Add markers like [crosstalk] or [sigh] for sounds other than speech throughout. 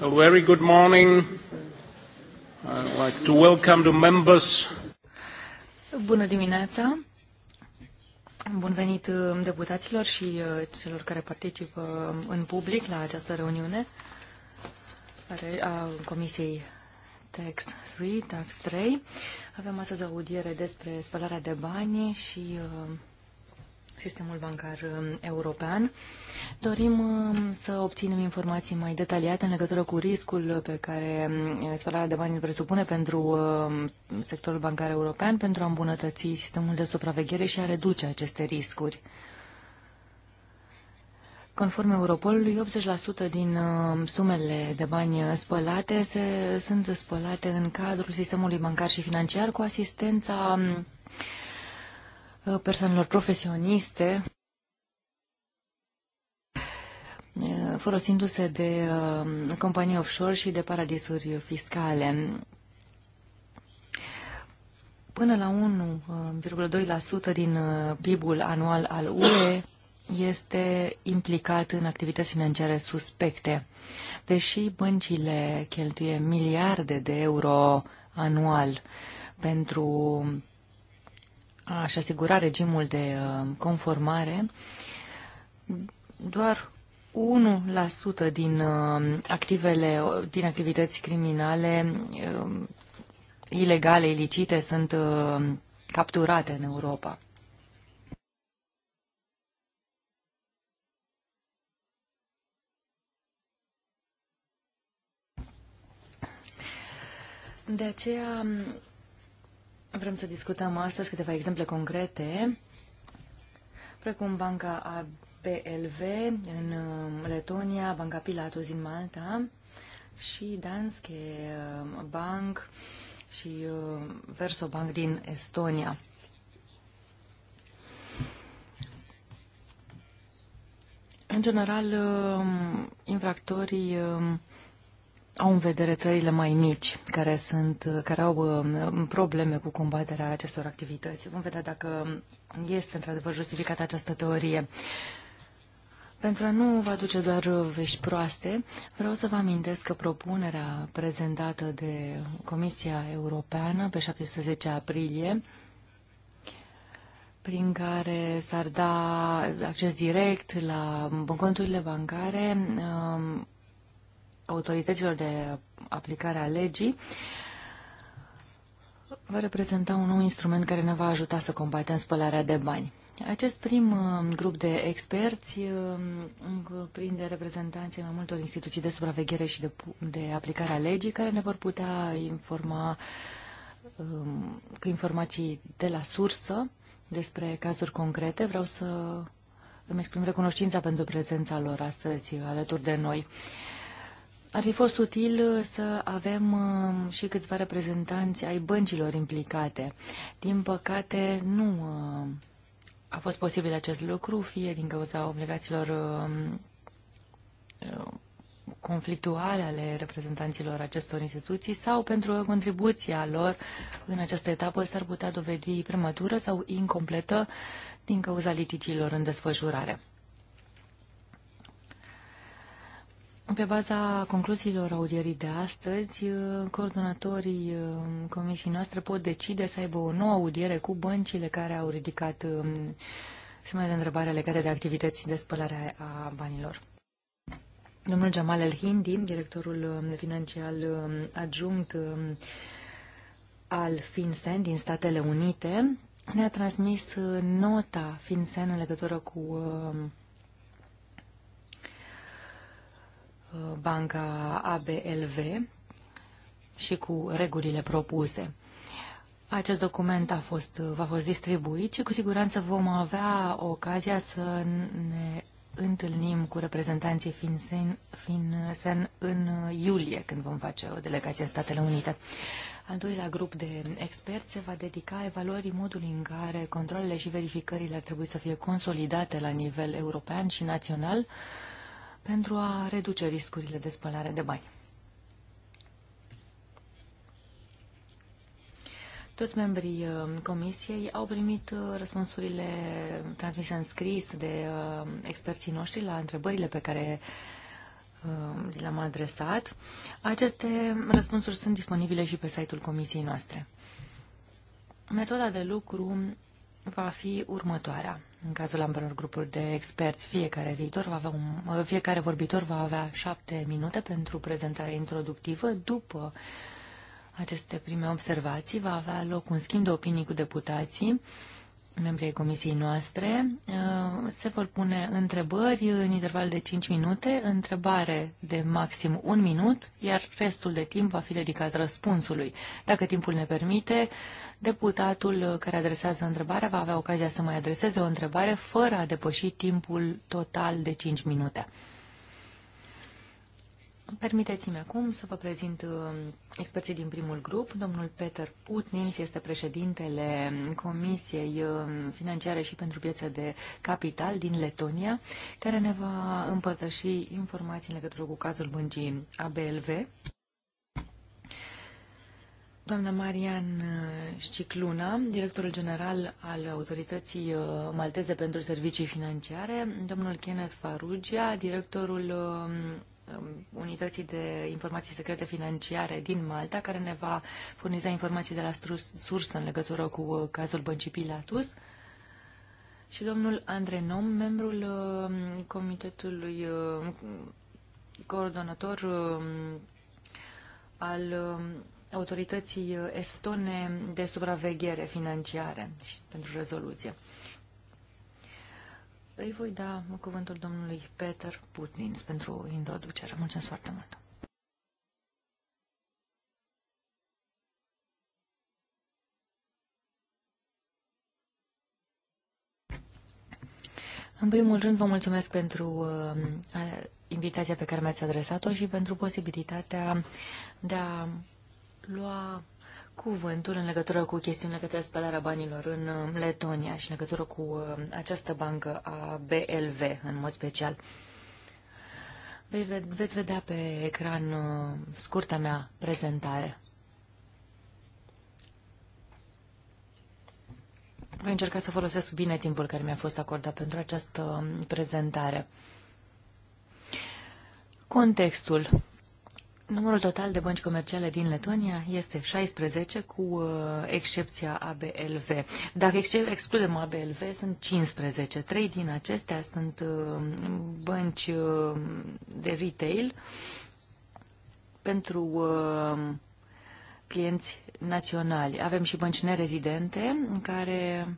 A very good morning. I'd like to welcome the members. Bună dimineața. Bun venit uh, deputaților și uh, celor care participă uh, în public la această reuniune a Comisiei Tax 3, Tax 3. Avem astăzi o audiere despre spălarea de bani și uh, sistemul bancar um, european. Dorim um, să obținem informații mai detaliate în legătură cu riscul pe care um, spălarea de bani îl presupune pentru sectorul bancar european, pentru a îmbunătăți sistemul de supraveghere și a reduce aceste riscuri. Conform Europolului, 80% din sumele de bani spălate se, sunt spălate în cadrul sistemului bancar și financiar cu asistența Uh, persoanelor profesioniste, uh, folosindu-se de uh, companii offshore și de paradisuri fiscale. Până la 1,2% din PIB-ul anual al UE este implicat în activități financiare suspecte. Deși băncile cheltuie miliarde de euro anual pentru aș și asigura regimul de uh, conformare, doar 1% din uh, activele, din activități criminale uh, ilegale, ilicite, sunt capturate în Europa. De aceea Vrem să discutăm astăzi câteva exemple concrete, precum Banca ABLV în uh, Letonia, Banca Pilatus din Malta și Danske uh, Bank și uh, verso Bank din Estonia. În general, infractorii au în vedere țările mai mici care, sunt, care au uh, probleme cu combaterea acestor activități. Vom vedea dacă este într-adevăr justificată această teorie. Pentru a nu vă aduce doar vești proaste, vreau să vă amintesc că propunerea prezentată de Comisia Europeană pe 17 aprilie prin care s-ar da acces direct la conturile bancare, um, autorităților de aplicare a legii va reprezenta un nou instrument care ne va ajuta să combatem spălarea de bani. Acest prim uh, grup de experți uh, prinde reprezentanții mai multor instituții de supraveghere și de, de aplicare a legii care ne vor putea informa um, cu informații de la sursă despre cazuri concrete. Vreau să îmi exprim recunoștința pentru prezența lor astăzi alături de noi. Ar fi fost util uh, să avem uh, și câțiva reprezentanți ai băncilor implicate. Din păcate, nu uh, a fost posibil acest lucru, fie din cauza obligațiilor conflictuale ale reprezentanților acestor instituții sau pentru contribuția lor în această etapă s-ar putea dovedi prematură sau incompletă din cauza litigiilor în desfășurare. Pe baza concluziilor audierii de astăzi, coordonatorii um, comisiei noastre pot decide să aibă o nouă audiere cu băncile care au ridicat um, semne de întrebare legate de activități de spălare a banilor. Domnul Jamal El Hindi, directorul um, financiar adjunct al FinCEN din Statele Unite, ne-a transmis uh, nota FinCEN în legătură cu banca ABLV și cu regulile propuse. Acest document a fost, va fost distribuit și cu siguranță vom avea ocazia să ne întâlnim cu reprezentanții FinSen, FinSen în iulie, când vom face o delegație în Statele Unite. Al doilea grup de experți se va dedica evaluării modului în care controlele și verificările ar trebui să fie consolidate la nivel european și național, uh, pentru a reduce riscurile de spălare de bani. Toți membrii uh, comisiei au primit uh, răspunsurile transmise în scris de uh, experții noștri la întrebările pe care le-am adresat. Aceste răspunsuri sunt disponibile și pe site-ul comisiei noastre. Metoda de lucru va fi următoarea. În cazul ambelor grupuri de experți, fiecare, viitor va avea un, fiecare vorbitor va avea șapte minute pentru prezentarea introductivă. După aceste prime observații va avea loc un schimb de opinii cu deputații membrii comisiei noastre. Uh, se vor pune întrebări în interval de 5 minute, întrebare de maxim un minut, iar restul de timp va fi dedicat răspunsului. Dacă timpul ne permite, deputatul care adresează întrebarea va avea ocazia să mai adreseze o întrebare fără a depăși timpul total de 5 minute. Permiteți-mi acum să vă prezint uh, experții din primul grup. Domnul Peter Putnins este președintele Comisiei uh, Financiare și pentru Piețe de Capital din Letonia, care ne va împărtăși informații în legătură cu cazul băncii ABLV. Doamna Marian Scicluna, uh, directorul general al Autorității Malteze pentru Servicii Financiare, domnul Kenneth Farugia, directorul um, Um, unității de Informații Secrete Financiare din Malta, care ne va furniza informații de la sursă în legătură cu uh, cazul băncii Pilatus și domnul Andre Nom, membrul um, comitetului um, coordonator al autorității uh, estone de supraveghere financiare și pentru rezoluție. Îi voi da cuvântul domnului Peter Putnins pentru introducere. Mulțumesc foarte mult! În primul rând, vă mulțumesc pentru uh, invitația pe care mi-ați adresat-o și pentru posibilitatea de a lua cuvântul în legătură cu chestiunile către spălarea banilor în um, Letonia și în legătură cu um, această bancă a BLV în mod special. Ve veți vedea pe ecran um, scurta mea prezentare. Voi încerca să folosesc bine timpul care mi-a fost acordat pentru această prezentare. Contextul Numărul total de bănci comerciale din Letonia este 16, cu uh, excepția ABLV. Dacă excludem ABLV, sunt 15. Trei din acestea sunt uh, bănci uh, de retail pentru clienți naționali. Avem și bănci nerezidente care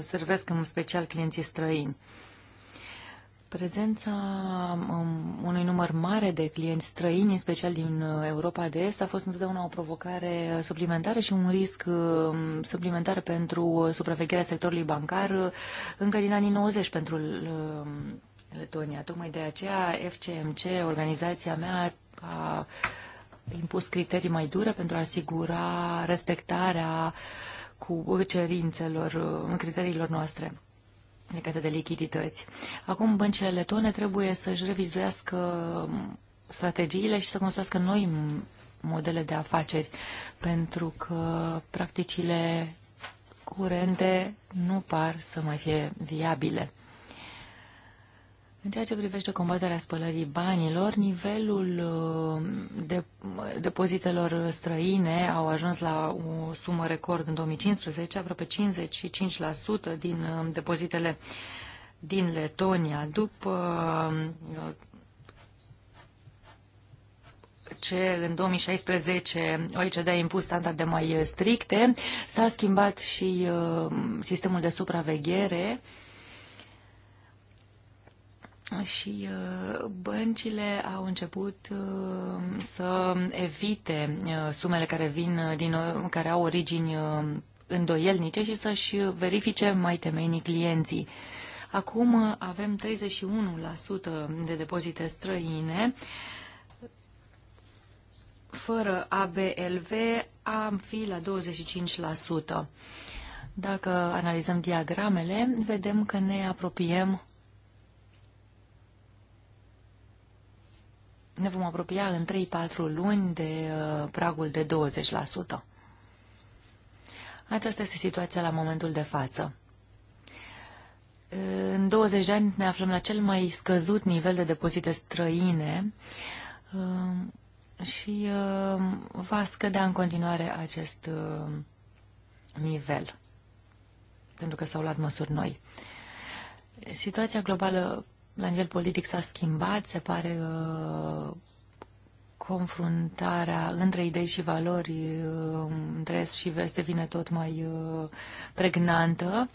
servesc în special clienții străini. Prezența um, unui număr mare de clienți străini, în special din uh, Europa de Est, a fost întotdeauna o provocare uh, suplimentară și un risc um, suplimentar pentru uh, supravegherea sectorului bancar încă din anii 90 pentru Letonia. Tocmai de aceea FCMC, organizația mea, a impus criterii mai dure pentru a asigura respectarea cu cerințelor, criteriilor noastre legate de lichidități. Acum băncile letone trebuie să-și revizuiască um, strategiile și să construiască noi modele de afaceri, pentru că practicile curente nu par să mai fie viabile. În ceea ce privește combaterea spălării banilor, nivelul uh, de, uh, depozitelor străine au ajuns la o sumă record în 2015, aproape 55% din uh, depozitele din Letonia, după ce în 2016 OECD a impus standarde mai stricte, s-a schimbat și sistemul de supraveghere și uh, băncile au început uh, să evite uh, sumele care vin din care au origini îndoielnice și să-și verifice mai temeinii clienții. Acum avem 31% de depozite străine. Fără ABLV am fi la 25%. Dacă analizăm diagramele, vedem că ne apropiem ne vom apropia în 3-4 luni de uh, pragul de 20%. Aceasta este situația la momentul de față. Uh, în 20 de ani ne aflăm la cel mai scăzut nivel de depozite străine uh, și va scădea în continuare acest nivel, pentru că s-au luat măsuri noi. Situația globală la nivel politic s-a schimbat, se pare că uh, confruntarea între idei și valori, uh, între est și vest, devine tot mai uh, pregnantă.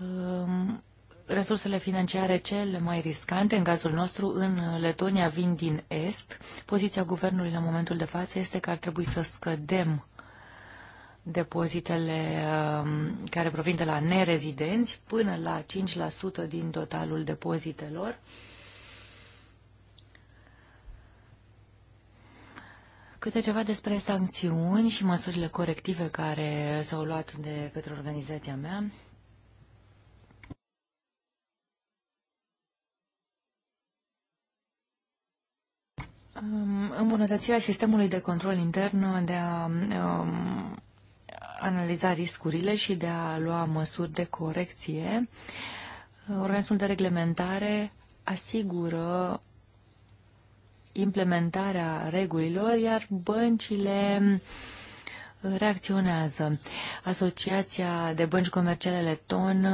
Um, resursele financiare cele mai riscante, în cazul nostru, în Letonia vin din est. Poziția guvernului la momentul de față este că ar trebui să scădem depozitele um, care provin de la nerezidenți până la 5% din totalul depozitelor. Câte ceva despre sancțiuni și măsurile corective care s-au luat de către organizația mea. Um, îmbunătățirea sistemului de control intern de a um, analiza riscurile și de a lua măsuri de corecție, organismul de reglementare asigură implementarea regulilor, iar băncile reacționează. Asociația de Bănci Comerciale Leton,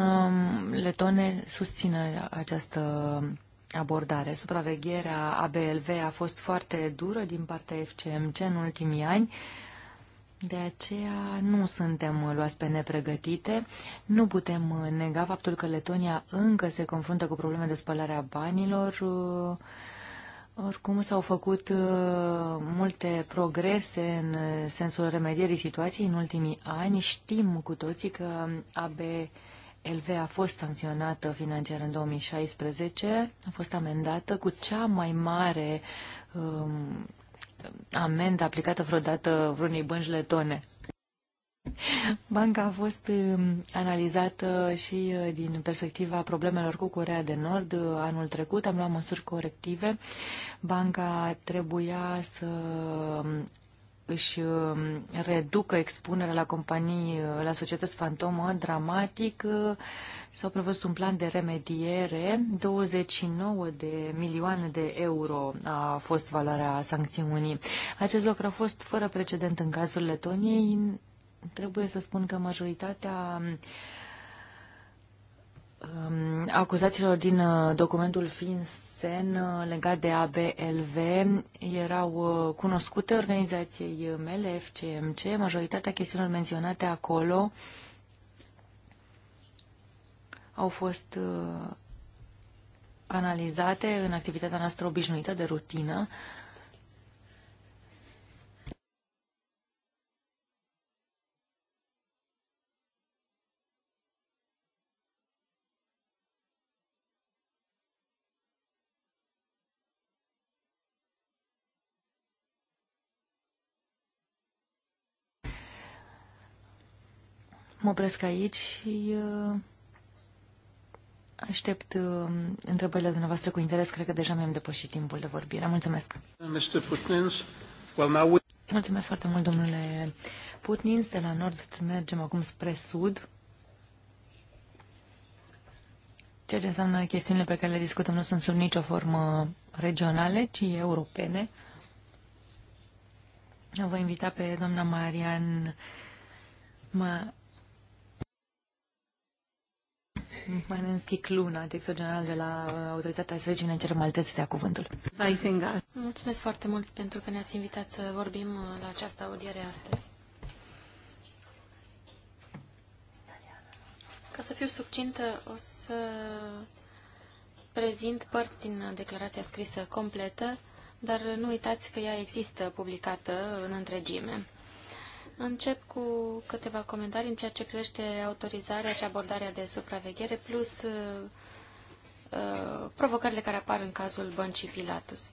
Letone susține această abordare. Supravegherea ABLV a fost foarte dură din partea FCMC în ultimii ani de aceea nu suntem luați pe nepregătite, nu putem nega faptul că Letonia încă se confruntă cu probleme de spălare a banilor. Oricum s-au făcut uh, multe progrese în sensul remedierii situației în ultimii ani. Știm cu toții că AB LV a fost sancționată financiar în 2016, a fost amendată cu cea mai mare um, amendă aplicată vreodată vreunei bănci letone. Banca a fost um, analizată și uh, din perspectiva problemelor cu Corea de Nord uh, anul trecut. Am luat măsuri corective. Banca trebuia să um, își um, reducă expunerea la companii, uh, la societăți fantomă, dramatic. Uh, s-au prevăzut un plan de remediere, 29 de milioane de euro a fost valoarea sancțiunii. Acest lucru a fost fără precedent în cazul Letoniei. Trebuie să spun că majoritatea um, acuzațiilor din uh, documentul FINS Sen uh, legat de ABLV erau uh, cunoscute organizației mele, FCMC. Majoritatea chestiunilor menționate acolo au fost uh, analizate în activitatea noastră obișnuită de rutină. Uh, Mă opresc aici și uh, aștept uh, întrebările dumneavoastră cu interes. Cred că deja mi-am depășit timpul de vorbire. Mulțumesc! Mulțumesc foarte mult, domnule Putnins. De la nord mergem acum spre sud. Ceea ce înseamnă chestiunile pe care le discutăm nu sunt sub nicio formă regionale, ci europene. Vă invita pe doamna Marian Ma Manenski Cluna, director general de la uh, Autoritatea Serviciului Financiar Maltese, se ia cuvântul. Mulțumesc foarte mult pentru că ne-ați invitat să vorbim uh, la această audiere astăzi. Ca să fiu succintă, o să prezint părți din declarația scrisă completă, dar nu uitați că ea există publicată în întregime. Încep cu câteva comentarii în ceea ce privește autorizarea și abordarea de supraveghere, plus uh, uh, provocările care apar în cazul băncii Pilatus.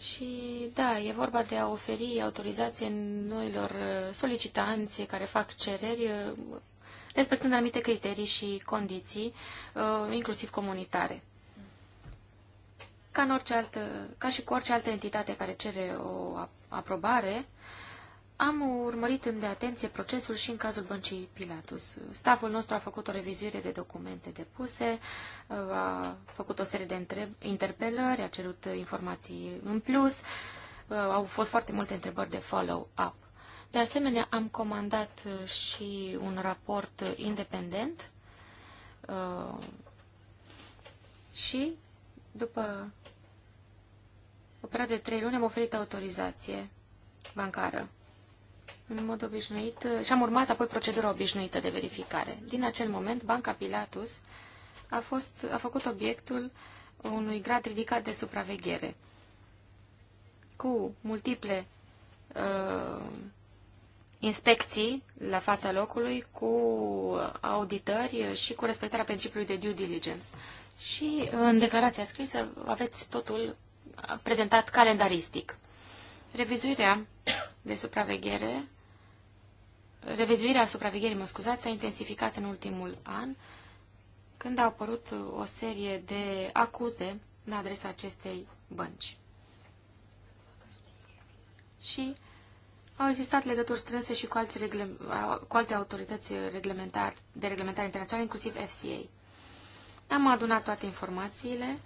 Și da, e vorba de a oferi autorizație noilor uh, solicitanți care fac cereri, respectând anumite criterii și condiții, inclusiv comunitare ca, în orice altă, ca și cu orice altă entitate care cere o aprobare, am urmărit în atenție procesul și în cazul băncii Pilatus. Staful nostru a făcut o revizuire de documente depuse, a făcut o serie de interpelări, a cerut informații în plus, au fost foarte multe întrebări de follow-up. De asemenea, am comandat uh, și un raport independent uh, și după o perioadă de trei luni am oferit autorizație bancară în mod obișnuit uh, și am urmat apoi procedura obișnuită de verificare. Din acel moment, Banca Pilatus a, fost, a făcut obiectul unui grad ridicat de supraveghere cu multiple uh, inspecții la fața locului, cu auditări și cu respectarea principiului de due diligence. Și în declarația scrisă aveți totul prezentat calendaristic. Revizuirea de supraveghere, revizuirea supravegherii, mă scuzați, s-a intensificat în ultimul an, când au apărut o serie de acuze la adresa acestei bănci. Și au existat legături strânse și cu, alți cu alte autorități reglementar, de reglementare internațională, inclusiv FCA. Am adunat toate informațiile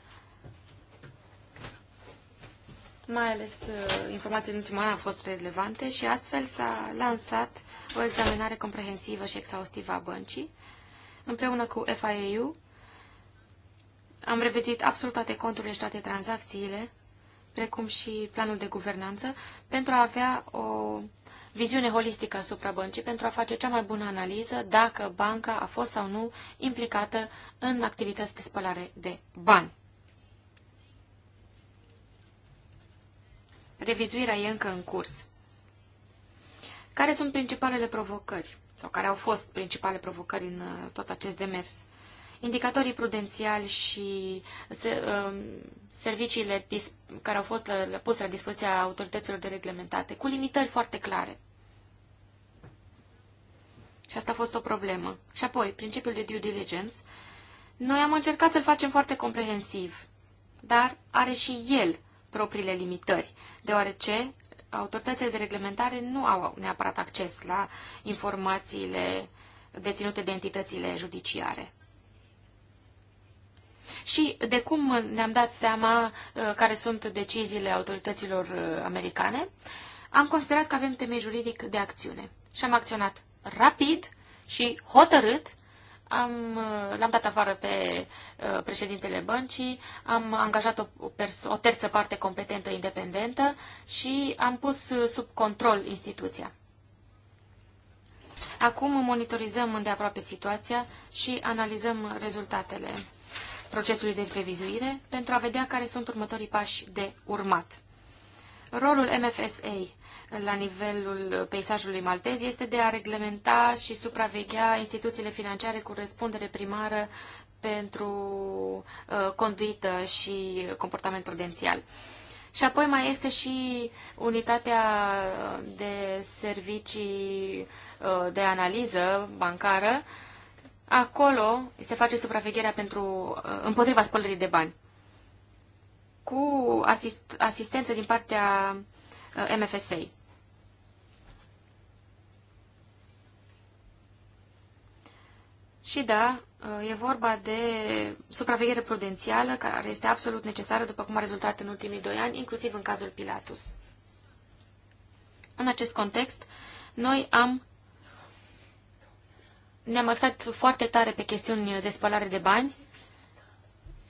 mai ales uh, informațiile din ultima an au fost relevante și astfel s-a lansat o examinare comprehensivă și exhaustivă a băncii. Împreună cu FIAU am revizuit absolut toate conturile și toate tranzacțiile, precum și planul de guvernanță, pentru a avea o viziune holistică asupra băncii, pentru a face cea mai bună analiză dacă banca a fost sau nu implicată în activități de spălare de bani. Revizuirea e încă în curs. Care sunt principalele provocări? Sau care au fost principale provocări în uh, tot acest demers? Indicatorii prudențiali și um, serviciile care au fost uh, puse la dispoziția autorităților de reglementate, cu limitări foarte clare. Și asta a fost o problemă. Și apoi, principiul de due diligence. Noi am încercat să-l facem foarte comprehensiv, dar are și el propriile limitări deoarece autoritățile de reglementare nu au neapărat acces la informațiile deținute de entitățile judiciare. Și de cum ne-am dat seama uh, care sunt deciziile autorităților uh, americane, am considerat că avem temei juridic de acțiune și am acționat rapid și hotărât am, l-am dat afară pe uh, președintele băncii, am angajat o, o terță parte competentă independentă și am pus uh, sub control instituția. Acum monitorizăm îndeaproape situația și analizăm rezultatele procesului de previzuire pentru a vedea care sunt următorii pași de urmat. Rolul MFSA la nivelul peisajului maltez este de a reglementa și supraveghea instituțiile financiare cu răspundere primară pentru uh, conduită și comportament prudențial. Și apoi mai este și unitatea de servicii uh, de analiză bancară. Acolo se face supravegherea pentru, uh, împotriva spălării de bani. Cu asist, asistență din partea uh, MFSA. Și da, uh, e vorba de supraveghere prudențială, care este absolut necesară, după cum a rezultat în ultimii doi ani, inclusiv în cazul Pilatus. În acest context, noi am ne-am axat foarte tare pe chestiuni de spălare de bani,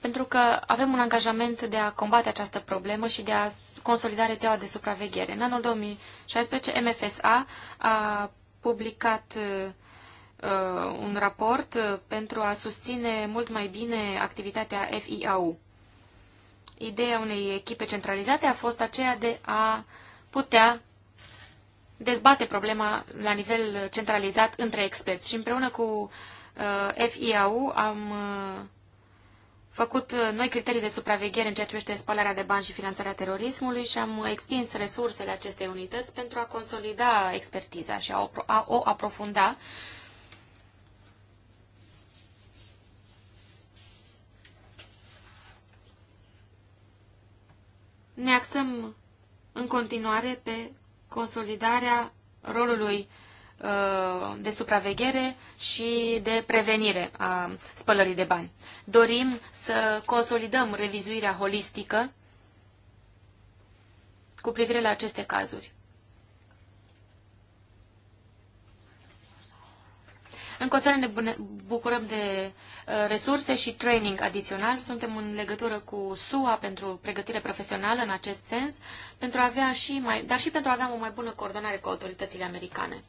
pentru că avem un angajament de a combate această problemă și de a consolida rețeaua de supraveghere. În anul 2016, MFSA a publicat uh, Uh, un raport uh, pentru a susține mult mai bine activitatea FIAU. Ideea unei echipe centralizate a fost aceea de a putea dezbate problema la nivel centralizat între experți și împreună cu uh, FIAU am făcut noi criterii de supraveghere în ceea ce privește spalarea de bani și finanțarea terorismului și am extins resursele acestei unități pentru a consolida expertiza și a o aprofunda ne axăm în continuare pe consolidarea rolului uh, de supraveghere și de prevenire a spălării de bani. Dorim să consolidăm revizuirea holistică cu privire la aceste cazuri. În continuare ne bucurăm de uh, resurse și training adițional. Suntem în legătură cu SUA pentru pregătire profesională în acest sens, pentru a avea și mai, dar și pentru a avea o mai bună coordonare cu autoritățile americane.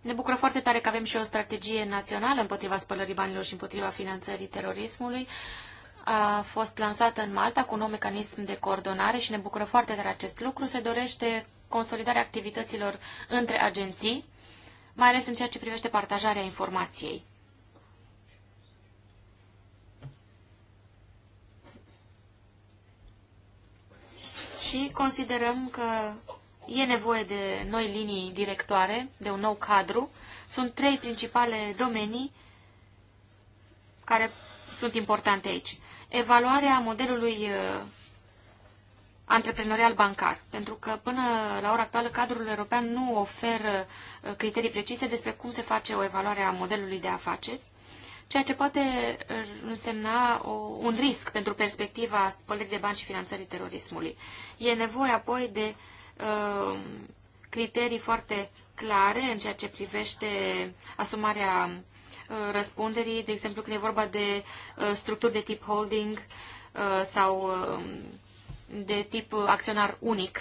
Ne bucură foarte tare că avem și o strategie națională împotriva spălării banilor și împotriva finanțării terorismului. A fost lansată în Malta cu un nou mecanism de coordonare și ne bucură foarte tare acest lucru. Se dorește consolidarea activităților între agenții, mai ales în ceea ce privește partajarea informației. Și considerăm că e nevoie de noi linii directoare, de un nou cadru. Sunt trei principale domenii care sunt importante aici. Evaluarea modelului uh, antreprenorial bancar, pentru că până la ora actuală cadrul european nu oferă uh, criterii precise despre cum se face o evaluare a modelului de afaceri, ceea ce poate uh, însemna o, un risc pentru perspectiva spălării de bani și finanțării terorismului. E nevoie apoi de uh, criterii foarte clare în ceea ce privește asumarea uh, răspunderii, de exemplu când e vorba de uh, structuri de tip holding uh, sau uh, de tip acționar unic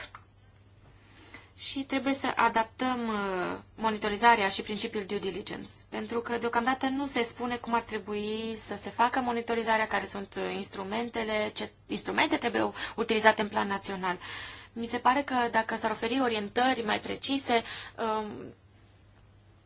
și trebuie să adaptăm uh, monitorizarea și principiul due diligence, pentru că deocamdată nu se spune cum ar trebui să se facă monitorizarea, care sunt uh, instrumentele, ce instrumente trebuie utilizate în plan național. Mi se pare că dacă s-ar oferi orientări mai precise, um,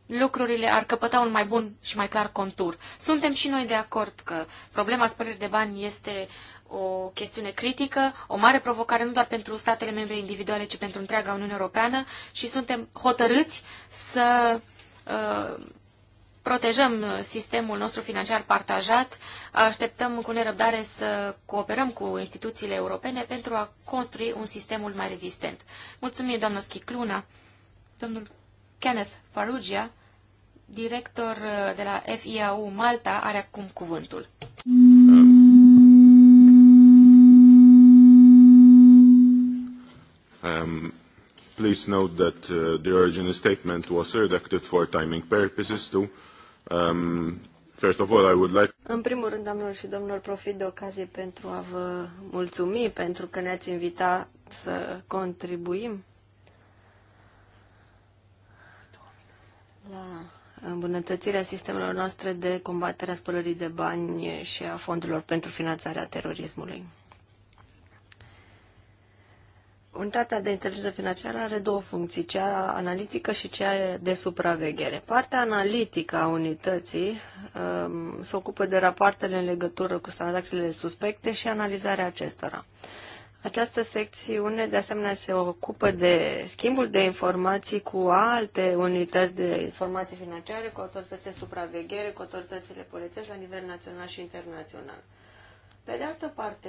lucrurile ar căpăta un mai bun și mai clar contur. Suntem și noi de acord că problema spălării de bani este o chestiune critică, o mare provocare nu doar pentru statele membre individuale, ci pentru întreaga Uniune Europeană și suntem hotărâți să uh, protejăm sistemul nostru financiar partajat, așteptăm cu nerăbdare să cooperăm cu instituțiile europene pentru a construi un sistem mult mai rezistent. Mulțumim, doamnă Schicluna. Domnul Kenneth Farugia, director de la FIAU Malta, are acum cuvântul. Uh, Um, please note that uh, the original statement was redacted for timing purposes too. Um, first of all, I would like... În primul rând, doamnelor și domnilor, profit de ocazie pentru a vă mulțumi pentru că ne-ați invitat să contribuim la îmbunătățirea sistemelor noastre de combatere a spălării de bani și a fondurilor pentru finanțarea terorismului. Unitatea de inteligență financiară are două funcții, cea analitică și cea de supraveghere. Partea analitică a unității um, se ocupă de rapoartele în legătură cu tranzacțiile suspecte și analizarea acestora. Această secțiune, de asemenea, se ocupă de schimbul de informații cu alte unități de informații financiare, cu autoritățile de supraveghere, cu autoritățile polițești la nivel național și internațional. Pe de altă parte,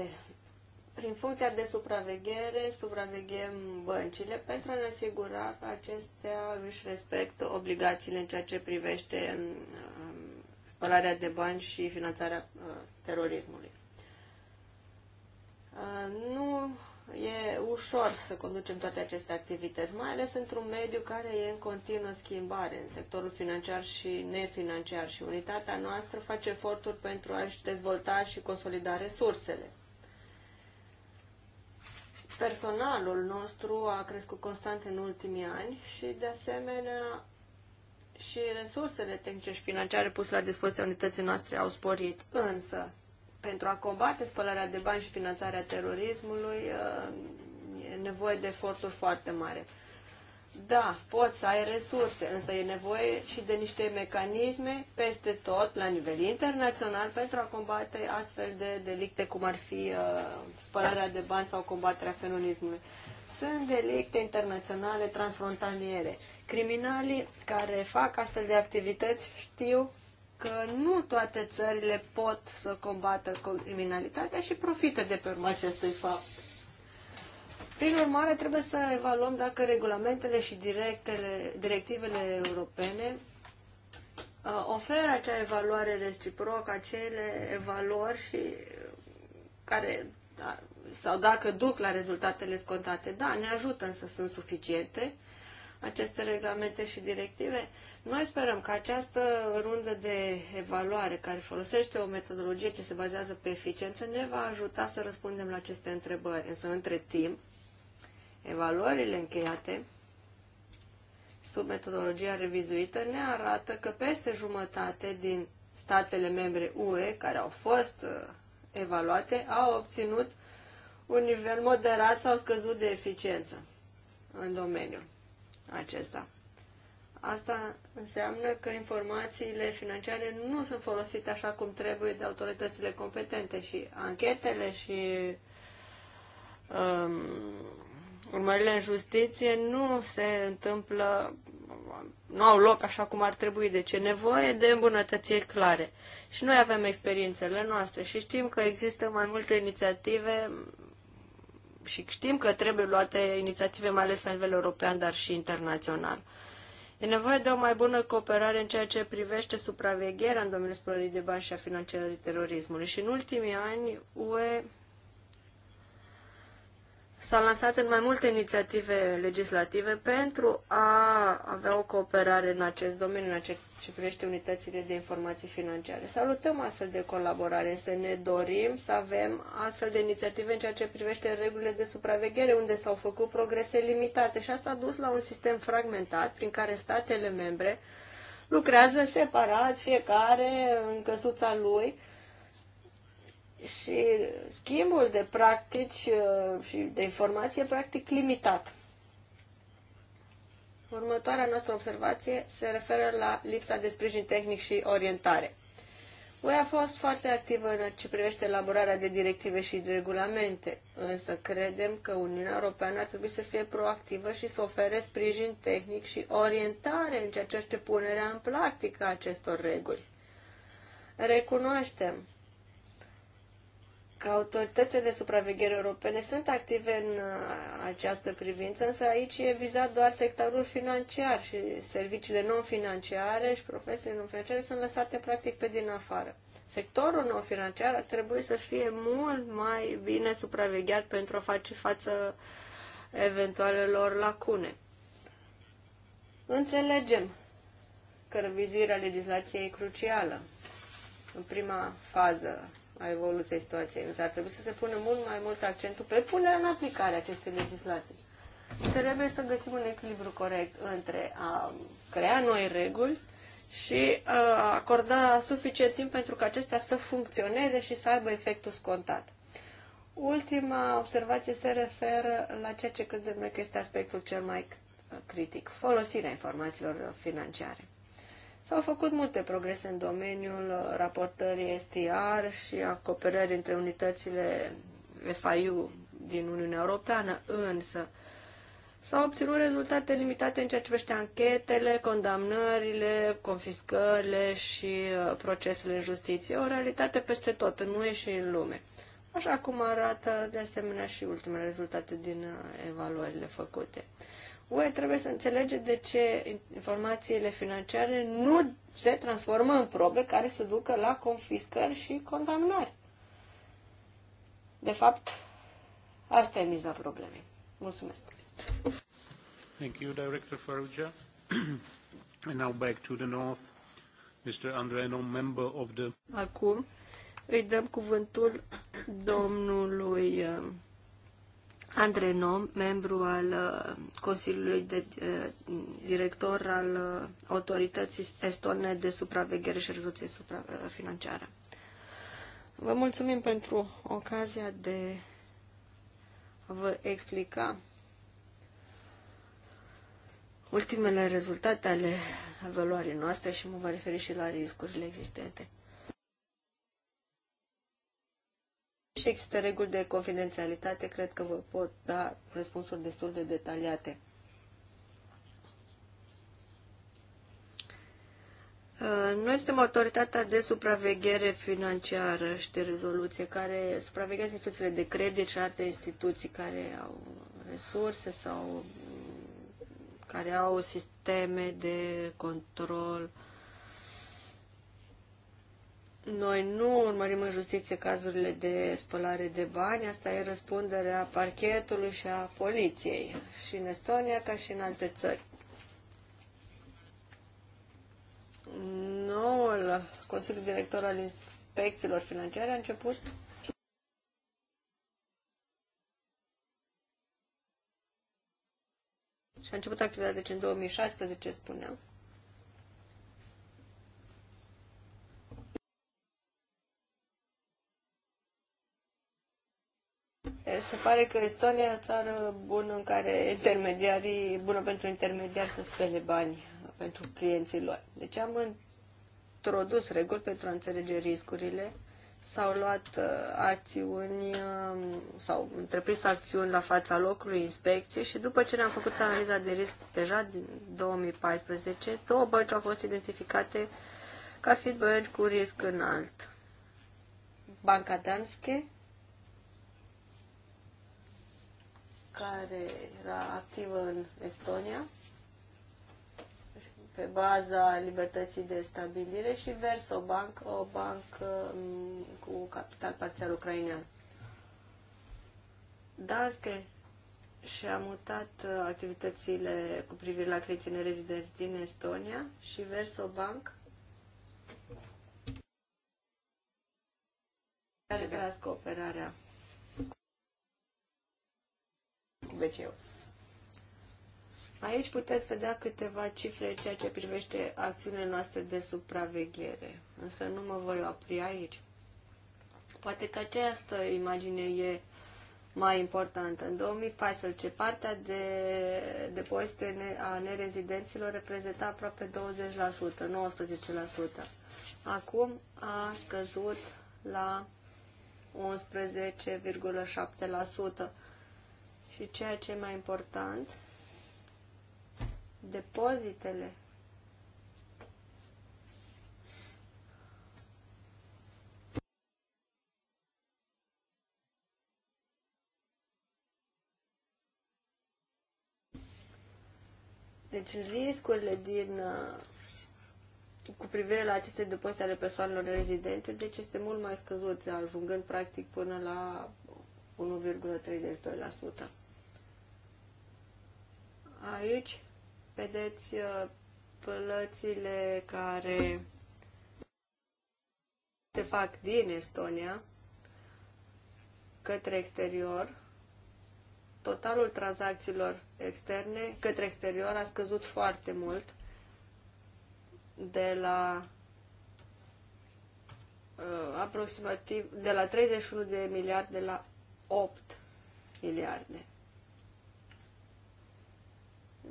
prin funcția de supraveghere, supraveghem băncile pentru a ne asigura că acestea își respectă obligațiile în ceea ce privește spălarea de bani și finanțarea uh, terorismului. Uh, nu e ușor să conducem toate aceste activități, mai ales într-un mediu care e în continuă schimbare în sectorul financiar și nefinanciar și unitatea noastră face eforturi pentru a-și dezvolta și consolida resursele personalul nostru a crescut constant în ultimii ani și, de asemenea, și resursele tehnice și financiare puse la dispoziția unității noastre au sporit. Însă, pentru a combate spălarea de bani și finanțarea terorismului, uh, e nevoie de eforturi foarte mari. Da, poți să ai resurse, însă e nevoie și de niște mecanisme peste tot, la nivel internațional, pentru a combate astfel de delicte, cum ar fi uh, spălarea de bani sau combaterea fenonismului. Sunt delicte internaționale transfrontaliere. Criminalii care fac astfel de activități știu că nu toate țările pot să combată criminalitatea și profită de pe urma acestui fapt. Prin urmare, trebuie să evaluăm dacă regulamentele și directele, directivele europene uh, oferă acea evaluare reciprocă, acele evaluări și uh, care da, sau dacă duc la rezultatele scontate. Da, ne ajută, însă sunt suficiente aceste reglamente și directive. Noi sperăm că această rundă de evaluare care folosește o metodologie ce se bazează pe eficiență ne va ajuta să răspundem la aceste întrebări. Însă, între timp, Evaluările încheiate sub metodologia revizuită ne arată că peste jumătate din statele membre UE care au fost uh, evaluate au obținut un nivel moderat sau scăzut de eficiență în domeniul acesta. Asta înseamnă că informațiile financiare nu sunt folosite așa cum trebuie de autoritățile competente și anchetele și um, urmările în justiție nu se întâmplă, nu au loc așa cum ar trebui, deci e nevoie de îmbunătățiri clare. Și noi avem experiențele noastre și știm că există mai multe inițiative și știm că trebuie luate inițiative, mai ales la nivel european, dar și internațional. E nevoie de o mai bună cooperare în ceea ce privește supravegherea în domeniul spălării de bani și a finanțării terorismului. Și în ultimii ani, UE s-au lansat în mai multe inițiative legislative pentru a avea o cooperare în acest domeniu, în ceea ce privește unitățile de informații financiare. Salutăm astfel de colaborare, să ne dorim să avem astfel de inițiative în ceea ce privește regulile de supraveghere, unde s-au făcut progrese limitate și asta a dus la un sistem fragmentat prin care statele membre lucrează separat, fiecare în căsuța lui, și schimbul de practici uh, și de informație practic limitat. Următoarea noastră observație se referă la lipsa de sprijin tehnic și orientare. UE a fost foarte activă în ce privește elaborarea de directive și de regulamente, însă credem că Uniunea Europeană ar trebui să fie proactivă și să ofere sprijin tehnic și orientare în ceea ce este punerea în practică a acestor reguli. Recunoaștem că autoritățile de supraveghere europene sunt active în uh, această privință, însă aici e vizat doar sectorul financiar și serviciile non-financiare și profesiile non-financiare sunt lăsate practic pe din afară. Sectorul non-financiar ar trebui să fie mult mai bine supravegheat pentru a face față eventualelor lacune. Înțelegem că revizuirea legislației e crucială în prima fază a evoluției situației. Însă ar trebui să se pună mult mai mult accentul pe punerea în aplicare a acestei legislații. Și trebuie să găsim un echilibru corect între a crea noi reguli și uh, a acorda suficient timp pentru că acestea să funcționeze și să aibă efectul scontat. Ultima observație se referă la ceea ce credem noi că este aspectul cel mai critic, folosirea informațiilor financiare. S-au făcut multe progrese în domeniul raportării STR și acoperării între unitățile FIU din Uniunea Europeană, însă s-au obținut rezultate limitate în ceea ce privește anchetele, condamnările, confiscările și uh, procesele în justiție. O realitate peste tot, în UE și în lume. Așa cum arată de asemenea și ultimele rezultate din uh, evaluările făcute. UE trebuie să înțelege de ce informațiile financiare nu se transformă în probe care să ducă la confiscări și condamnări. De fapt, asta e miza problemei. Mulțumesc. Thank you, Director Faruja. [clears throat] And now back to the north. Mr. Andreno, member of the... Acum îi dăm cuvântul domnului uh, Nom, membru al uh, Consiliului de uh, Director al uh, Autorității Estone de Supraveghere și Rezoluție Financiară. Vă mulțumim pentru ocazia de a vă explica ultimele rezultate ale evaluării noastre și mă voi referi și la riscurile existente. și există reguli de confidențialitate, cred că vă pot da răspunsuri destul de detaliate. Uh, noi suntem autoritatea de supraveghere financiară și de rezoluție, care supraveghează instituțiile de credit și alte instituții care au resurse sau mm, care au sisteme de control uh, noi nu urmărim în justiție cazurile de spălare de bani, asta e răspunderea parchetului și a poliției, și în Estonia ca și în alte țări. Noul Consiliu Director al Inspecțiilor Financiare a început și a început activitatea deci în 2016, spuneam. Se pare că Estonia e o țară bună în care intermediarii, bună pentru intermediari să spele bani pentru clienții lor. Deci am introdus reguli pentru a înțelege riscurile, s-au luat uh, acțiuni, um, s-au întreprins acțiuni la fața locului, inspecții și după ce ne-am făcut analiza de risc deja din 2014, două bănci au fost identificate ca fiind bănci cu risc înalt. Banca Danske care era activă în Estonia pe baza libertății de stabilire și Verso Bank, o bancă mm, cu capital parțial ucrainean. Danske și-a mutat uh, activitățile cu privire la creții nerezidenți din Estonia și Verso Bank care era cooperarea -ul. Aici puteți vedea câteva cifre ceea ce privește acțiunile noastre de supraveghere, însă nu mă voi opri aici. Poate că această imagine e mai importantă. În 2014, partea de depozite a nerezidenților reprezenta aproape 20%, 19%. Acum a scăzut la 11,7% și ceea ce e mai important, depozitele Deci riscurile din uh, cu privire la aceste depozite ale persoanelor rezidente, deci este mult mai scăzut, ajungând practic până la 1,32%. Aici vedeți uh, plățile care se fac din Estonia către exterior. Totalul tranzacțiilor externe către exterior a scăzut foarte mult de la uh, aproximativ de la 31 de miliarde la 8 miliarde.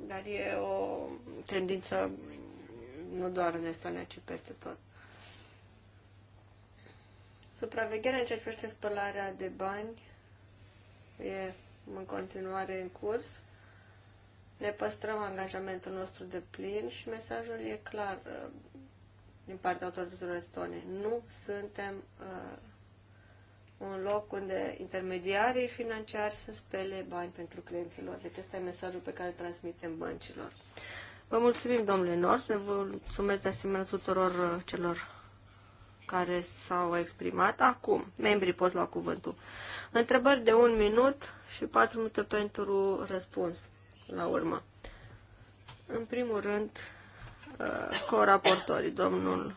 Dar e o tendință nu doar în Estonia, ci peste tot. Supravegherea în ce privește spălarea de bani e în continuare în curs. Ne păstrăm angajamentul nostru de plin și mesajul e clar uh, din partea autorităților estone. Nu suntem uh, un loc unde intermediarii financiari să spele bani pentru clienților. Deci ăsta e mesajul pe care îl transmitem băncilor. Vă mulțumim, domnule Nor, să vă mulțumesc de asemenea tuturor uh, celor care s-au exprimat. Acum, membrii pot lua cuvântul. Întrebări de un minut și patru minute pentru răspuns la urmă. În primul rând, uh, coraportorii, domnul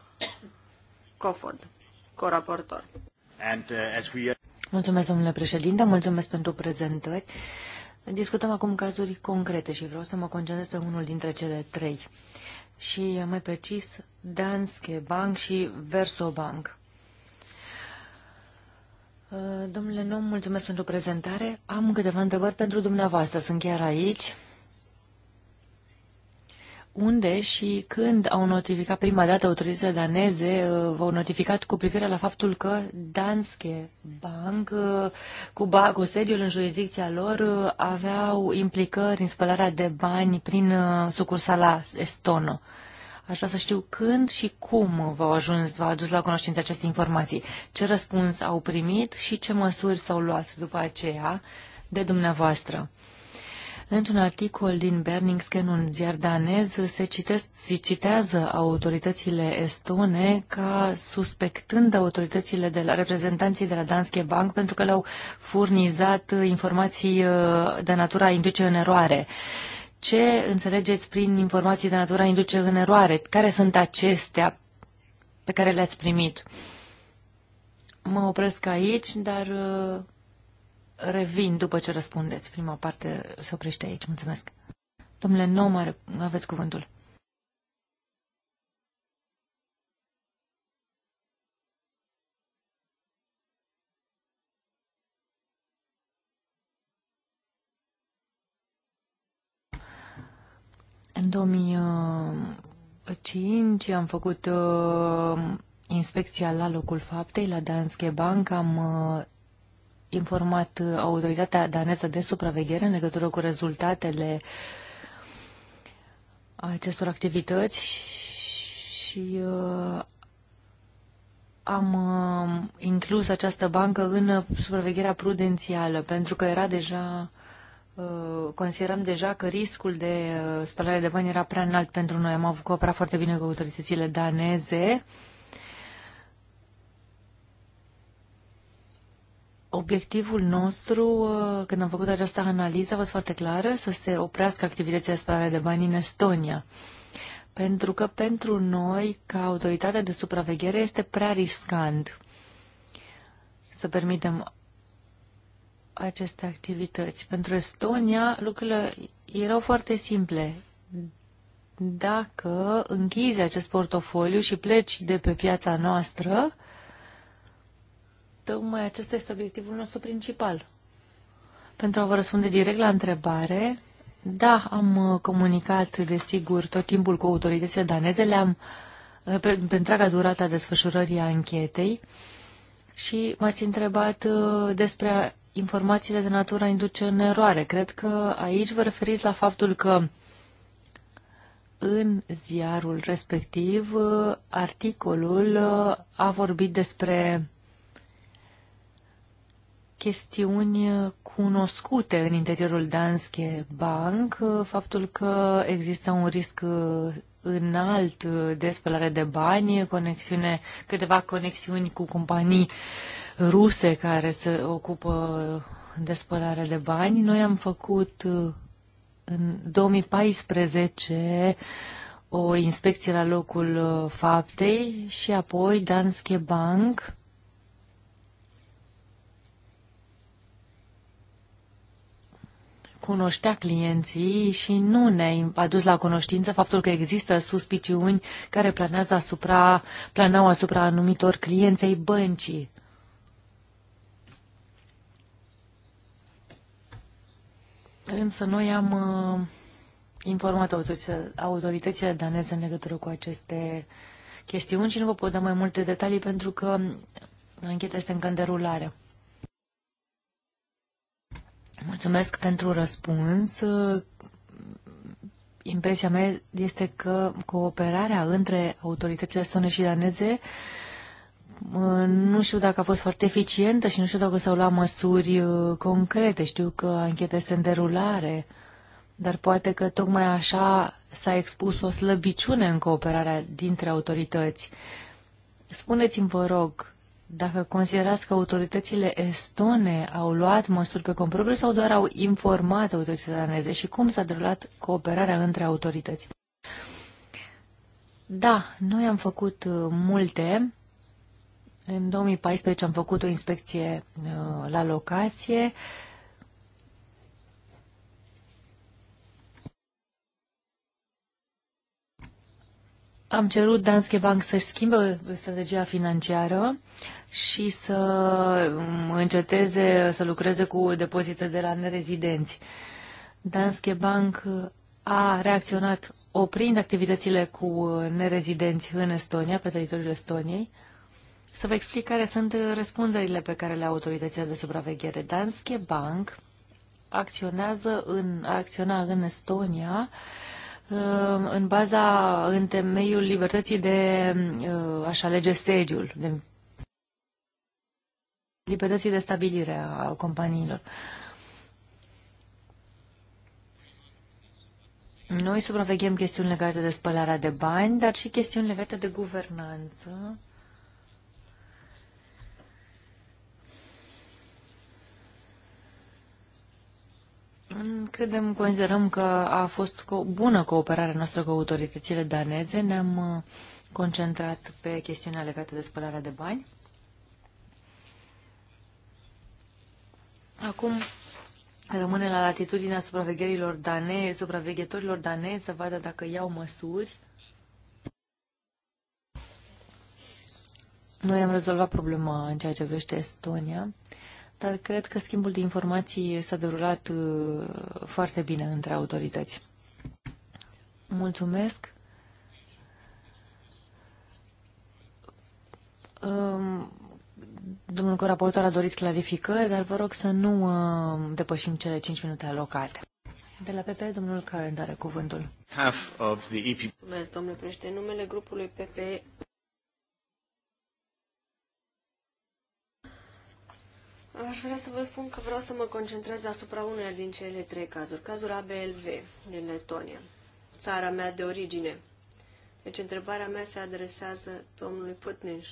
Cofod, coraportor. Uh, uh, mulțumesc, domnule președinte, mulțumesc pentru prezentări. Discutăm acum cazuri concrete și vreau să mă concentrez pe unul dintre cele trei. Și uh, mai precis, Danske Bank și Verso Bank. Domnule Nom, mulțumesc pentru prezentare. Am câteva întrebări pentru dumneavoastră. Sunt chiar aici unde și când au notificat prima dată autoritățile daneze, uh, v-au notificat cu privire la faptul că Danske Bank, uh, cu, ba, cu sediul în jurisdicția lor, uh, aveau implicări în spălarea de bani prin sucursala Estono. Aș vrea să știu când și cum v-au ajuns, v-au adus la cunoștință aceste informații, ce răspuns au primit și ce măsuri s-au luat după aceea de dumneavoastră. Într-un articol din Berningsken, un ziar danez, se, citesc, se citează autoritățile estone ca suspectând autoritățile de la reprezentanții de la Danske Bank pentru că le-au furnizat informații uh, de natura a induce în eroare. Ce înțelegeți prin informații de natura induce în eroare? Care sunt acestea pe care le-ați primit? Mă opresc aici, dar uh, revin după ce răspundeți. Prima parte se oprește aici. Mulțumesc. Domnule Nomar, aveți cuvântul. În 2005 am făcut uh, inspecția la locul faptei, la Danske Bank. Am uh, informat uh, autoritatea daneză de supraveghere în legătură cu rezultatele acestor activități și uh, am uh, inclus această bancă în supravegherea prudențială, pentru că era deja considerăm deja că riscul de spălare de bani era prea înalt pentru noi. Am avut coopera foarte bine cu autoritățile daneze Obiectivul nostru, uh, când am făcut această analiză, a fost foarte clară, să se oprească activitățile de spălare de bani în Estonia. Pentru că pentru noi, ca autoritatea de supraveghere, este prea riscant să permitem aceste activități. Pentru Estonia, lucrurile erau foarte simple. Dacă închizi acest portofoliu și pleci de pe piața noastră, tocmai acesta este obiectivul nostru principal. Pentru a vă răspunde direct la întrebare, da, am uh, comunicat, desigur, tot timpul cu autoritățile daneze, le-am uh, pe, pe întreaga durata desfășurării anchetei și m-ați întrebat uh, despre informațiile de natură induce în eroare. Cred că aici vă referiți la faptul că în ziarul respectiv articolul a vorbit despre chestiuni cunoscute în interiorul Danske Bank, faptul că există un risc înalt de spălare de bani, conexiune, câteva conexiuni cu companii ruse care se ocupă de spălare de bani. Noi am făcut în 2014 o inspecție la locul faptei și apoi Danske Bank cunoștea clienții și nu ne a dus la cunoștință faptul că există suspiciuni care planează asupra, planau asupra anumitor clienței băncii. Însă noi am uh, informat autoritățile daneze în legătură cu aceste chestiuni și nu vă pot da mai multe detalii pentru că ancheta este încă în derulare. Mulțumesc pentru răspuns. Impresia mea este că cooperarea între autoritățile estone și daneze nu știu dacă a fost foarte eficientă și nu știu dacă s-au luat măsuri uh, concrete. Știu că anchete este în derulare, dar poate că tocmai așa s-a expus o slăbiciune în cooperarea dintre autorități. Spuneți-mi, vă rog, dacă considerați că autoritățile estone au luat măsuri pe compropriu sau doar au informat autoritățile daneze și cum s-a derulat cooperarea între autorități? Da, noi am făcut uh, multe. În 2014 am făcut o inspecție uh, la locație. Am cerut Danske Bank să-și schimbe strategia financiară și să înceteze să lucreze cu depozite de la nerezidenți. Danske Bank a reacționat oprind activitățile cu nerezidenți în Estonia, pe teritoriul Estoniei. Să vă explic care sunt răspunderile pe care le au autoritățile de supraveghere. Danske Bank acționează în, acționa în Estonia Ehm, în baza, în temeiul libertății de ehm, a-și alege sediul, de libertății de stabilire a companiilor. Noi supraveghem chestiuni legate de spălarea de bani, dar și chestiuni legate de guvernanță Credem, considerăm că a fost o bună cooperare noastră cu autoritățile daneze. Ne-am uh, concentrat pe chestiunea legată de spălarea de bani. Acum rămâne la latitudinea supravegherilor danezi, supraveghetorilor danezi să vadă dacă iau măsuri. Noi am rezolvat problema în ceea ce privește Estonia dar cred că schimbul de informații s-a derulat uh, foarte bine între autorități. Mulțumesc. Um, domnul coraportor a dorit clarificări, dar vă rog să nu uh, depășim cele 5 minute alocate. De la PP, domnul Carend are cuvântul. Half of the EP. Mulțumesc, domnule președinte. Numele grupului PP Aș vrea să vă spun că vreau să mă concentrez asupra uneia din cele trei cazuri, cazul ABLV din Letonia, țara mea de origine. Deci întrebarea mea se adresează domnului Putniș.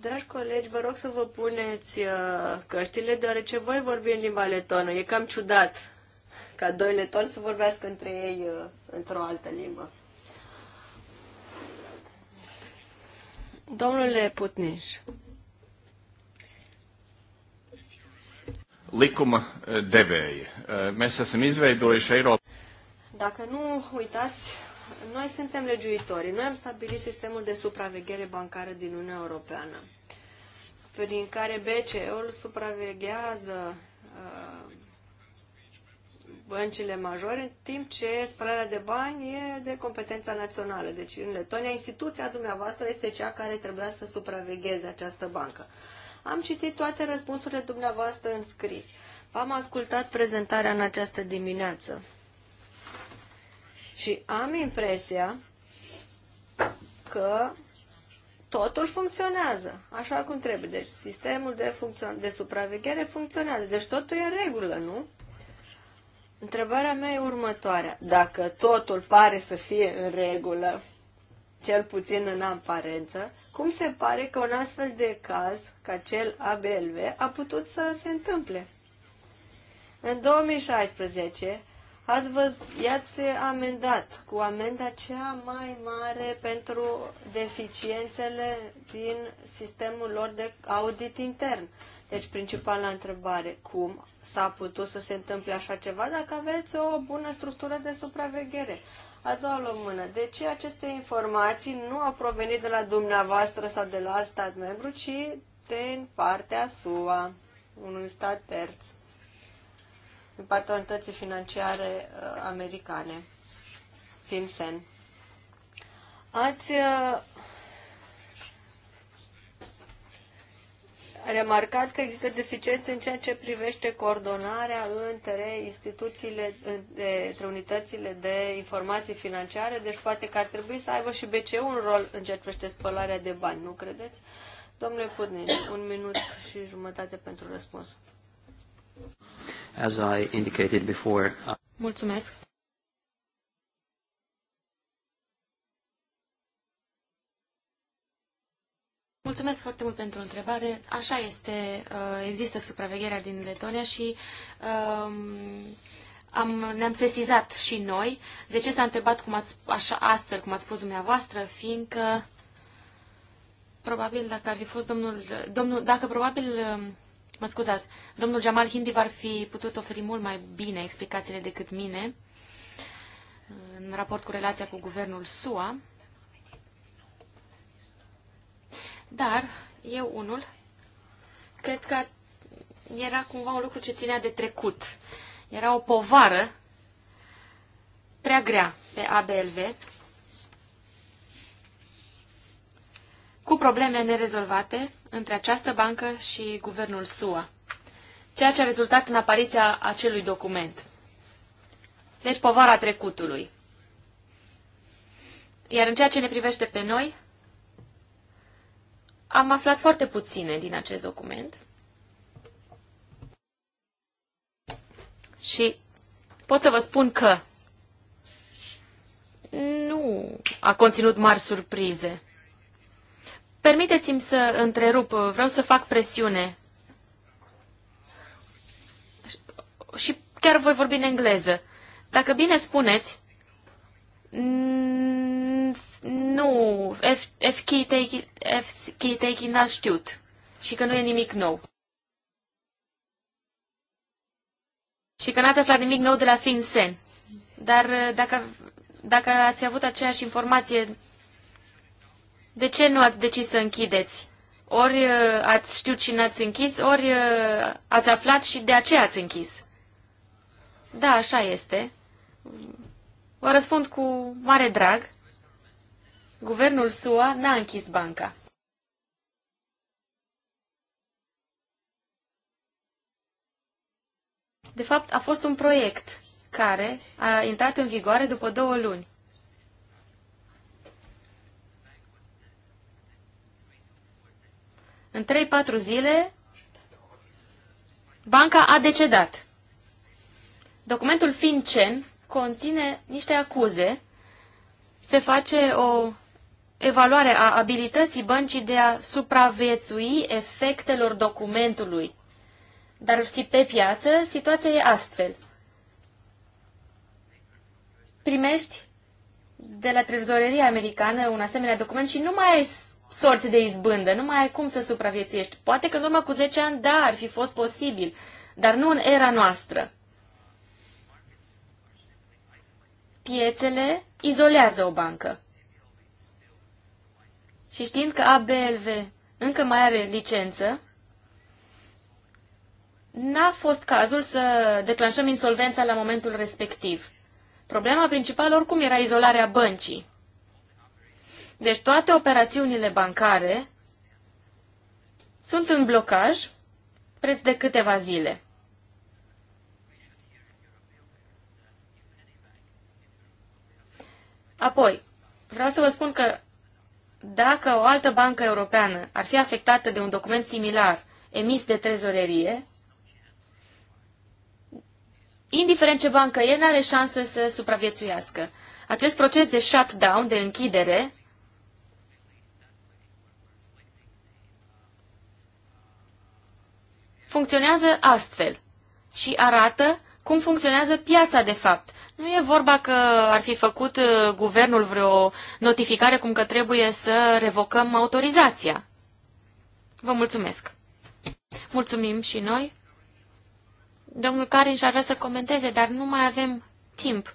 Dragi colegi, vă rog să vă puneți uh, căștile, deoarece voi vorbi în limba letonă. E cam ciudat ca doi letoni să vorbească între ei uh, într-o altă limbă. Domnule Putniș, likuma eh, devēji. Eh, mēs esam izveidojuši Eiropu. Dacă nu uitați, noi suntem legiuitori. Noi am stabilit sistemul de supraveghere bancară din Uniunea Europeană, prin care BCE-ul supraveghează eh, băncile majore, în timp ce spălarea de bani e de competența națională. Deci în Letonia, instituția dumneavoastră este cea care trebuia să supravegheze această bancă. Am citit toate răspunsurile dumneavoastră în scris. V-am ascultat prezentarea în această dimineață. Și am impresia că totul funcționează așa cum trebuie. Deci sistemul de, funcțion- de supraveghere funcționează. Deci totul e în regulă, nu? Întrebarea mea e următoarea. Dacă totul pare să fie în regulă, cel puțin în aparență, cum se pare că un astfel de caz, ca cel ABLV, a putut să se întâmple. În 2016, ați văzut, i-ați amendat cu amenda cea mai mare pentru deficiențele din sistemul lor de audit intern. Deci, principala întrebare, cum s-a putut să se întâmple așa ceva dacă aveți o bună structură de supraveghere? A doua lună, de deci, ce aceste informații nu au provenit de la dumneavoastră sau de la alt stat membru, ci din partea SUA, unui stat terț, din partea unității financiare uh, americane, FinCEN? Ați uh, remarcat că există deficiențe în ceea ce privește coordonarea între instituțiile, între unitățile de informații financiare, deci poate că ar trebui să aibă și BC un rol în ceea ce privește spălarea de bani, nu credeți? Domnule Pudniș, un minut și jumătate pentru răspuns. As I indicated before, uh, Mulțumesc. Mulțumesc foarte mult pentru întrebare. Așa este, uh, există supravegherea din Letonia și um, am, ne-am sesizat și noi. De ce s-a întrebat cum ați, așa astfel, cum ați spus dumneavoastră, fiindcă probabil dacă ar fi fost domnul, domnul dacă probabil um, Mă scuzați, domnul Jamal Hindi ar fi putut oferi mult mai bine explicațiile decât mine în raport cu relația cu guvernul SUA. Dar eu unul cred că era cumva un lucru ce ținea de trecut. Era o povară prea grea pe ABLV, cu probleme nerezolvate între această bancă și guvernul SUA, ceea ce a rezultat în apariția acelui document. Deci povara trecutului. Iar în ceea ce ne privește pe noi, am aflat foarte puține din acest document și pot să vă spun că nu a conținut mari surprize. Permiteți-mi să întrerup, vreau să fac presiune. Și chiar voi vorbi în engleză. Dacă bine spuneți, nu, FKTK n-a știut și că nu e nimic nou. Și că n-ați aflat nimic nou de la FinCEN. Dar uh, dacă, dacă ați avut aceeași informație, de ce nu ați decis să închideți? Ori uh, ați știut și n-ați închis, ori uh, ați aflat și de aceea ați închis. Da, așa este. Vă răspund cu mare drag guvernul SUA n-a închis banca. De fapt, a fost un proiect care a intrat în vigoare după două luni. În 3-4 zile, banca a decedat. Documentul FinCEN conține niște acuze. Se face o evaluare a abilității băncii de a supraviețui efectelor documentului. Dar și pe piață, situația e astfel. Primești de la trezoreria americană un asemenea document și nu mai ai sorți de izbândă, nu mai ai cum să supraviețuiești. Poate că în urmă cu 10 ani, da, ar fi fost posibil, dar nu în era noastră. Piețele izolează o bancă. Și știind că ABLV încă mai are licență, n-a fost cazul să declanșăm insolvența la momentul respectiv. Problema principală oricum era izolarea băncii. Deci toate operațiunile bancare sunt în blocaj preț de câteva zile. Apoi, vreau să vă spun că dacă o altă bancă europeană ar fi afectată de un document similar emis de trezorerie, indiferent ce bancă e, n-are șansă să supraviețuiască. Acest proces de shutdown, de închidere, funcționează astfel și arată cum funcționează piața de fapt. Nu e vorba că ar fi făcut uh, guvernul vreo notificare cum că trebuie să revocăm autorizația. Vă mulțumesc. Mulțumim și noi. Domnul și ar vrea să comenteze, dar nu mai avem timp.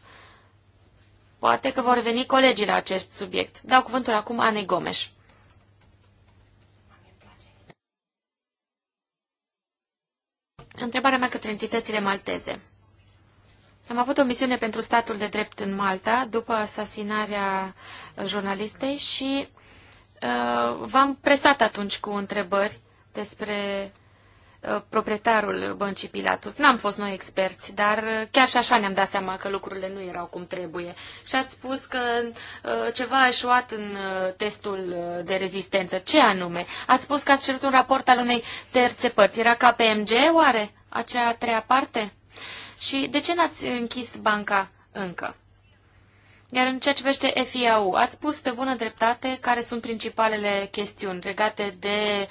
Poate că vor veni colegii la acest subiect. Dau cuvântul acum Anei Gomes. Întrebarea mea către entitățile malteze. Am avut o misiune pentru statul de drept în Malta după asasinarea uh, jurnalistei și uh, v-am presat atunci cu întrebări despre uh, proprietarul băncii Pilatus. N-am fost noi experți, dar uh, chiar și așa ne-am dat seama că lucrurile nu erau cum trebuie. Și ați spus că uh, ceva a eșuat în uh, testul uh, de rezistență. Ce anume? Ați spus că ați cerut un raport al unei terțe părți. Era KPMG oare? Acea treia parte? Și de ce n-ați închis banca încă? Iar în ceea ce privește FIAU, ați spus pe bună dreptate care sunt principalele chestiuni legate de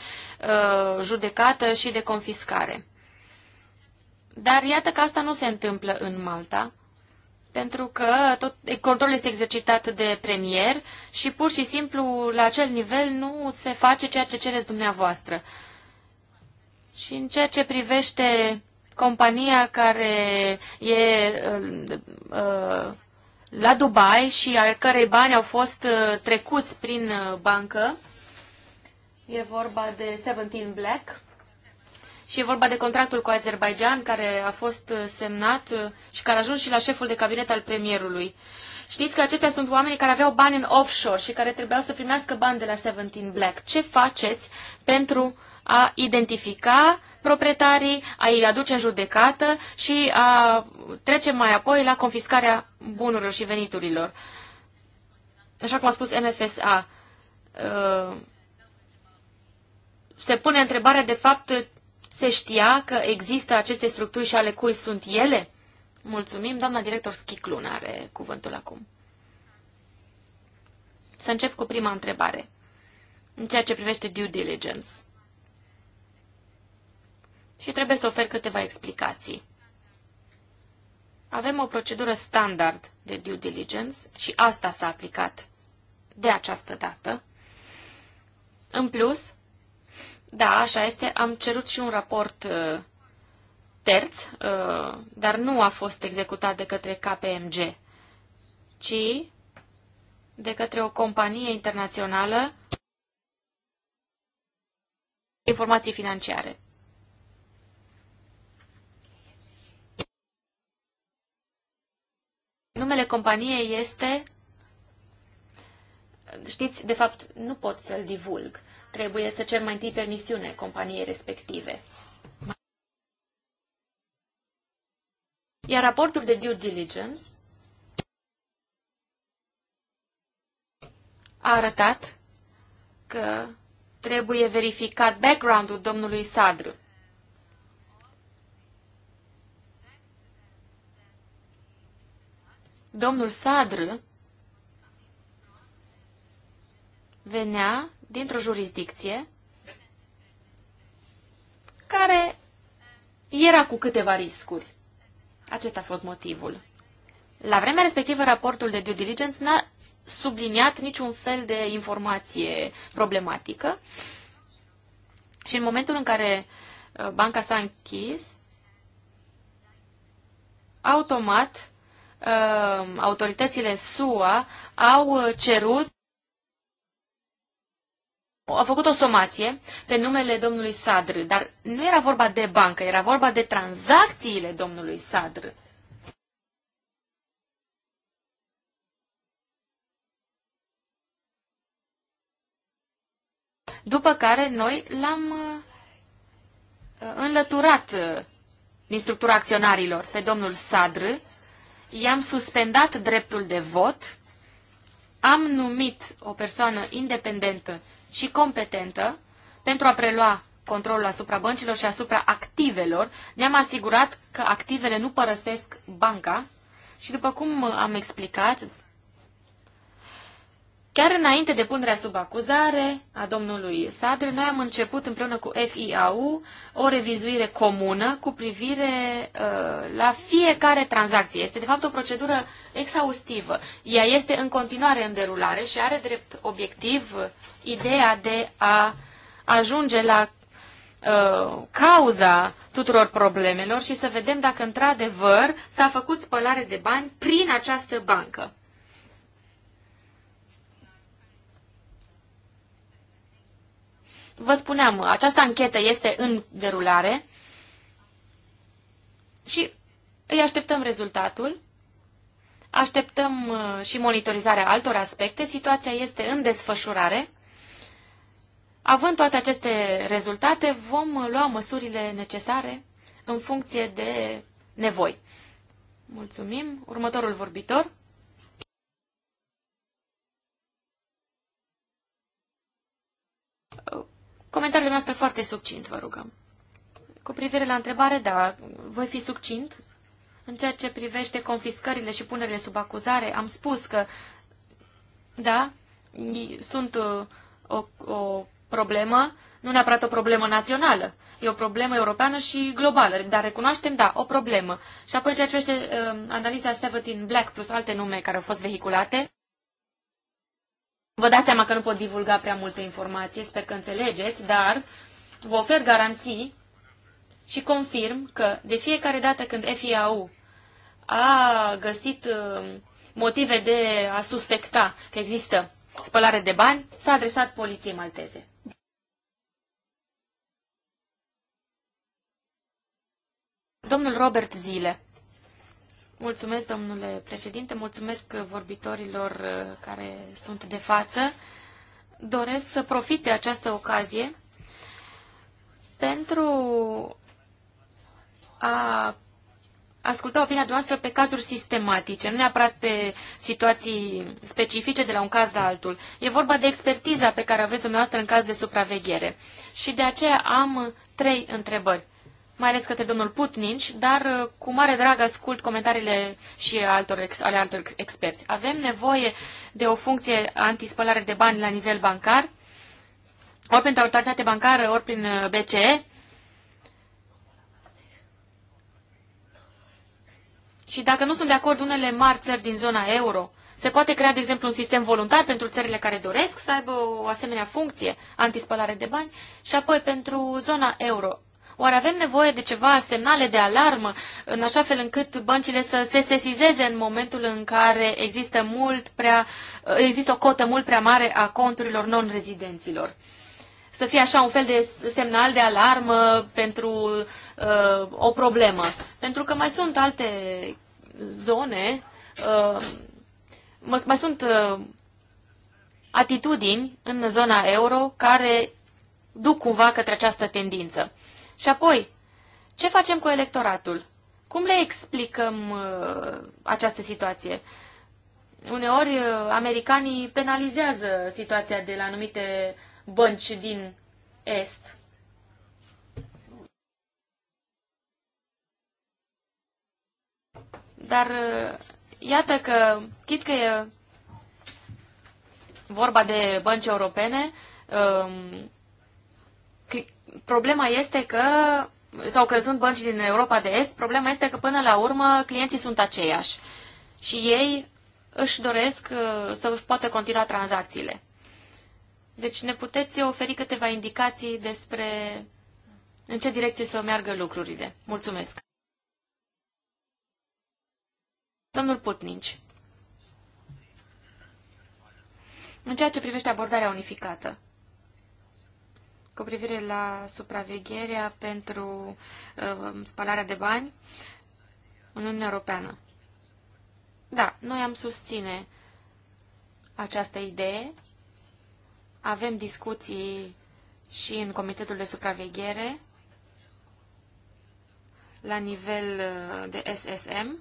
uh, judecată și de confiscare. Dar iată că asta nu se întâmplă în Malta, pentru că tot controlul este exercitat de premier și pur și simplu la acel nivel nu se face ceea ce cereți dumneavoastră. Și în ceea ce privește compania care e uh, uh, la Dubai și al cărei bani au fost uh, trecuți prin bancă. E vorba de 17 Black. Și e vorba de contractul cu Azerbaijan care a fost semnat și care a ajuns și la șeful de cabinet al premierului. Știți că acestea sunt oamenii care aveau bani în offshore și care trebuiau să primească bani de la 17 Black. Ce faceți pentru a identifica proprietarii, a îi aduce în judecată și a trece mai apoi la confiscarea bunurilor și veniturilor. Așa cum a spus MFSA, ă, se pune întrebarea, de fapt, se știa că există aceste structuri și ale cui sunt ele? Mulțumim. Doamna director Schiclun are cuvântul acum. Să încep cu prima întrebare. În ceea ce privește due diligence și trebuie să ofer câteva explicații. Avem o procedură standard de due diligence și asta s-a aplicat de această dată. În plus, da, așa este, am cerut și un raport uh, terț, uh, dar nu a fost executat de către KPMG, ci de către o companie internațională informații financiare. Numele companiei este... Știți, de fapt, nu pot să-l divulg. Trebuie să cer mai întâi permisiune companiei respective. Iar raportul de due diligence a arătat că trebuie verificat background-ul domnului Sadru. domnul Sadr venea dintr-o jurisdicție care era cu câteva riscuri. Acesta a fost motivul. La vremea respectivă, raportul de due diligence n-a subliniat niciun fel de informație problematică și în momentul în care uh, banca s-a închis, automat Um, autoritățile SUA au uh, cerut a făcut o somație pe numele domnului Sadr, dar nu era vorba de bancă, era vorba de tranzacțiile domnului Sadr. După care noi l-am uh, înlăturat uh, din structura acționarilor pe domnul Sadr i-am suspendat dreptul de vot, am numit o persoană independentă și competentă pentru a prelua controlul asupra băncilor și asupra activelor, ne-am asigurat că activele nu părăsesc banca și, după cum am explicat, Chiar înainte de punerea sub acuzare a domnului Sadr, noi am început împreună cu FIAU o revizuire comună cu privire uh, la fiecare tranzacție. Este, de fapt, o procedură exhaustivă. Ea este în continuare în derulare și are drept obiectiv ideea de a ajunge la uh, cauza tuturor problemelor și să vedem dacă, într-adevăr, s-a făcut spălare de bani prin această bancă. Vă spuneam, această anchetă este în derulare și îi așteptăm rezultatul. Așteptăm uh, și monitorizarea altor aspecte. Situația este în desfășurare. Având toate aceste rezultate, vom uh, lua măsurile necesare în funcție de nevoi. Mulțumim. Următorul vorbitor. Comentariile noastre foarte succint, vă rugăm. Cu privire la întrebare, da, voi fi succint? În ceea ce privește confiscările și punerile sub acuzare, am spus că, da, sunt uh, o, o problemă, nu neapărat o problemă națională, e o problemă europeană și globală, dar recunoaștem, da, o problemă. Și apoi, ceea ce privește uh, analiza 17 Black plus alte nume care au fost vehiculate, Vă dați seama că nu pot divulga prea multe informații, sper că înțelegeți, dar vă ofer garanții și confirm că de fiecare dată când FIAU a găsit uh, motive de a suspecta că există spălare de bani, s-a adresat poliției malteze. Domnul Robert Zile Mulțumesc, domnule președinte, mulțumesc vorbitorilor uh, care sunt de față. Doresc să profite de această ocazie pentru a asculta opinia noastră pe cazuri sistematice, nu neapărat pe situații specifice de la un caz la altul. E vorba de expertiza pe care aveți dumneavoastră în caz de supraveghere. Și de aceea am trei întrebări mai ales către domnul Putnici, dar uh, cu mare drag ascult comentariile și altor ex, ale altor experți. Avem nevoie de o funcție antispălare de bani la nivel bancar, ori pentru autoritate bancară, ori prin uh, BCE. Și dacă nu sunt de acord unele mari țări din zona euro, se poate crea, de exemplu, un sistem voluntar pentru țările care doresc să aibă o asemenea funcție, antispălare de bani, și apoi pentru zona euro. Oare avem nevoie de ceva semnale de alarmă, în așa fel încât băncile să se sesizeze în momentul în care există, mult prea, există o cotă mult prea mare a conturilor non-rezidenților? Să fie așa un fel de semnal de alarmă pentru uh, o problemă. Pentru că mai sunt alte zone, uh, mai sunt uh, atitudini în zona euro care duc cumva către această tendință. Și apoi, ce facem cu electoratul? Cum le explicăm uh, această situație? Uneori, uh, americanii penalizează situația de la anumite bănci din Est. Dar uh, iată că, chit că e vorba de bănci europene, uh, problema este că, sau că sunt bănci din Europa de Est, problema este că până la urmă clienții sunt aceiași și ei își doresc uh, să poată continua tranzacțiile. Deci ne puteți oferi câteva indicații despre în ce direcție să meargă lucrurile. Mulțumesc! Domnul Putnici. În ceea ce privește abordarea unificată cu privire la supravegherea pentru uh, spalarea de bani în Uniunea Europeană. Da, noi am susține această idee. Avem discuții și în Comitetul de Supraveghere la nivel uh, de SSM.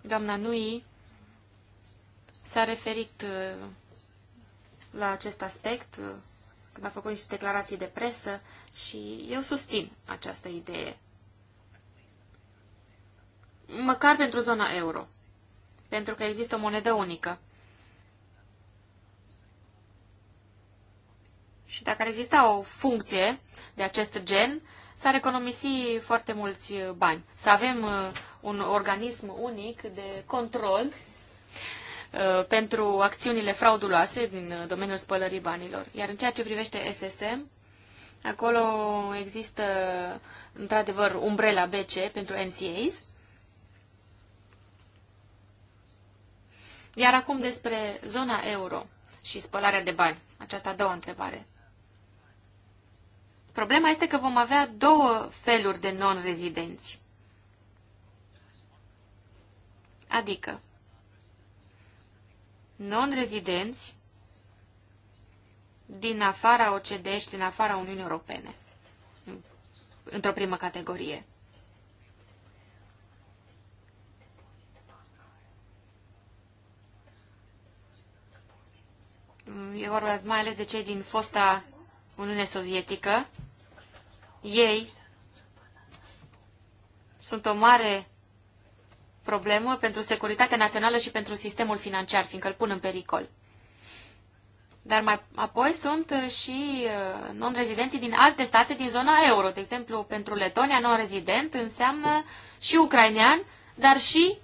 Doamna Nui s-a referit uh, la acest aspect, când a făcut niște declarații de presă și eu susțin această idee. Măcar pentru zona euro, pentru că există o monedă unică. Și dacă ar exista o funcție de acest gen, s-ar economisi foarte mulți bani. Să avem uh, un organism unic de control Uh, pentru acțiunile frauduloase din uh, domeniul spălării banilor. Iar în ceea ce privește SSM, acolo există într-adevăr umbrela BC pentru NCAs. Iar acum despre zona euro și spălarea de bani. Aceasta a doua întrebare. Problema este că vom avea două feluri de non-rezidenți. Adică, non-rezidenți din afara OCDE și din afara Uniunii Europene, într-o primă categorie. E vorba mai ales de cei din fosta Uniune Sovietică. Ei sunt o mare problemă pentru securitatea națională și pentru sistemul financiar, fiindcă îl pun în pericol. Dar mai apoi sunt și uh, non-rezidenții din alte state din zona euro. De exemplu, pentru Letonia, non-rezident înseamnă și ucrainean, dar și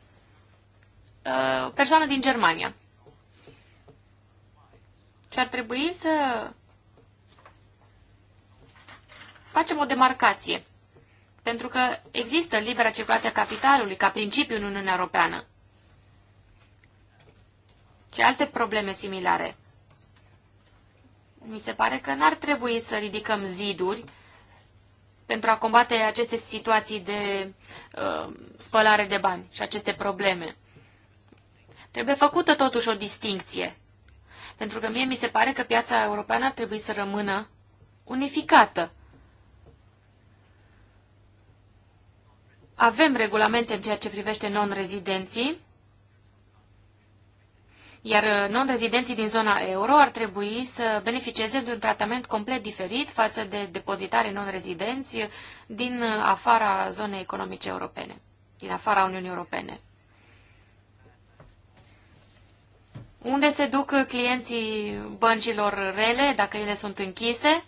uh, persoană din Germania. Și ar trebui să facem o demarcație. Pentru că există libera circulație a capitalului ca principiu în Uniunea Europeană. Și alte probleme similare. Mi se pare că n-ar trebui să ridicăm ziduri pentru a combate aceste situații de uh, spălare de bani și aceste probleme. Trebuie făcută totuși o distinție. Pentru că mie mi se pare că piața europeană ar trebui să rămână unificată. Avem regulamente în ceea ce privește non-rezidenții, iar uh, non-rezidenții din zona euro ar trebui să beneficieze de un tratament complet diferit față de depozitare non-rezidenți din uh, afara zonei economice europene, din afara Uniunii Europene. Unde se duc uh, clienții băncilor rele, dacă ele sunt închise?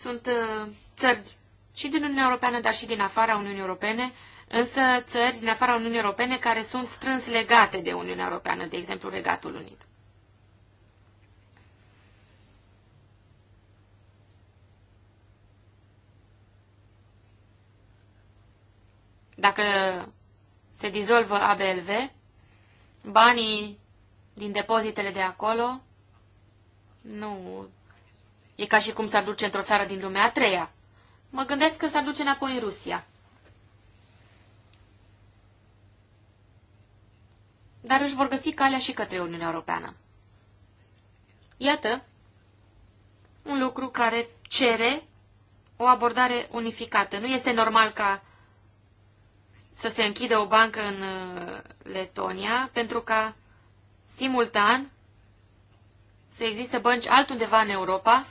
Sunt uh, țări și din Uniunea Europeană, dar și din afara Uniunii Europene, însă țări din afara Uniunii Europene care sunt strâns legate de Uniunea Europeană, de exemplu Regatul Unit. Dacă se dizolvă ABLV, banii din depozitele de acolo nu E ca și cum s-ar duce într-o țară din lumea a treia. Mă gândesc că s-ar duce înapoi în Rusia. Dar își vor găsi calea și către Uniunea Europeană. Iată un lucru care cere o abordare unificată. Nu este normal ca să se închide o bancă în uh, Letonia pentru ca simultan să existe bănci altundeva în Europa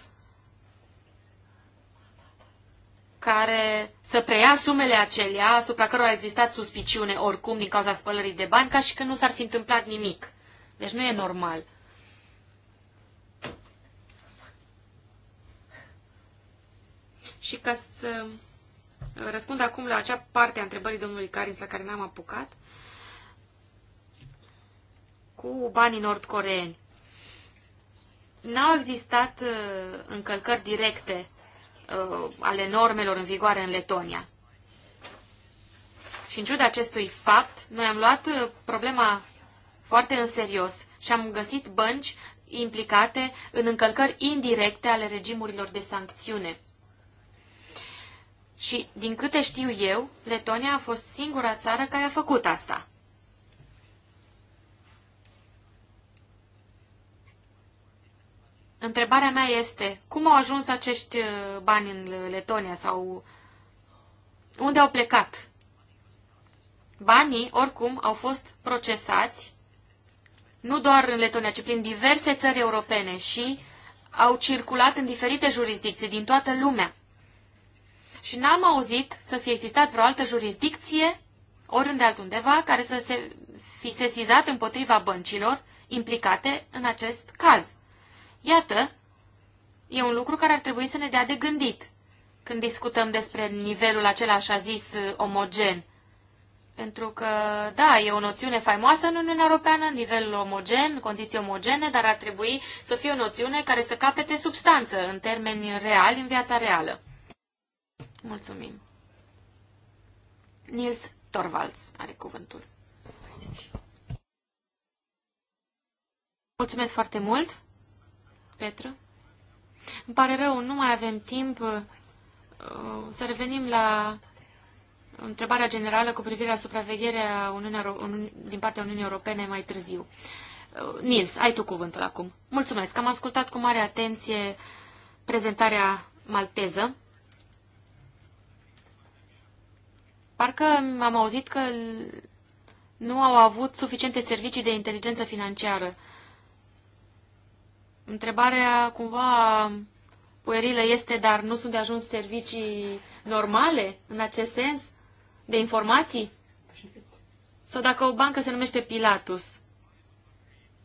care să preia sumele acelea asupra cărora a existat suspiciune oricum din cauza spălării de bani, ca și când nu s-ar fi întâmplat nimic. Deci nu e normal. Și ca să răspund acum la acea parte a întrebării domnului Carins la care n-am apucat, cu banii nordcoreeni. N-au existat uh, încălcări directe uh, ale normelor în vigoare în Letonia. Și în ciuda acestui fapt, noi am luat uh, problema foarte în serios și am găsit bănci implicate în încălcări indirecte ale regimurilor de sancțiune. Și, din câte știu eu, Letonia a fost singura țară care a făcut asta. Întrebarea mea este, cum au ajuns acești uh, bani în Letonia sau unde au plecat? Banii, oricum, au fost procesați nu doar în Letonia, ci prin diverse țări europene și au circulat în diferite jurisdicții din toată lumea. Și n-am auzit să fie existat vreo altă jurisdicție, oriunde altundeva, care să se fi sesizat împotriva băncilor implicate în acest caz. Iată, e un lucru care ar trebui să ne dea de gândit când discutăm despre nivelul acela așa zis uh, omogen. Pentru că, da, e o noțiune faimoasă în Uniunea Europeană, nivel omogen, condiții omogene, dar ar trebui să fie o noțiune care să capete substanță în termeni reali, în viața reală. Mulțumim. Nils Torvalds are cuvântul. Mulțumesc foarte mult. Petru? Îmi pare rău, nu mai avem timp uh, să revenim la întrebarea generală cu privire la supravegherea Uniunii, din partea Uniunii Europene mai târziu. Uh, Nils, ai tu cuvântul acum. Mulțumesc. Am ascultat cu mare atenție prezentarea malteză. Parcă am auzit că nu au avut suficiente servicii de inteligență financiară Întrebarea cumva puerilă este, dar nu sunt de ajuns servicii normale în acest sens de informații? Sau dacă o bancă se numește Pilatus?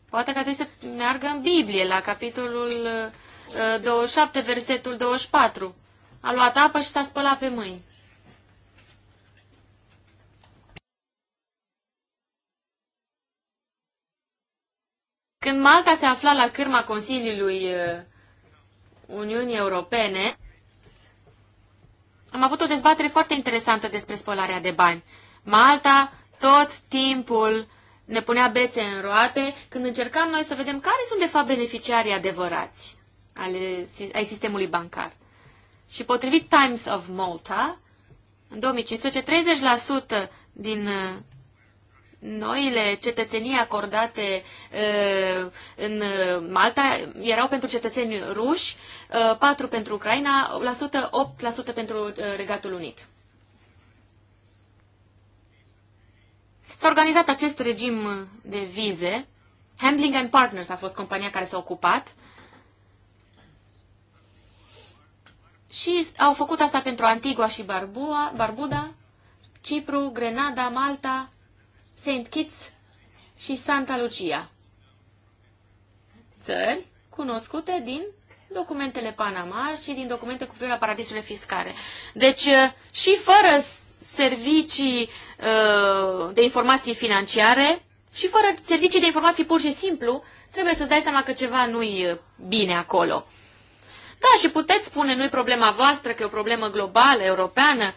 Poate că trebuie să meargă în Biblie, la capitolul 27, uh, versetul 24. A luat apă și s-a spălat pe mâini. Când Malta se afla la cârma Consiliului uh, Uniunii Europene, am avut o dezbatere foarte interesantă despre spălarea de bani. Malta tot timpul ne punea bețe în roate când încercam noi să vedem care sunt de fapt beneficiarii adevărați ale, ai sistemului bancar. Și potrivit Times of Malta, în 2015, 30% din uh, noile cetățenii acordate în Malta erau pentru cetățeni ruși, 4 pentru Ucraina, 8% pentru Regatul Unit. S-a organizat acest regim de vize. Handling and Partners a fost compania care s-a ocupat. Și au făcut asta pentru Antigua și Barbuda, Cipru, Grenada, Malta, St. Kitts și Santa Lucia. Țări cunoscute din documentele Panama și din documente cu privire la paradisurile fiscale. Deci, uh, și fără servicii uh, de informații financiare și fără servicii de informații pur și simplu, trebuie să-ți dai seama că ceva nu-i uh, bine acolo. Da, și puteți spune, nu-i problema voastră, că e o problemă globală, europeană,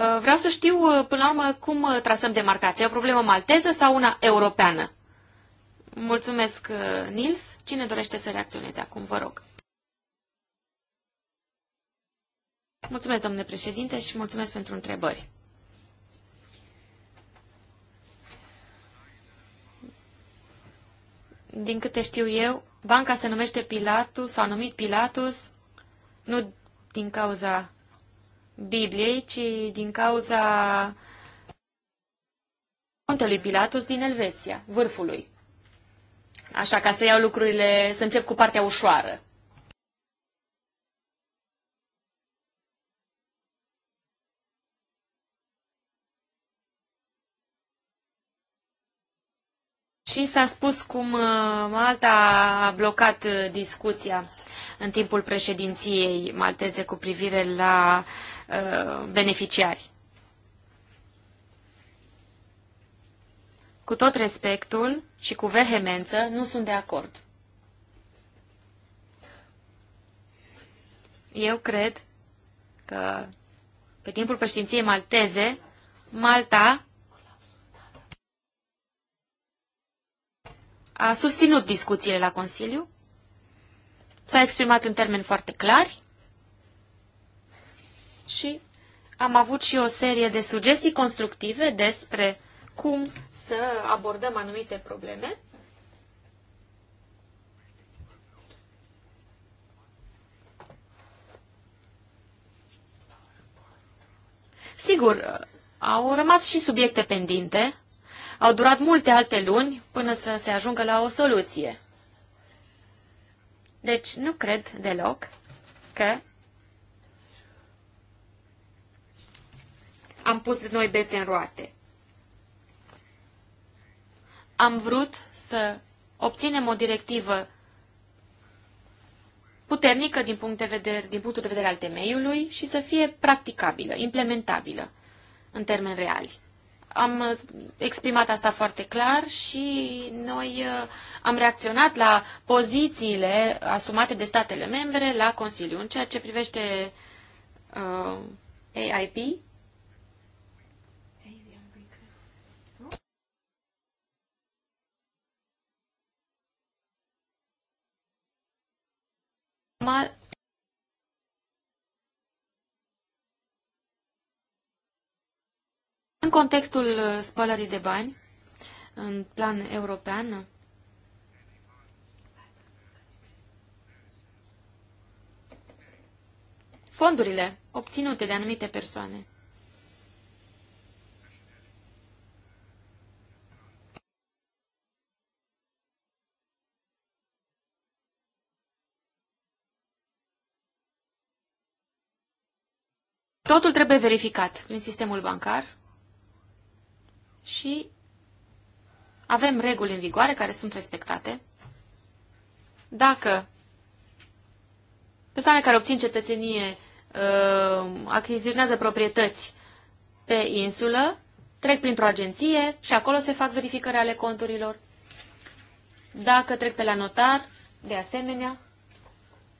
Uh, vreau să știu, uh, până la urmă, cum uh, trasăm demarcația. E o problemă malteză sau una europeană? Mulțumesc, Nils. Cine dorește să reacționeze acum, vă rog. Mulțumesc, domnule președinte, și mulțumesc pentru întrebări. Din câte știu eu, banca se numește Pilatus, s-a numit Pilatus, nu din cauza Bibliei, ci din cauza contelui Pilatus din Elveția, vârfului. Așa, ca să iau lucrurile, să încep cu partea ușoară. Și s-a spus cum uh, Malta a blocat uh, discuția în timpul președinției malteze cu privire la Uh, beneficiari. Cu tot respectul și cu vehemență, nu sunt de acord. Eu cred că pe timpul președinției malteze, Malta a susținut discuțiile la Consiliu, s-a exprimat în termeni foarte clari și am avut și o serie de sugestii constructive despre cum să abordăm anumite probleme. Sigur, au rămas și subiecte pendinte, au durat multe alte luni până să se ajungă la o soluție. Deci nu cred deloc că am pus noi bețe în roate. Am vrut să obținem o directivă puternică din, punct de vedere, din punctul de vedere al temeiului și să fie practicabilă, implementabilă în termeni reali. Am exprimat asta foarte clar și noi uh, am reacționat la pozițiile asumate de statele membre la Consiliu în ceea ce privește uh, AIP, mal În contextul uh, spălării de bani, în plan european, fondurile obținute de anumite persoane Totul trebuie verificat prin sistemul bancar și avem reguli în vigoare care sunt respectate. Dacă persoane care obțin cetățenie uh, achiziționează proprietăți pe insulă, trec printr-o agenție și acolo se fac verificări ale conturilor. Dacă trec pe la notar, de asemenea,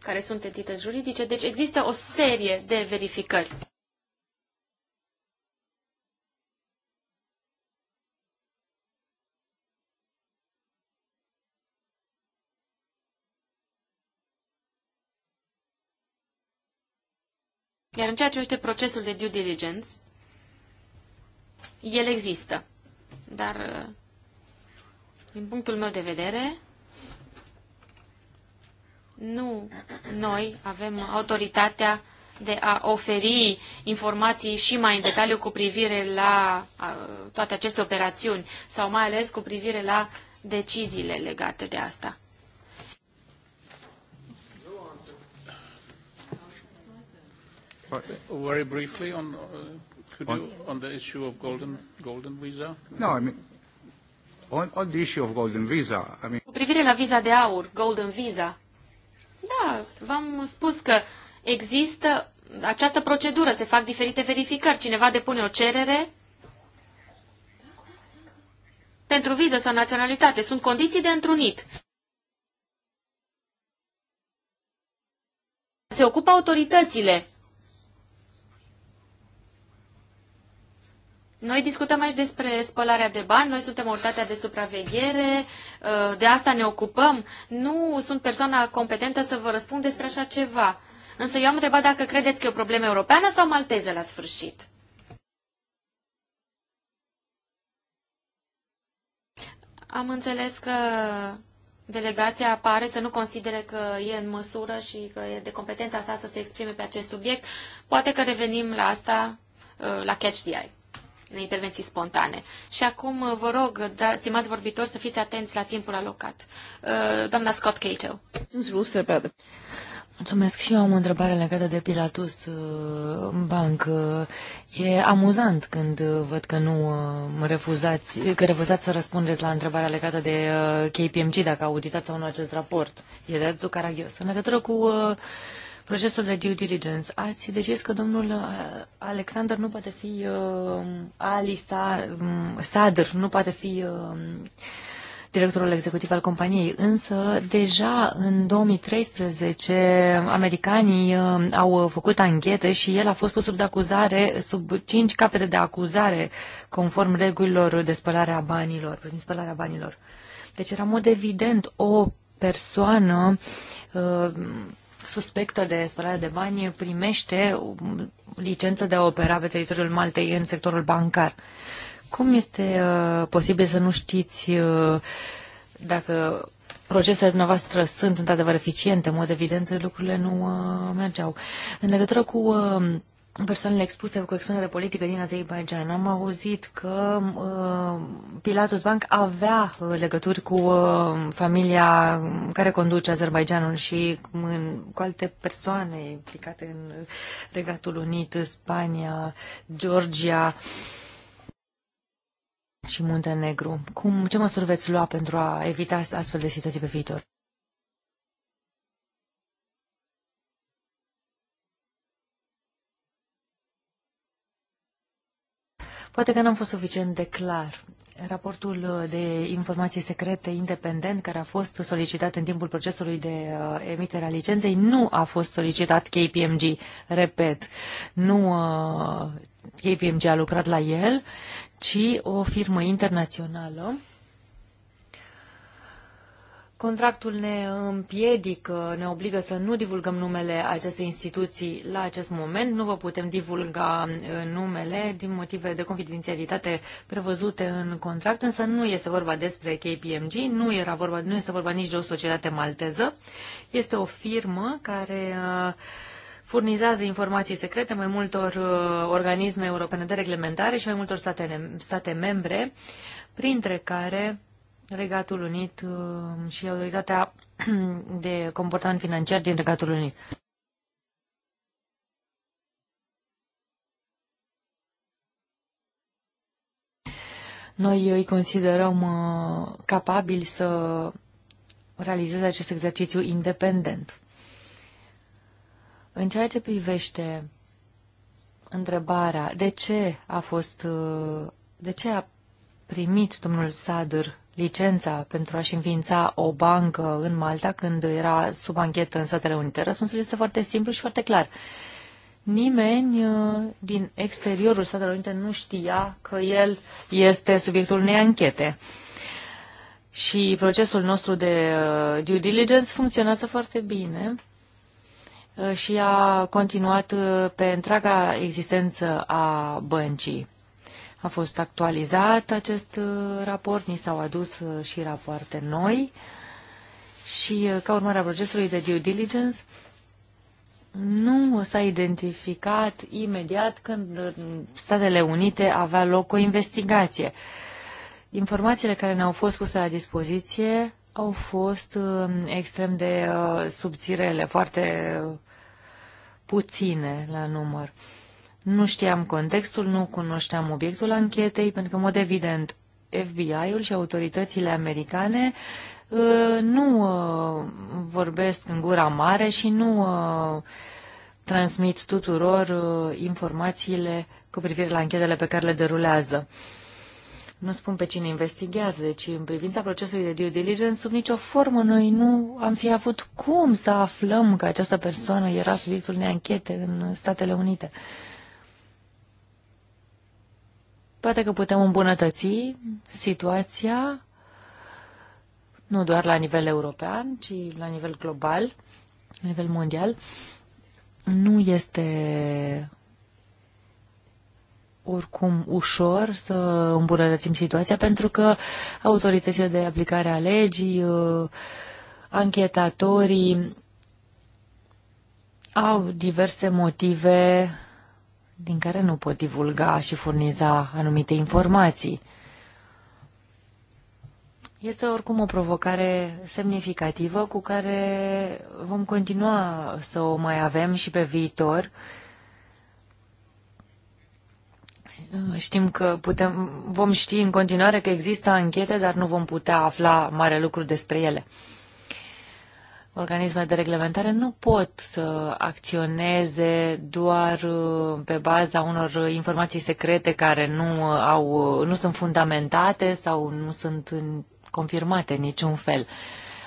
care sunt entități juridice, deci există o serie de verificări. Iar în ceea ce privește procesul de due diligence, el există. Dar, uh, din punctul meu de vedere, nu noi avem autoritatea de a oferi informații și mai în detaliu cu privire la uh, toate aceste operațiuni sau mai ales cu privire la deciziile legate de asta. Very briefly on, uh, could on, you, on the issue of golden, golden visa? No, I mean, on, on the issue of golden visa, I mean... Cu privire la viza de aur, golden visa, da, v-am spus că există această procedură, se fac diferite verificări. Cineva depune o cerere pentru viză sau naționalitate. Sunt condiții de întrunit. Se ocupă autoritățile Noi discutăm aici despre spălarea de bani, noi suntem unitatea de supraveghere, uh, de asta ne ocupăm. Nu sunt persoana competentă să vă răspund despre așa ceva. Însă eu am întrebat dacă credeți că e o problemă europeană sau malteză la sfârșit. Am înțeles că delegația pare să nu considere că e în măsură și că e de competența sa să se exprime pe acest subiect. Poate că revenim la asta uh, la Catch the Eye în intervenții spontane. Și acum uh, vă rog, da, stimați vorbitori, să fiți atenți la timpul alocat. Uh, doamna Scott Cato. Mulțumesc și eu am o întrebare legată de Pilatus uh, Bank. E amuzant când văd că nu refuzați, că refuzați să răspundeți la întrebarea legată de KPMG, dacă auditați sau nu acest raport. E dreptul caragios. În legătură cu procesul de due diligence. Ați decis că domnul uh, Alexander nu poate fi uh, Ali um, Sadr, nu poate fi uh, directorul executiv al companiei, însă deja în 2013 americanii uh, au făcut anchete și el a fost pus sub acuzare, sub cinci capete de acuzare, conform regulilor de spălare a banilor, prin spălarea banilor. Deci era mod evident o persoană uh, suspectă de spălare de bani primește licență de a opera pe teritoriul Maltei în sectorul bancar. Cum este uh, posibil să nu știți uh, dacă procesele dumneavoastră sunt într-adevăr eficiente? În mod evident, lucrurile nu uh, mergeau. În legătură cu uh, persoanele expuse cu expunere politică din Azerbaijan. Am auzit că uh, Pilatus Bank avea uh, legături cu uh, familia care conduce Azerbaijanul și în, cu alte persoane implicate în Regatul Unit, Spania, Georgia și Muntenegru. Cum, ce măsuri veți lua pentru a evita astfel de situații pe viitor? Poate că n-am fost suficient de clar. Raportul de informații secrete independent care a fost solicitat în timpul procesului de uh, emitere a licenței nu a fost solicitat KPMG. Repet, nu uh, KPMG a lucrat la el, ci o firmă internațională Contractul ne împiedică, ne obligă să nu divulgăm numele acestei instituții la acest moment. Nu vă putem divulga uh, numele din motive de confidențialitate prevăzute în contract, însă nu este vorba despre KPMG, nu, era vorba, nu este vorba nici de o societate malteză. Este o firmă care uh, furnizează informații secrete mai multor uh, organisme europene de reglementare și mai multor state, state membre, printre care Regatul Unit uh, și autoritatea [clears throat] de comportament financiar din Regatul Unit. Noi îi considerăm uh, capabili să realizeze acest exercițiu independent. În ceea ce privește întrebarea de ce a fost, uh, de ce a primit domnul Sadr licența pentru a-și înființa o bancă în Malta când era sub anchetă în Statele Unite? Răspunsul este foarte simplu și foarte clar. Nimeni uh, din exteriorul Statelor Unite nu știa că el este subiectul unei anchete. Și procesul nostru de uh, due diligence funcționează foarte bine uh, și a continuat pe întreaga existență a băncii. A fost actualizat acest uh, raport, ni s-au adus uh, și rapoarte noi și uh, ca urmare a procesului de due diligence nu s-a identificat imediat când în Statele Unite avea loc o investigație. Informațiile care ne-au fost puse la dispoziție au fost extrem de subțirele, foarte puține la număr. Nu știam contextul, nu cunoșteam obiectul anchetei, pentru că, în mod evident, FBI-ul și autoritățile americane uh, nu uh, vorbesc în gura mare și nu uh, transmit tuturor informațiile cu privire la anchetele pe care le derulează. Nu spun pe cine investigează, deci în privința procesului de due diligence, sub nicio formă noi nu am fi avut cum să aflăm că această persoană era subiectul unei anchete în Statele Unite. Uh, Poate că putem îmbunătăți situația nu doar la nivel european, ci la nivel global, la nivel mondial. Nu este oricum ușor să îmbunătățim situația, pentru că autoritățile de aplicare a legii, uh, anchetatorii au diverse motive din care nu pot divulga și furniza anumite informații. Este oricum o provocare semnificativă cu care vom continua să o mai avem și pe viitor. Știm că putem, vom ști în continuare că există anchete, dar nu vom putea afla mare lucru despre ele organisme de reglementare nu pot să acționeze doar uh, pe baza unor informații secrete care nu, uh, au, uh, nu sunt fundamentate sau nu sunt confirmate în niciun fel.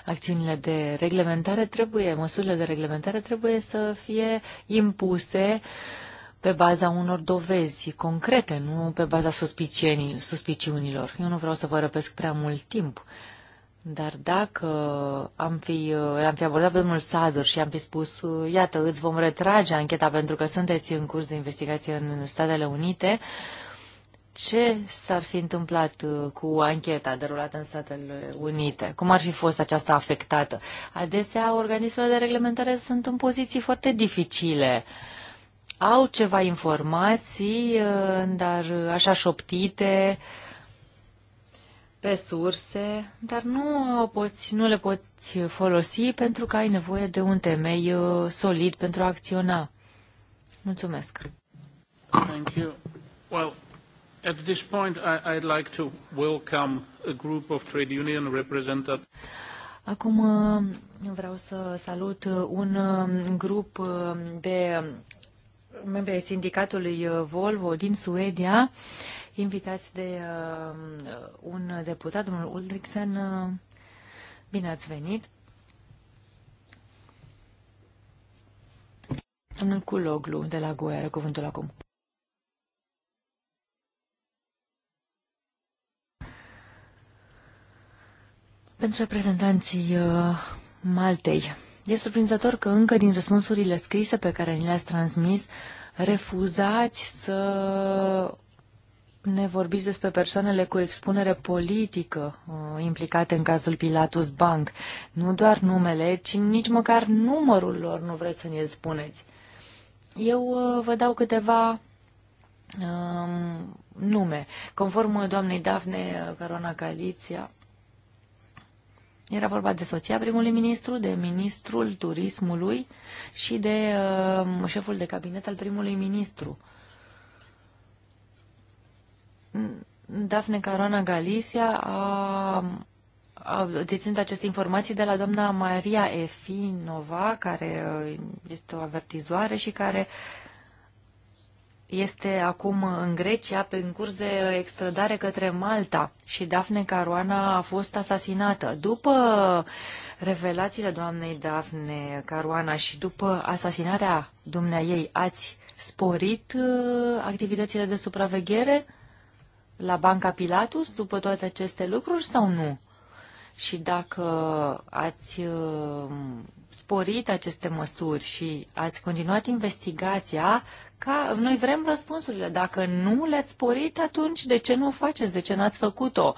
Acțiunile de reglementare trebuie, măsurile de reglementare trebuie să fie impuse pe baza unor dovezi concrete, nu pe baza suspiciunilor. Eu nu vreau să vă răpesc prea mult timp. Dar dacă am fi, am fi abordat pe domnul Sadur și am fi spus, iată, îți vom retrage ancheta pentru că sunteți în curs de investigație în Statele Unite, ce s-ar fi întâmplat uh, cu ancheta derulată în Statele Unite? Cum ar fi fost aceasta afectată? Adesea, organismele de reglementare sunt în poziții foarte dificile. Au ceva informații, uh, dar uh, așa șoptite, pe surse, dar nu, o poți, nu le poți folosi pentru că ai nevoie de un temei uh, solid pentru a acționa. Mulțumesc. Thank you. Well, at this point I, I'd like to welcome a group of trade union representatives. Acum uh, vreau să salut uh, un grup de membri ai sindicatului Volvo din Suedia invitați de uh, un deputat, domnul Uldrixen. Uh, bine ați venit! Domnul Culoglu de la Gueră, cuvântul acum. Pentru reprezentanții uh, Maltei, e surprinzător că încă din răspunsurile scrise pe care ni le-ați transmis, refuzați să ne vorbiți despre persoanele cu expunere politică uh, implicate în cazul Pilatus Bank. Nu doar numele, ci nici măcar numărul lor nu vreți să ne spuneți. Eu uh, vă dau câteva um, nume. Conform doamnei Dafne uh, Carona Caliția, era vorba de soția primului ministru, de ministrul turismului și de uh, șeful de cabinet al primului ministru. Uh, Dafne Caruana Galicia a, a deținut aceste informații de la doamna Maria Efinova, care uh, este o avertizoare și care este acum în Grecia, pe în curs de extradare către Malta și Dafne Caruana a fost asasinată. După revelațiile doamnei Dafne Caruana și după asasinarea ei, ați sporit uh, activitățile de supraveghere? la Banca Pilatus după toate aceste lucruri sau nu? Și dacă ați uh, sporit aceste măsuri și ați continuat investigația, ca, noi vrem răspunsurile. Dacă nu le-ați sporit, atunci de ce nu o faceți? De ce n-ați făcut-o?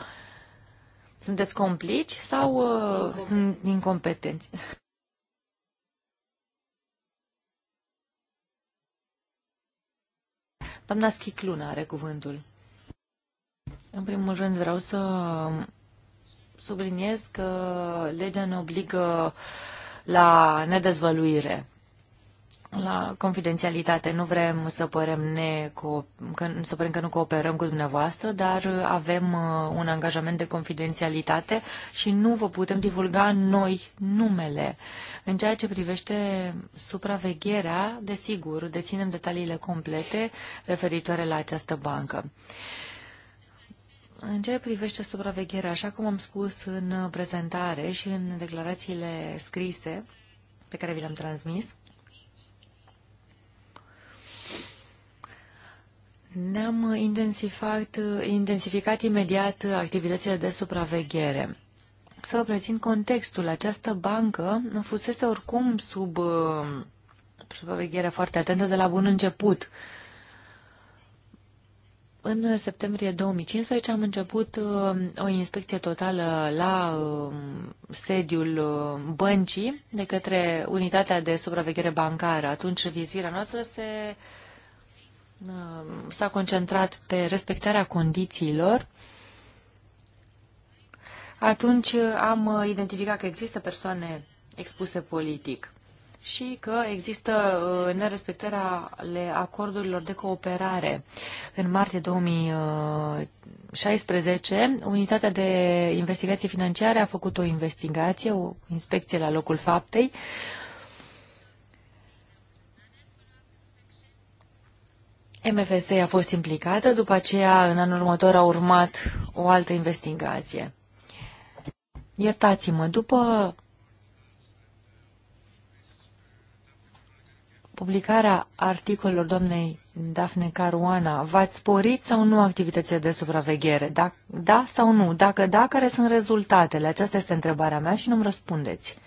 Sunteți complici sau uh, Incompetent. sunt incompetenți? Doamna Schicluna are cuvântul. În primul rând vreau să subliniez că legea ne obligă la nedezvăluire, la confidențialitate. Nu vrem să părem, ne, că, să părem că nu cooperăm cu dumneavoastră, dar avem uh, un angajament de confidențialitate și nu vă putem divulga noi numele. În ceea ce privește supravegherea, desigur, deținem detaliile complete referitoare la această bancă. Uh, în ce privește supravegherea, așa cum am spus în prezentare și în declarațiile scrise pe care vi le-am transmis, ne-am intensificat, intensificat imediat activitățile de supraveghere. Să vă prezint contextul. Această bancă fusese oricum sub uh, supraveghere foarte atentă de la bun început. Uh, în septembrie 2015 am început uh, o inspecție totală la um, sediul um, băncii de către Unitatea de Supraveghere Bancară. Atunci vizuirea noastră se, um, s-a concentrat pe respectarea condițiilor. Atunci uh, am uh, identificat că există persoane expuse politic și că există uh, nerespectarea ale acordurilor de cooperare. În martie 2016, uh, Unitatea de Investigații Financiare a făcut o investigație, o inspecție la locul faptei, MFS a fost implicată, după aceea în anul următor a urmat o altă investigație. Iertați-mă, după publicarea articolelor doamnei Dafne Caruana, v-ați sporit sau nu activitățile de supraveghere? Da, da sau nu? Dacă da, care sunt rezultatele? Aceasta este întrebarea mea și nu-mi răspundeți.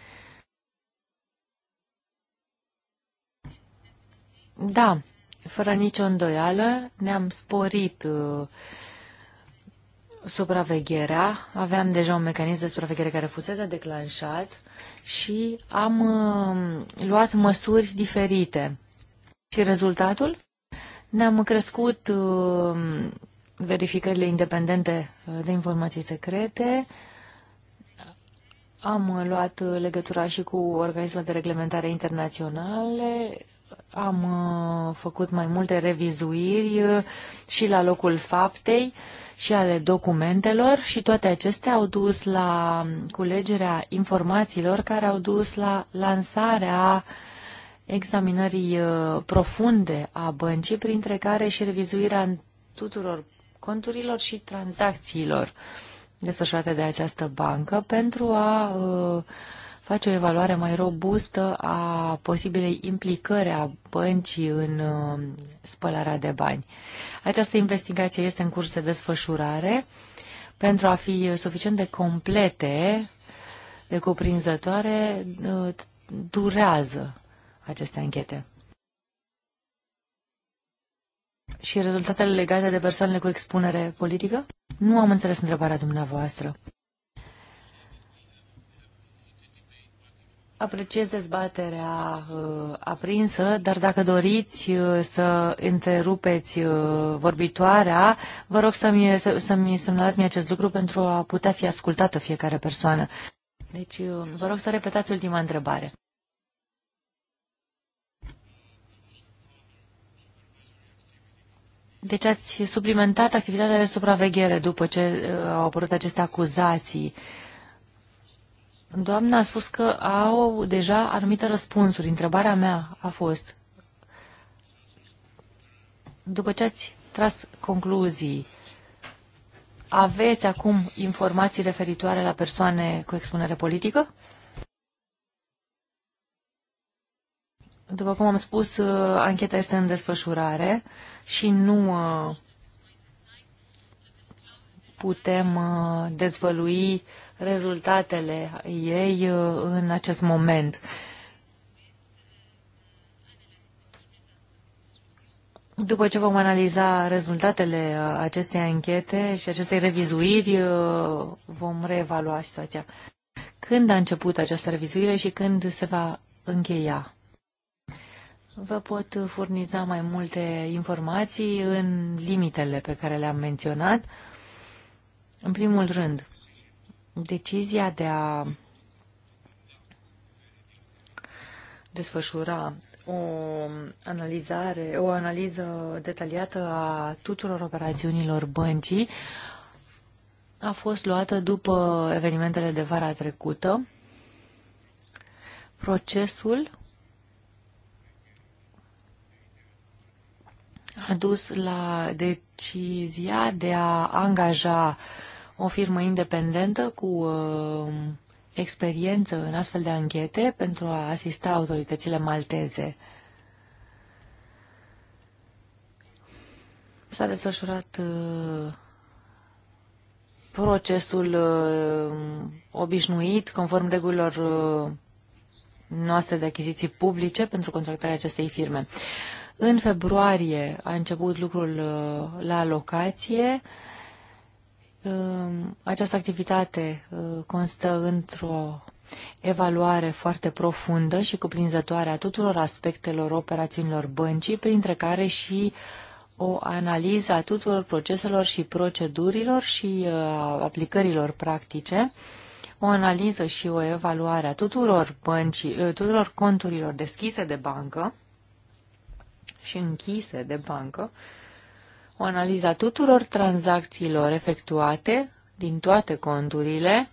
Da, fără nicio îndoială, ne-am sporit uh, supravegherea. Aveam deja un mecanism de supraveghere care fusese declanșat și am uh, luat măsuri diferite. Și rezultatul? Ne-am crescut uh, verificările independente uh, de informații secrete, am luat uh, legătura și cu organismele de reglementare internaționale, am uh, făcut mai multe revizuiri uh, și la locul faptei și ale documentelor și toate acestea au dus la culegerea informațiilor care au dus la lansarea examinării uh, profunde a băncii, printre care și revizuirea tuturor conturilor și tranzacțiilor desfășurate de această bancă pentru a uh, face o evaluare mai robustă a posibilei implicări a băncii în uh, spălarea de bani. Această investigație este în curs de desfășurare pentru a fi suficient de complete, de cuprinzătoare, uh, durează aceste anchete. Și rezultatele legate de persoanele cu expunere politică? Nu am înțeles întrebarea dumneavoastră. Apreciez dezbaterea uh, aprinsă, dar dacă doriți uh, să întrerupeți uh, vorbitoarea, vă rog să-mi, să, să-mi semnalați mie acest lucru pentru a putea fi ascultată fiecare persoană. Deci, vă rog să repetați ultima întrebare. Deci ați suplimentat activitatea de supraveghere după ce au apărut aceste acuzații. Uh, Doamna a spus că au deja anumite răspunsuri. Întrebarea mea a fost, după ce ați tras concluzii, aveți acum informații referitoare la persoane cu expunere politică? După cum am spus, uh, ancheta este în desfășurare și nu uh, putem uh, dezvălui rezultatele ei uh, în acest moment. După ce vom analiza rezultatele uh, acestei anchete și acestei revizuiri, uh, vom reevalua situația. Când a început această revizuire și când se va încheia? Vă pot furniza mai multe informații în limitele pe care le-am menționat. În primul rând, Decizia de a desfășura o analizare, o analiză detaliată a tuturor operațiunilor băncii a fost luată după evenimentele de vara trecută. Procesul a dus la decizia de a angaja uh, o firmă independentă cu uh, experiență în astfel de anchete pentru a asista autoritățile malteze. S-a desfășurat uh, procesul uh, obișnuit, conform regulilor noastre de achiziții publice pentru contractarea acestei firme. În februarie a început lucrul la locație. Ehm, această activitate ehm, constă într-o evaluare foarte profundă și cuprinzătoare a tuturor aspectelor operațiunilor băncii, printre care și o analiză a tuturor proceselor și procedurilor și ehm, aplicărilor practice, o analiză și o evaluare a tuturor, băncii, tuturor conturilor deschise de bancă și închise de bancă, o analiză a tuturor tranzacțiilor efectuate din toate conturile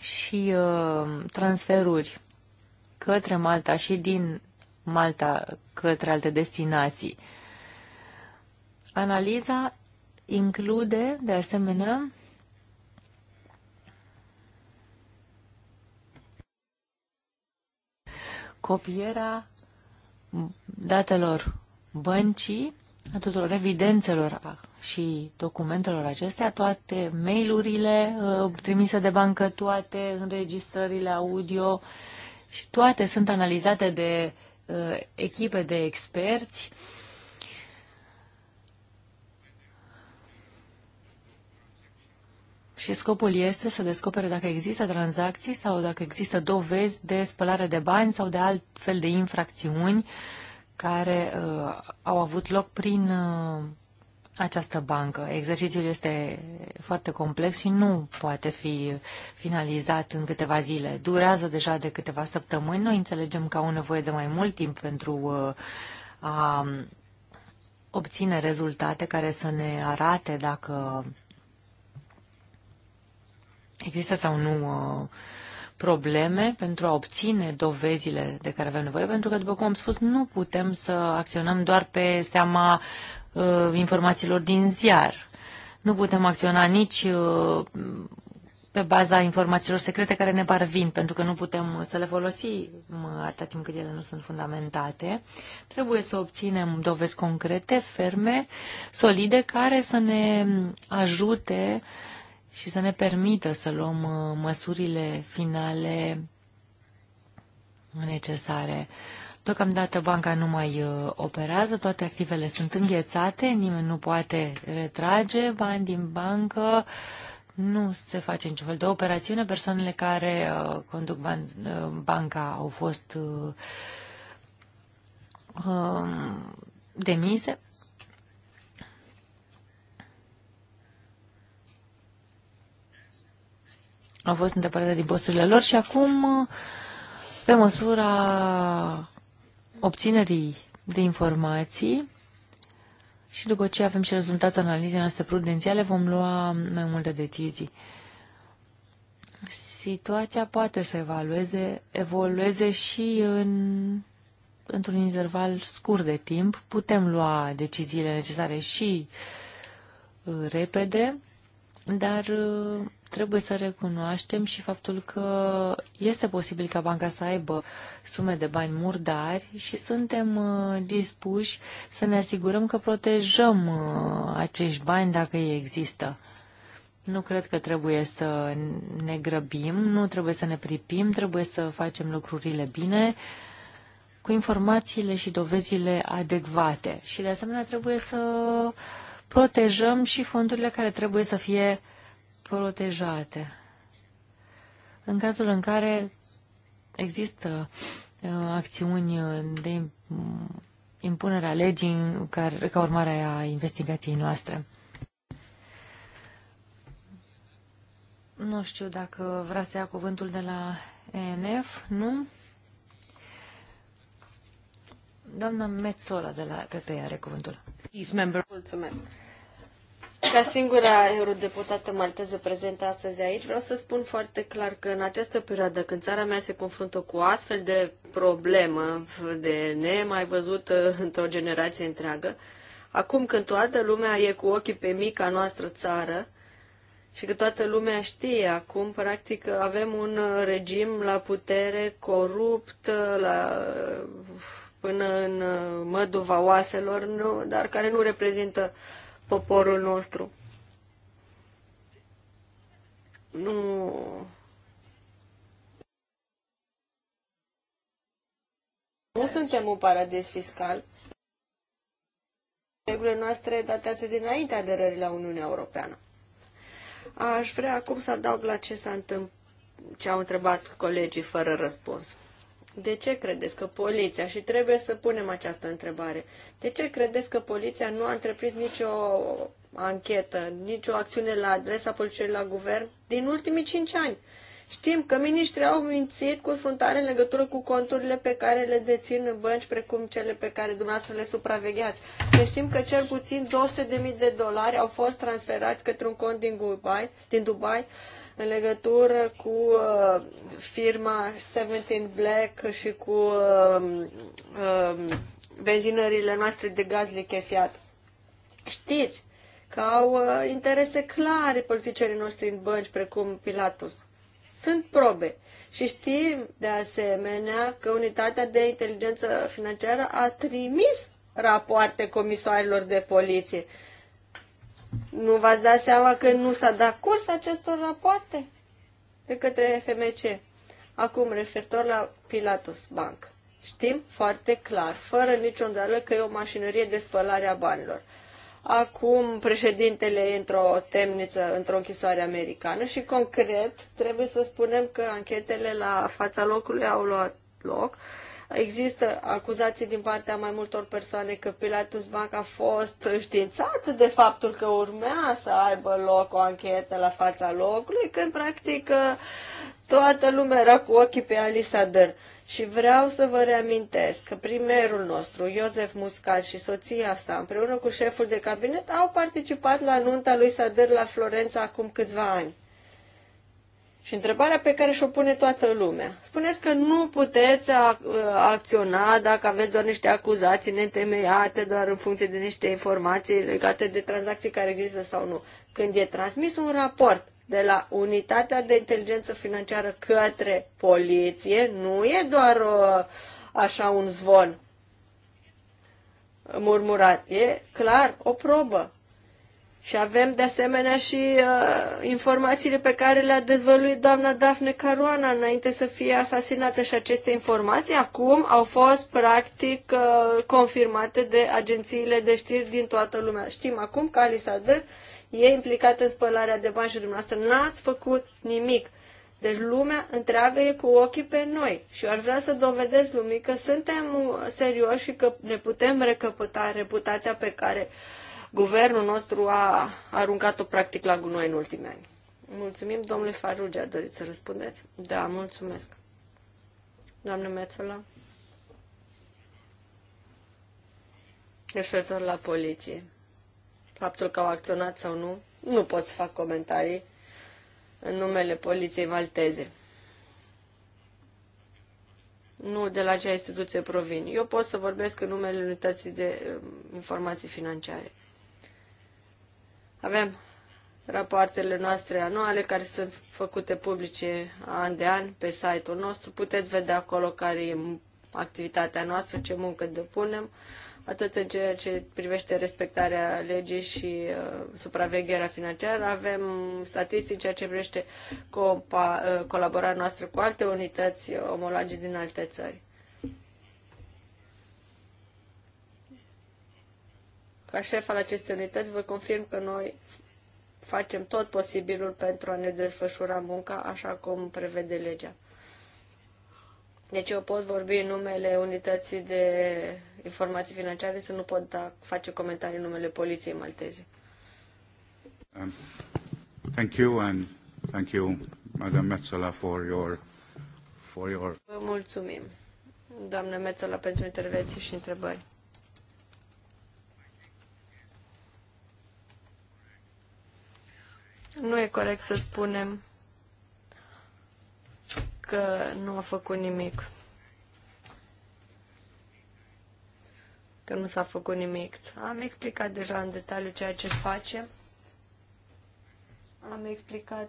și uh, transferuri către Malta și din Malta către alte destinații. Analiza include, de asemenea, copierea datelor băncii a tuturor evidențelor și documentelor acestea, toate mailurile uh, trimise de bancă, toate înregistrările audio și toate sunt analizate de uh, echipe de experți. Și scopul este să descopere dacă există tranzacții sau dacă există dovezi de spălare de bani sau de alt fel de infracțiuni uh, care uh, au avut loc prin uh, această bancă. Exercițiul este foarte complex și nu poate fi finalizat în câteva zile. Durează deja de câteva săptămâni. Noi înțelegem că au nevoie de mai mult timp pentru uh, a um, obține rezultate care să ne arate dacă există sau nu uh, probleme pentru a obține dovezile de care avem nevoie, pentru că, după cum am spus, nu putem să acționăm doar pe seama uh, informațiilor din ziar. Nu putem acționa nici uh, pe baza informațiilor secrete care ne parvin, pentru că nu putem să le folosim uh, atâta timp cât ele nu sunt fundamentate. Trebuie să obținem dovezi concrete, ferme, solide, care să ne ajute uh, și să ne permită să luăm uh, măsurile finale necesare. Deocamdată banca nu mai uh, operează, toate activele sunt înghețate, nimeni nu poate retrage bani din bancă, nu se face niciun fel de operațiune. Persoanele care uh, conduc ban banca au fost um, demise. au fost îndepărtate din posturile lor și acum, pe măsura obținerii de informații și după ce avem și rezultatul analizei noastre prudențiale, vom lua mai multe decizii. Situația poate să evalueze, evolueze și în, într-un interval scurt de timp. Putem lua deciziile necesare și uh, repede dar uh, trebuie să recunoaștem și faptul că este posibil ca banca să aibă sume de bani murdari și suntem uh, dispuși să ne asigurăm că protejăm uh, acești bani dacă ei există. Nu cred că trebuie să ne grăbim, nu trebuie să ne pripim, trebuie să facem lucrurile bine, cu informațiile și dovezile adecvate. Și de asemenea trebuie să uh, protejăm și fondurile care trebuie să fie protejate. În cazul în care există uh, acțiuni de impunerea legii care, ca urmare a investigației noastre. Nu știu dacă vrea să ia cuvântul de la ENF, nu? Doamna Metzola de la PP are cuvântul. Ca singura eurodeputată malteză prezentă astăzi aici, vreau să spun foarte clar că în această perioadă, când țara mea se confruntă cu astfel de problemă de nemai văzută uh, într-o generație întreagă, acum când toată lumea e cu ochii pe mica noastră țară și că toată lumea știe acum, practic, avem un regim la putere corupt, la până în uh, măduva oaselor, nu, dar care nu reprezintă poporul nostru. Nu... Nu suntem un paradis fiscal. Regulile noastre datează dinainte aderării la Uniunea Europeană. Aș vrea acum să adaug la ce s-a întâmplat, ce au întrebat colegii fără răspuns. De ce credeți că poliția, și trebuie să punem această întrebare, de ce credeți că poliția nu a întreprins nicio anchetă, nicio acțiune la adresa poliției la guvern din ultimii cinci ani? Știm că miniștrii au mințit cu sfruntare în legătură cu conturile pe care le dețin în bănci, precum cele pe care dumneavoastră le supravegheați. Că deci știm că cel puțin 200.000 de dolari au fost transferați către un cont din Dubai, din Dubai în legătură cu uh, firma 17 Black și cu uh, uh, benzinările noastre de gaz lichefiat. Știți că au uh, interese clare politicienii noștri în bănci, precum Pilatus. Sunt probe. Și știm, de asemenea, că Unitatea de Inteligență Financiară a trimis rapoarte comisarilor de poliție. Uh, nu v-ați dat seama că nu s-a dat curs acestor rapoarte de către FMC? Acum, referitor la Pilatus Bank. Știm foarte clar, fără nicio îndoială, că e o mașinărie de spălare a banilor. Acum președintele e într-o temniță, într-o închisoare americană și concret trebuie să spunem că anchetele la fața locului au luat loc Există acuzații din partea mai multor persoane că Pilatus Banc a fost științat de faptul că urmea să aibă loc o anchetă la fața locului, când practic toată lumea era cu ochii pe Dăr. Și vreau să vă reamintesc că primerul nostru, Iosef Muscat și soția sa, împreună cu șeful de cabinet, au participat la nunta lui Sader la Florența acum câțiva ani. Și întrebarea pe care și-o pune toată lumea. Spuneți că nu puteți acționa dacă aveți doar niște acuzații netemeiate, doar în funcție de niște informații legate de tranzacții care există sau nu. Când e transmis un raport de la Unitatea de Inteligență Financiară către poliție, nu e doar așa un zvon murmurat. E clar o probă și avem de asemenea și uh, informațiile pe care le-a dezvăluit doamna Dafne Caruana înainte să fie asasinată și aceste informații acum au fost practic uh, confirmate de agențiile de știri din toată lumea. Știm acum că Ali Sadr e implicată în spălarea de bani și dumneavoastră n-ați făcut nimic. Deci lumea întreagă e cu ochii pe noi și eu ar vrea să dovedesc lumii că suntem uh, serioși și că ne putem recăpăta reputația pe care uh, guvernul nostru a aruncat-o practic la gunoi în ultimii ani. Mulțumim, domnule Farugea, doriți să răspundeți? Da, mulțumesc. Doamne Mețola? Referitor la poliție. Faptul că au acționat sau nu, nu pot să fac comentarii în numele poliției malteze. Nu de la acea instituție provin. Eu pot să vorbesc în numele unității de um, informații financiare. Avem rapoartele noastre anuale care sunt făcute publice an de an pe site-ul nostru. Puteți vedea acolo care e activitatea noastră, ce muncă depunem, atât în ceea ce privește respectarea legii și uh, supravegherea financiară. Avem statistici în ceea ce privește compa, uh, colaborarea noastră cu alte unități uh, omologe din alte țări. Ca șef al acestei unități, vă confirm că noi facem tot posibilul pentru a ne desfășura munca așa cum prevede legea. Deci eu pot vorbi în numele unității de informații financiare, să nu pot da, face comentarii în numele poliției malteze. Um, thank you and thank you, Madam Metzola, for your, for your... Vă mulțumim, doamnă Metzola, pentru intervenții și întrebări. Nu e corect să spunem că nu a făcut nimic. Că nu s-a făcut nimic. Am explicat deja în detaliu ceea ce facem. Am explicat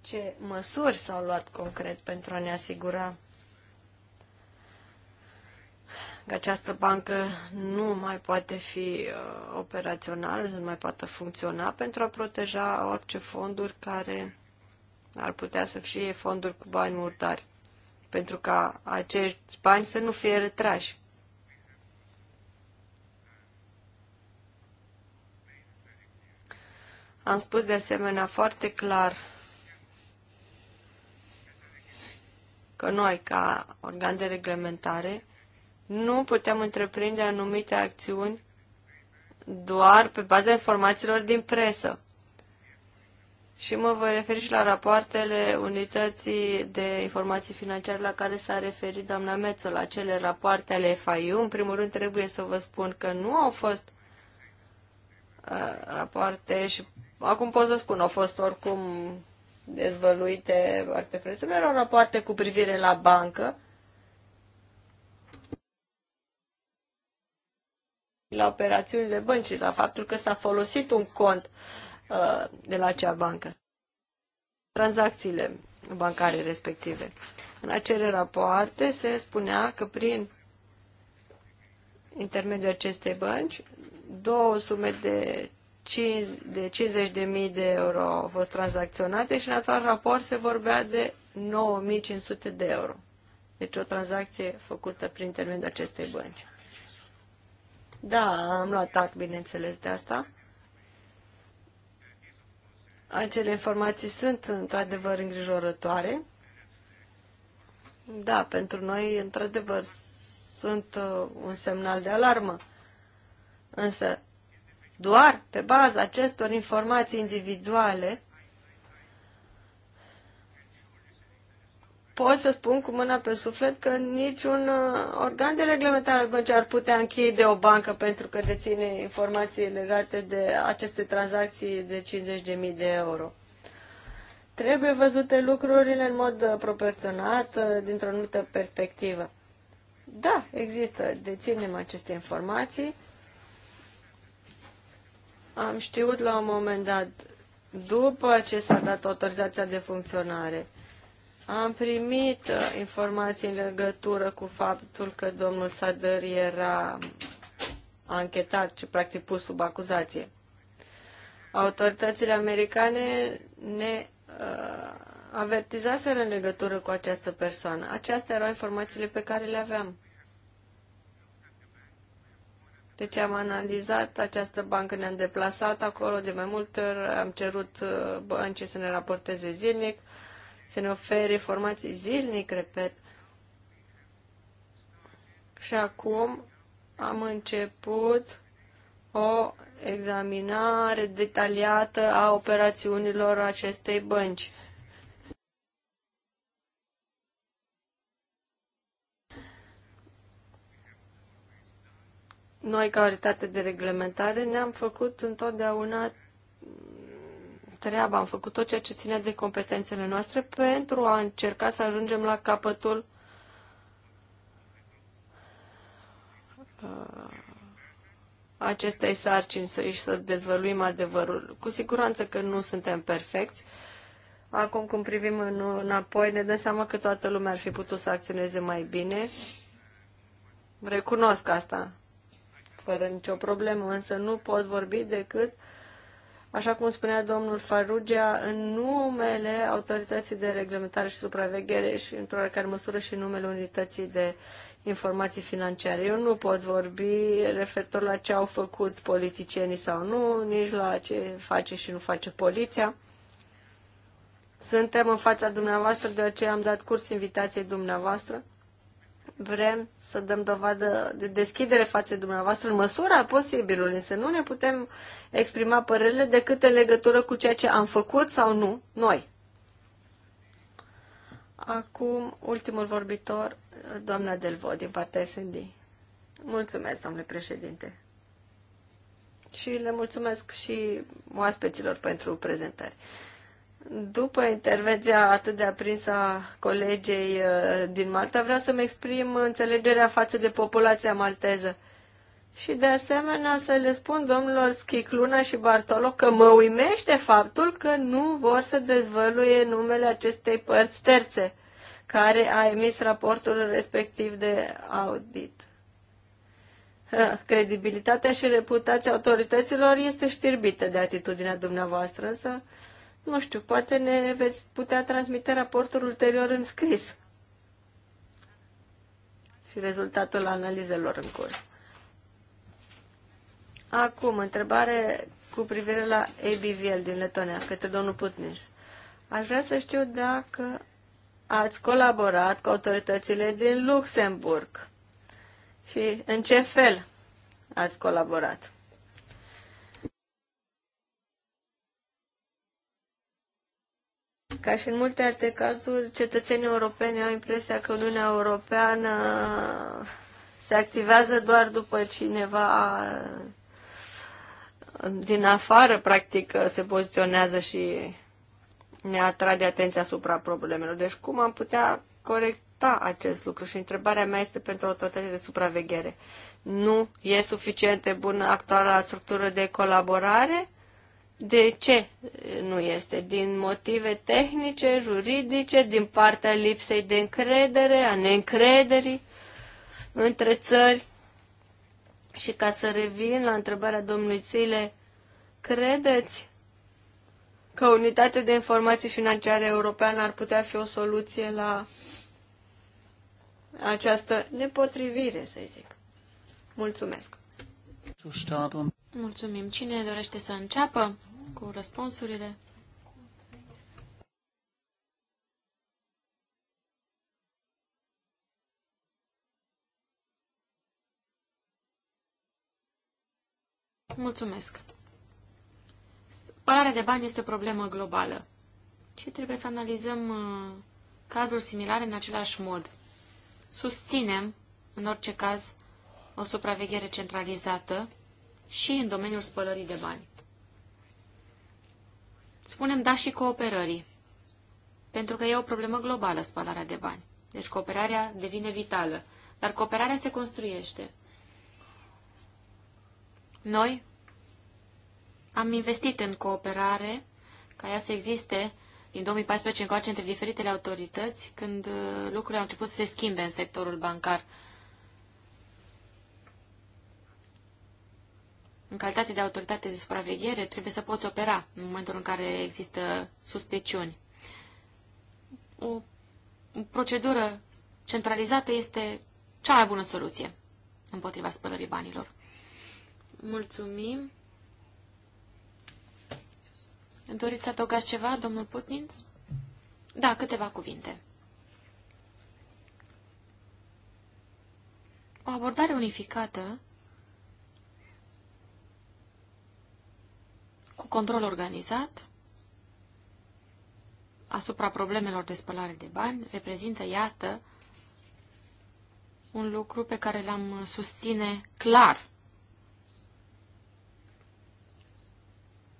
ce măsuri s-au luat concret pentru a ne asigura această bancă nu mai poate fi uh, operațională, nu mai poate funcționa pentru a proteja orice fonduri care ar putea să fie fonduri cu bani murdari, pentru ca acești bani să nu fie retrași. Am spus de asemenea foarte clar că noi, ca organ de reglementare, nu putem întreprinde anumite acțiuni doar pe baza informațiilor din presă. Și mă voi referi și la rapoartele unității de informații financiare la care s-a referit doamna Mețo, la cele rapoarte ale FIU. În primul rând trebuie să vă spun că nu au fost uh, rapoarte și acum pot să spun, au fost oricum dezvăluite foarte prețurile, erau rapoarte cu privire la bancă, la operațiunile băncii, la faptul că s-a folosit un cont uh, de la acea bancă. Tranzacțiile bancare respective. În acele rapoarte se spunea că prin intermediul acestei bănci, două sume de 5, de mii de euro au fost tranzacționate și în acel raport se vorbea de 9.500 de euro. Deci o tranzacție făcută prin intermediul acestei bănci. Da, am luat act, bineînțeles, de asta. Acele informații sunt într-adevăr îngrijorătoare. Da, pentru noi, într-adevăr, sunt uh, un semnal de alarmă. Însă, doar pe baza acestor informații individuale, pot să spun cu mâna pe suflet că niciun uh, organ de reglementare al băncii ar putea închide o bancă pentru că deține informații legate de aceste tranzacții de 50.000 de euro. Trebuie văzute lucrurile în mod uh, proporționat, uh, dintr-o anumită perspectivă. Da, există, deținem aceste informații. Am știut la un moment dat, după ce s-a dat autorizația de funcționare, am primit uh, informații în legătură cu faptul că domnul Sadăr era anchetat și practic pus sub acuzație. Autoritățile americane ne uh, avertizaseră în legătură cu această persoană. Acestea erau informațiile pe care le aveam. Deci am analizat această bancă, ne-am deplasat acolo de mai multe ori, am cerut uh, băncii să ne raporteze zilnic, să ne ofere informații zilnic, repet. Și acum am început o examinare detaliată a operațiunilor acestei bănci. Noi, ca autoritate de reglementare, ne-am făcut întotdeauna treaba, am făcut tot ceea ce ține de competențele noastre pentru a încerca să ajungem la capătul uh, acestei sarcini să, și să dezvăluim adevărul. Cu siguranță că nu suntem perfecți. Acum când privim în, înapoi ne dăm seama că toată lumea ar fi putut să acționeze mai bine. Recunosc asta fără nicio problemă, însă nu pot vorbi decât uh, Așa cum spunea domnul Farugea, în numele Autorității de Reglementare și Supraveghere și într-o oarecare măsură și în numele Unității de Informații Financiare. Eu nu pot vorbi referitor la ce au făcut politicienii sau nu, nici la ce face și nu face poliția. Suntem în fața dumneavoastră, de aceea am dat curs invitației dumneavoastră Vrem să dăm dovadă de deschidere față de dumneavoastră în măsura posibilului, însă nu ne putem exprima părerile decât în legătură cu ceea ce am făcut sau nu noi. Acum, ultimul vorbitor, doamna Delvo, din partea SND. Mulțumesc, domnule președinte. Și le mulțumesc și oaspeților pentru prezentări. După intervenția atât de aprinsă a colegei uh, din Malta, vreau să-mi exprim înțelegerea față de populația malteză. Și de asemenea să le spun domnilor Schicluna și Bartolo că mă uimește faptul că nu vor să dezvăluie numele acestei părți terțe care a emis raportul respectiv de audit. Credibilitatea și reputația autorităților este știrbită de atitudinea dumneavoastră, însă nu știu, poate ne veți putea transmite raportul ulterior în scris și rezultatul analizelor în curs. Acum, întrebare cu privire la ABVL din Letonia, către domnul Putniș. Aș vrea să știu dacă ați colaborat cu autoritățile din Luxemburg și în ce fel ați colaborat. Ca și în multe alte cazuri, cetățenii europeni au impresia că Uniunea Europeană se activează doar după cineva din afară, practic, se poziționează și ne atrage atenția asupra problemelor. Deci cum am putea corecta acest lucru? Și întrebarea mea este pentru autoritatea de supraveghere. Nu e suficient de bună actuala structură de colaborare? De ce nu este? Din motive tehnice, juridice, din partea lipsei de încredere, a neîncrederii între țări. Și ca să revin la întrebarea domnului Țile, credeți că unitatea de informații financiare europeană ar putea fi o soluție la această nepotrivire, să zic? Mulțumesc! Mulțumim. Cine dorește să înceapă? cu răspunsurile. Mulțumesc. Spălarea de bani este o problemă globală și trebuie să analizăm uh, cazuri similare în același mod. Susținem, în orice caz, o supraveghere centralizată și în domeniul spălării de bani spunem da și cooperării, pentru că e o problemă globală spălarea de bani. Deci cooperarea devine vitală, dar cooperarea se construiește. Noi am investit în cooperare ca ea să existe din 2014 încoace între diferitele autorități, când uh, lucrurile au început să se schimbe în sectorul bancar. în calitate de autoritate de supraveghere, trebuie să poți opera în momentul în care există suspiciuni. O procedură centralizată este cea mai bună soluție împotriva spălării banilor. Mulțumim. Doriți să adăugați ceva, domnul Putninț? Da, câteva cuvinte. O abordare unificată control organizat asupra problemelor de spălare de bani reprezintă, iată, un lucru pe care l-am susține clar.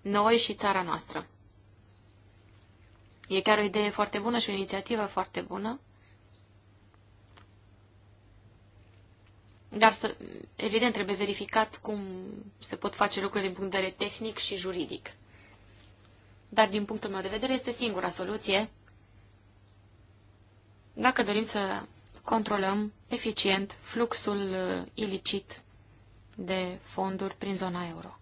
Noi și țara noastră. E chiar o idee foarte bună și o inițiativă foarte bună. Dar, să, evident, trebuie verificat cum se pot face lucrurile din punct de vedere tehnic și juridic. Dar, din punctul meu de vedere, este singura soluție dacă dorim să controlăm eficient fluxul uh, ilicit de fonduri prin zona euro.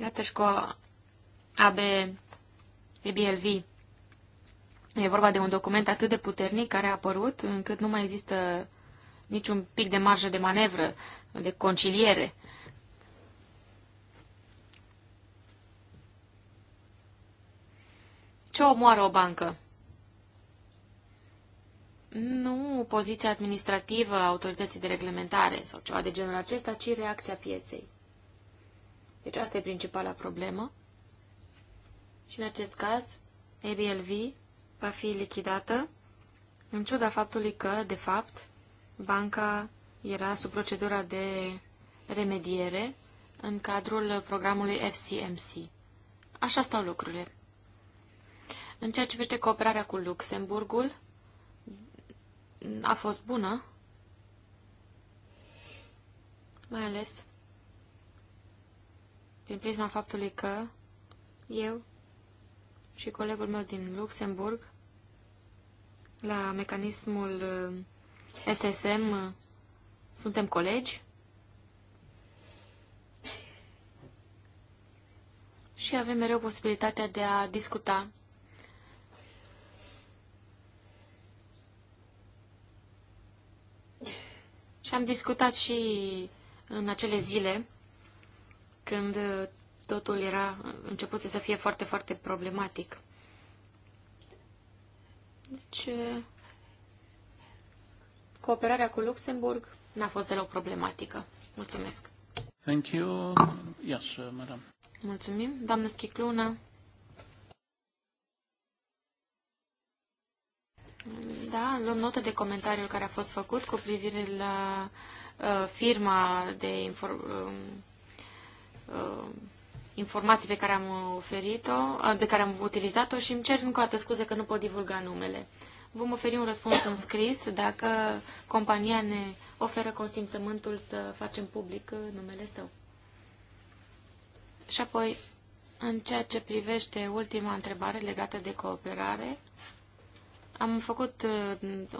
Iată și cu AB, EBLV. E vorba de un document atât de puternic care a apărut încât nu mai există niciun pic de marjă de manevră, de conciliere. Ce omoară o bancă? Nu poziția administrativă a autorității de reglementare sau ceva de genul acesta, ci reacția pieței. Deci asta e principala problemă. Și în acest caz, ABLV va fi lichidată în ciuda faptului că, de fapt, banca era sub procedura de remediere în cadrul programului FCMC. Așa stau lucrurile. În ceea ce privește cooperarea cu Luxemburgul, a fost bună, mai ales prin prisma faptului că eu și colegul meu din Luxemburg, la mecanismul uh, SSM, uh, suntem colegi și avem mereu posibilitatea de a discuta Și am discutat și în acele zile când uh, totul era început să fie foarte, foarte problematic. Deci, uh, cooperarea cu Luxemburg n-a fost deloc problematică. Mulțumesc. Thank you. Yes, uh, madam. Mulțumim. Doamnă Schicluna. Da, luăm notă de comentariul care a fost făcut cu privire la uh, firma de informații. uh, um, Uh, informații pe care am oferit-o, uh, pe care am utilizat-o și îmi cer încă o dată scuze că nu pot divulga numele. Vom oferi un răspuns în scris dacă compania ne oferă consimțământul să facem public uh, numele său. Și apoi, în ceea ce privește ultima întrebare legată de cooperare, am făcut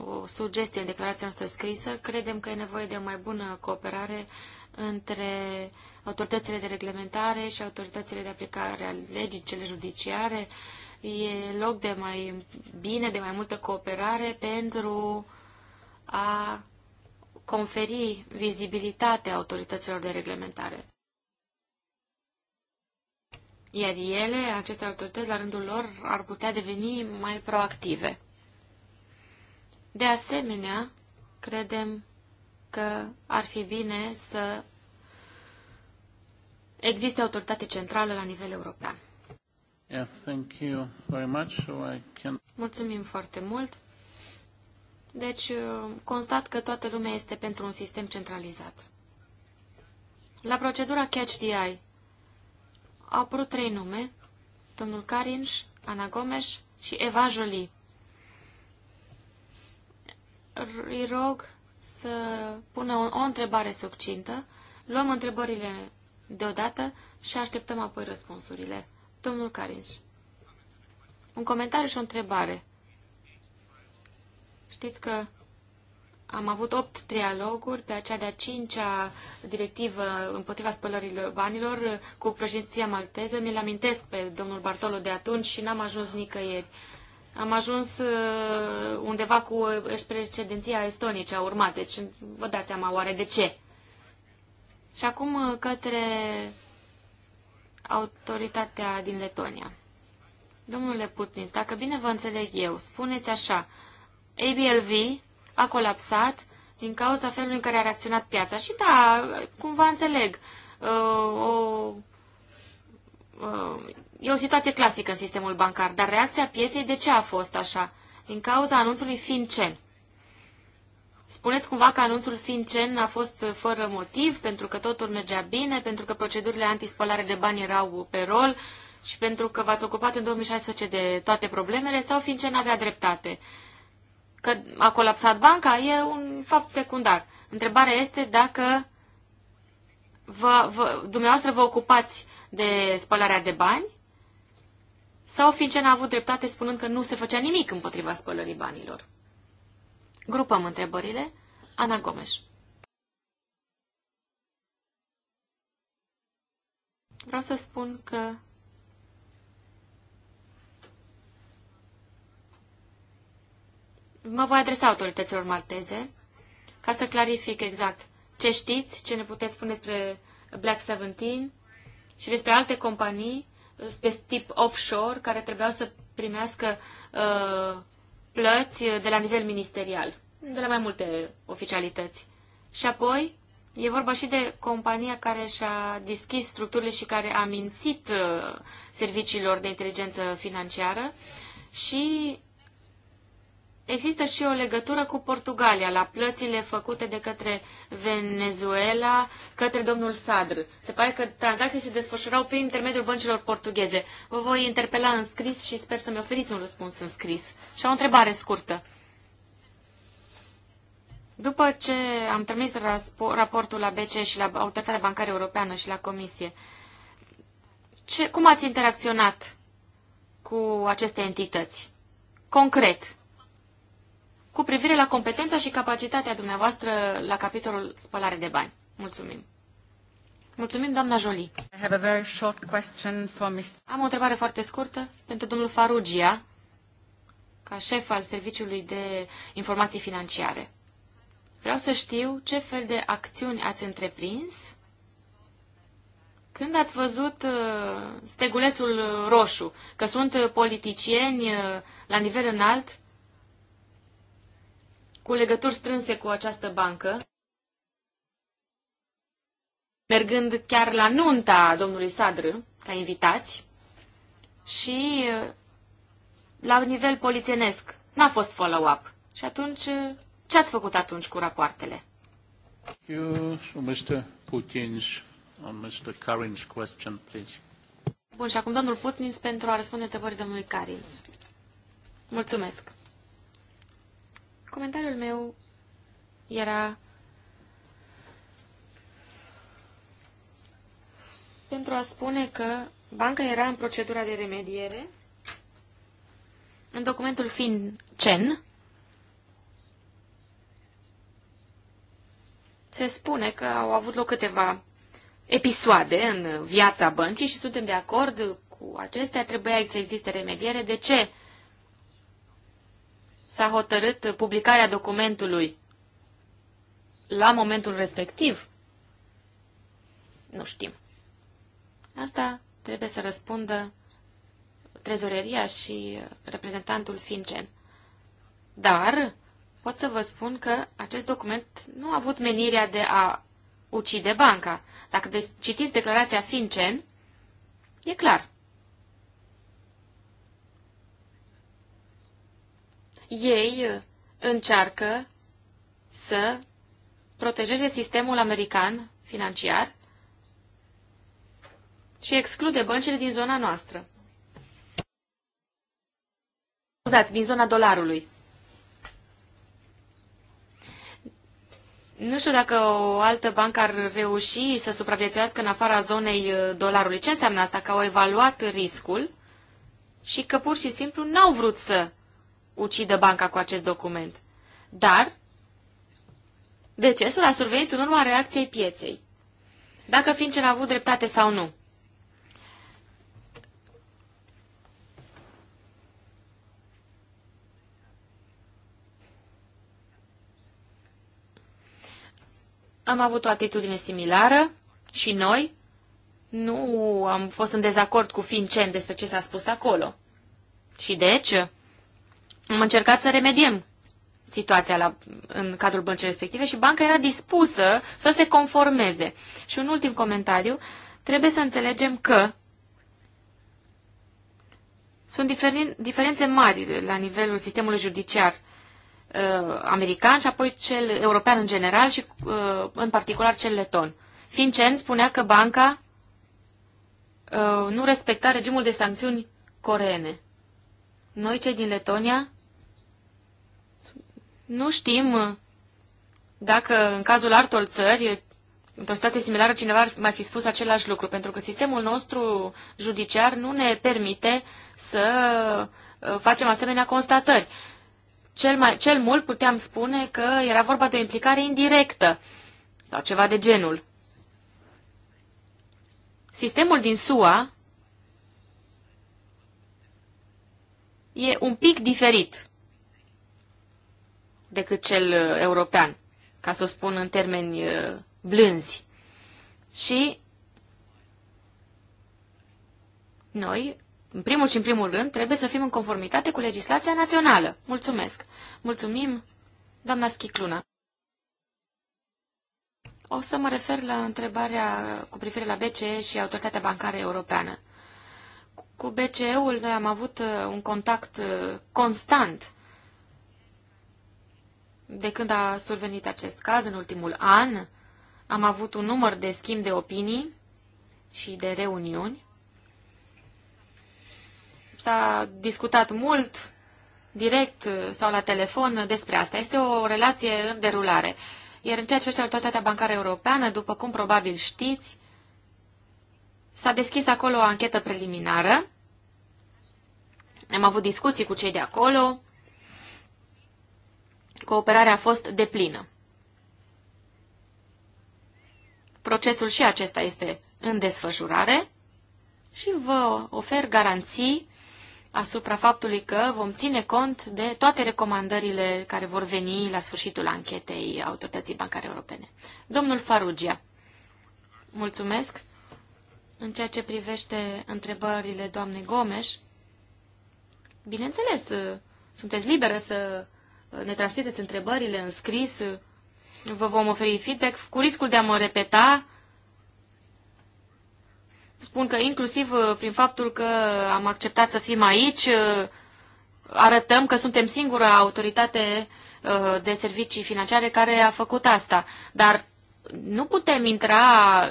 o sugestie în declarația noastră scrisă. Credem că e nevoie de o mai bună cooperare între uh, autoritățile de reglementare și autoritățile de aplicare a legii, cele judiciare. E loc de mai bine, de mai multă cooperare pentru a conferi vizibilitate autorităților de reglementare. Iar ele, aceste autorități, la rândul lor, ar putea deveni mai proactive. De asemenea, credem că ar fi bine să existe autoritate centrală la nivel european. Yeah, thank you very much. So I can... Mulțumim foarte mult. Deci, uh, constat că toată lumea este pentru un sistem centralizat. La procedura Catch the Eye au apărut trei nume, domnul Carinș, Ana Gomes și Eva Jolie. Îi rog să pună o, o întrebare succintă. Luăm întrebările deodată și așteptăm apoi răspunsurile. Domnul Carinș. Un comentariu și o întrebare. Știți că am avut opt trialoguri pe acea de-a cincea directivă împotriva spălării banilor cu președinția malteză. Mi-l amintesc pe domnul Bartolo de atunci și n-am ajuns nicăieri. Am ajuns uh, undeva cu uh, președinția Estoniei ce a urmat, deci vă dați seama oare de ce. Și acum uh, către autoritatea din Letonia. Domnule Putin, dacă bine vă înțeleg eu, spuneți așa, ABLV a colapsat din cauza felului în care a reacționat piața. Și da, cumva înțeleg, uh, o, uh, e o situație clasică în sistemul bancar, dar reacția pieței de ce a fost așa? Din cauza anunțului FinCEN. Spuneți cumva că anunțul FinCEN a fost uh, fără motiv, pentru că totul mergea bine, pentru că procedurile antispălare de bani erau pe rol și pentru că v-ați ocupat în 2016 de toate problemele sau FinCEN avea dreptate? Că a colapsat banca e un fapt secundar. Întrebarea este dacă vă, vă, dumneavoastră vă ocupați de spălarea de bani sau FinCEN a avut dreptate spunând că nu se făcea nimic împotriva spălării banilor. Grupăm întrebările. Ana Gomes. Vreau să spun că mă voi adresa autorităților malteze ca să clarific exact ce știți, ce ne puteți spune despre Black 17 și despre alte companii de tip offshore care trebuiau să primească uh, plăți de la nivel ministerial, de la mai multe oficialități. Și apoi e vorba și de compania care și-a deschis structurile și care a mințit uh, serviciilor de inteligență financiară și Există și o legătură cu Portugalia la plățile făcute de către Venezuela către domnul Sadr. Se pare că tranzacții se desfășurau prin intermediul băncilor portugheze. Vă voi interpela în scris și sper să-mi oferiți un răspuns în scris. Și o întrebare scurtă. După ce am trimis raportul la BCE și la Autoritatea Bancară Europeană și la Comisie, ce, cum ați interacționat cu aceste entități? Concret cu privire la competența și capacitatea dumneavoastră la capitolul spălare de bani. Mulțumim. Mulțumim, doamna Jolie. I have a very short question for Mr. Am o întrebare foarte scurtă pentru domnul Farugia, ca șef al Serviciului de Informații Financiare. Vreau să știu ce fel de acțiuni ați întreprins când ați văzut uh, stegulețul roșu, că sunt uh, politicieni uh, la nivel înalt cu legături strânse cu această bancă, mergând chiar la nunta domnului Sadr, ca invitați, și uh, la nivel polițienesc n-a fost follow-up. Și atunci, uh, ce ați făcut atunci cu rapoartele? You, Mr. Putin's, uh, Mr. Karin's question, please. Bun, și acum domnul Putin pentru a răspunde întrebării domnului Karins. Mulțumesc. Comentariul meu era pentru a spune că banca era în procedura de remediere, în documentul fiind CEN, se spune că au avut loc câteva episoade în viața băncii și suntem de acord cu acestea, trebuia să existe remediere. De ce s-a hotărât publicarea documentului la momentul respectiv? Nu știm. Asta trebuie să răspundă trezoreria și reprezentantul Fincen. Dar pot să vă spun că acest document nu a avut menirea de a ucide banca. Dacă citiți declarația Fincen, e clar. ei uh, încearcă să protejeze sistemul american financiar și exclude băncile din zona noastră. Scuzați, din zona dolarului. Nu știu dacă o altă bancă ar reuși să supraviețuiască în afara zonei uh, dolarului. Ce înseamnă asta? Că au evaluat riscul și că pur și simplu n-au vrut să ucidă banca cu acest document. Dar decesul a survenit în urma reacției pieței. Dacă Fincher a avut dreptate sau nu. Am avut o atitudine similară și noi nu am fost în dezacord cu Fincen despre ce s-a spus acolo. Și deci, am încercat să remediem situația la, în cadrul băncii respective și banca era dispusă să se conformeze. Și un ultim comentariu, trebuie să înțelegem că sunt diferențe mari la nivelul sistemului judiciar uh, american și apoi cel european în general și uh, în particular cel leton. Fincen spunea că banca uh, nu respecta regimul de sancțiuni coreene. Noi, cei din Letonia, nu știm uh, dacă în cazul altor țări, într-o situație similară, cineva ar mai fi spus același lucru, pentru că sistemul nostru judiciar nu ne permite să uh, facem asemenea constatări. Cel, mai, cel mult puteam spune că era vorba de o implicare indirectă sau ceva de genul. Sistemul din SUA e un pic diferit decât cel uh, european, ca să o spun în termeni uh, blânzi. Și noi, în primul și în primul rând, trebuie să fim în conformitate cu legislația națională. Mulțumesc! Mulțumim, doamna Schicluna! O să mă refer la întrebarea cu privire la BCE și Autoritatea Bancară Europeană. Cu BCE-ul noi am avut uh, un contact constant de când a survenit acest caz, în ultimul an, am avut un număr de schimb de opinii și de reuniuni. S-a discutat mult, direct sau la telefon, despre asta. Este o relație în derulare. Iar în ceea ce privește autoritatea bancară europeană, după cum probabil știți, s-a deschis acolo o anchetă preliminară. Am avut discuții cu cei de acolo Cooperarea a fost deplină. Procesul și acesta este în desfășurare și vă ofer garanții asupra faptului că vom ține cont de toate recomandările care vor veni la sfârșitul anchetei Autorității Bancare Europene. Domnul Farugia, mulțumesc. În ceea ce privește întrebările doamnei Gomes, bineînțeles, sunteți liberă să ne transmiteți întrebările în scris, vă vom oferi feedback cu riscul de a mă repeta. Spun că inclusiv uh, prin faptul că am acceptat să fim aici, uh, arătăm că suntem singura autoritate uh, de servicii financiare care a făcut asta. Dar nu putem intra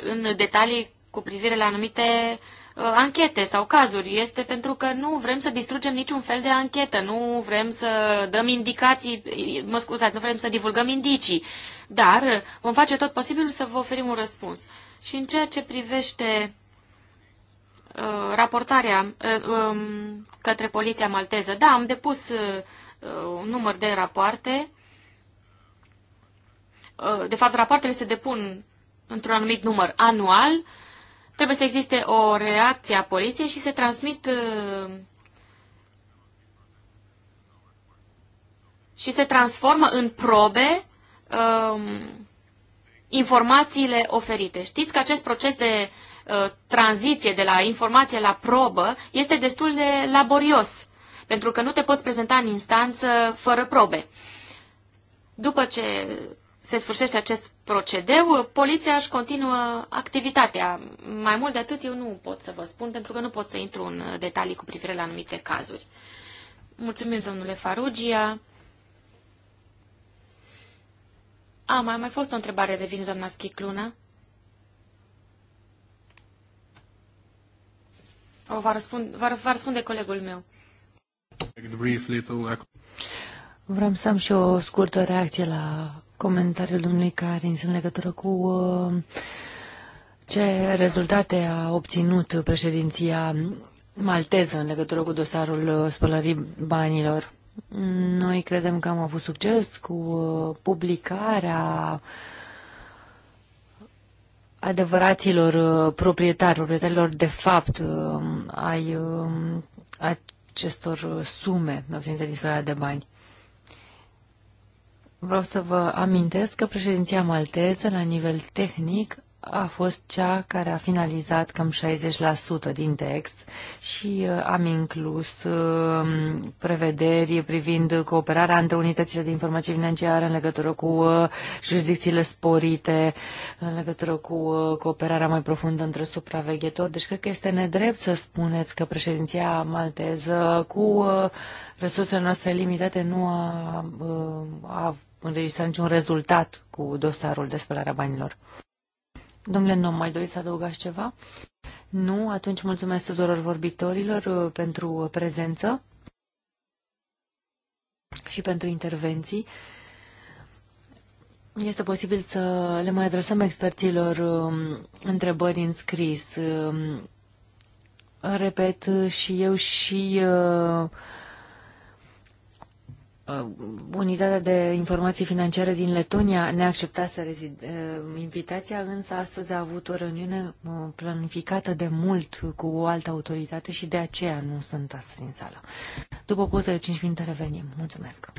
în detalii cu privire la anumite Uh, anchete sau cazuri. Este pentru că nu vrem să distrugem niciun fel de anchetă, nu vrem să dăm indicații, uh, mă scuzați, nu vrem să divulgăm indicii, dar uh, vom face tot posibilul să vă oferim un răspuns. Și în ceea ce privește uh, raportarea uh, um, către poliția malteză, da, am depus uh, un număr de rapoarte. de fapt, rapoartele se depun într-un anumit număr anual, uh, Trebuie să existe o reacție a poliției și se transmit uh, și se transformă în probe um, informațiile oferite. Știți că acest proces de uh, tranziție de la informație la probă este destul de laborios, pentru că nu te poți prezenta în instanță fără probe. După ce se sfârșește acest procedeu, poliția își continuă activitatea. Mai mult de atât eu nu pot să vă spun, pentru că nu pot să intru în detalii cu privire la anumite cazuri. Mulțumim, domnule Farugia. A, mai, mai fost o întrebare, revine doamna Schicluna. O va, răspund, va, va răspunde colegul meu. Vreau să am și o scurtă reacție la comentariul domnului Carins în legătură cu uh, ce rezultate a obținut președinția malteză în legătură cu dosarul uh, spălării banilor. Noi credem că am avut succes cu uh, publicarea adevăraților uh, proprietari, proprietarilor de fapt um, ai um, acestor sume obținute din spălarea de bani. Vreau să vă amintesc că președinția malteză, la nivel tehnic, a fost cea care a finalizat cam 60% din text și uh, am inclus uh, prevederi privind cooperarea între unitățile de informații financiare în legătură cu uh, jurisdicțiile sporite, în legătură cu cooperarea mai profundă între supraveghetori. Deci cred că este nedrept să spuneți că președinția malteză cu resursele noastre limitate nu a, a înregistra niciun rezultat cu dosarul de spălare a banilor. Domnule, nu mai doriți să adăugați ceva? Nu? Atunci mulțumesc tuturor vorbitorilor uh, pentru prezență și pentru intervenții. Este posibil să le mai adresăm experților um, întrebări în scris. Um, repet, și eu și uh, Uh, unitatea de informații financiare din Letonia ne acceptase rezid... Uh, invitația, însă astăzi a avut o reuniune uh, planificată de mult cu o altă autoritate și de aceea nu sunt astăzi în sală. După poză de 5 minute revenim. Mulțumesc!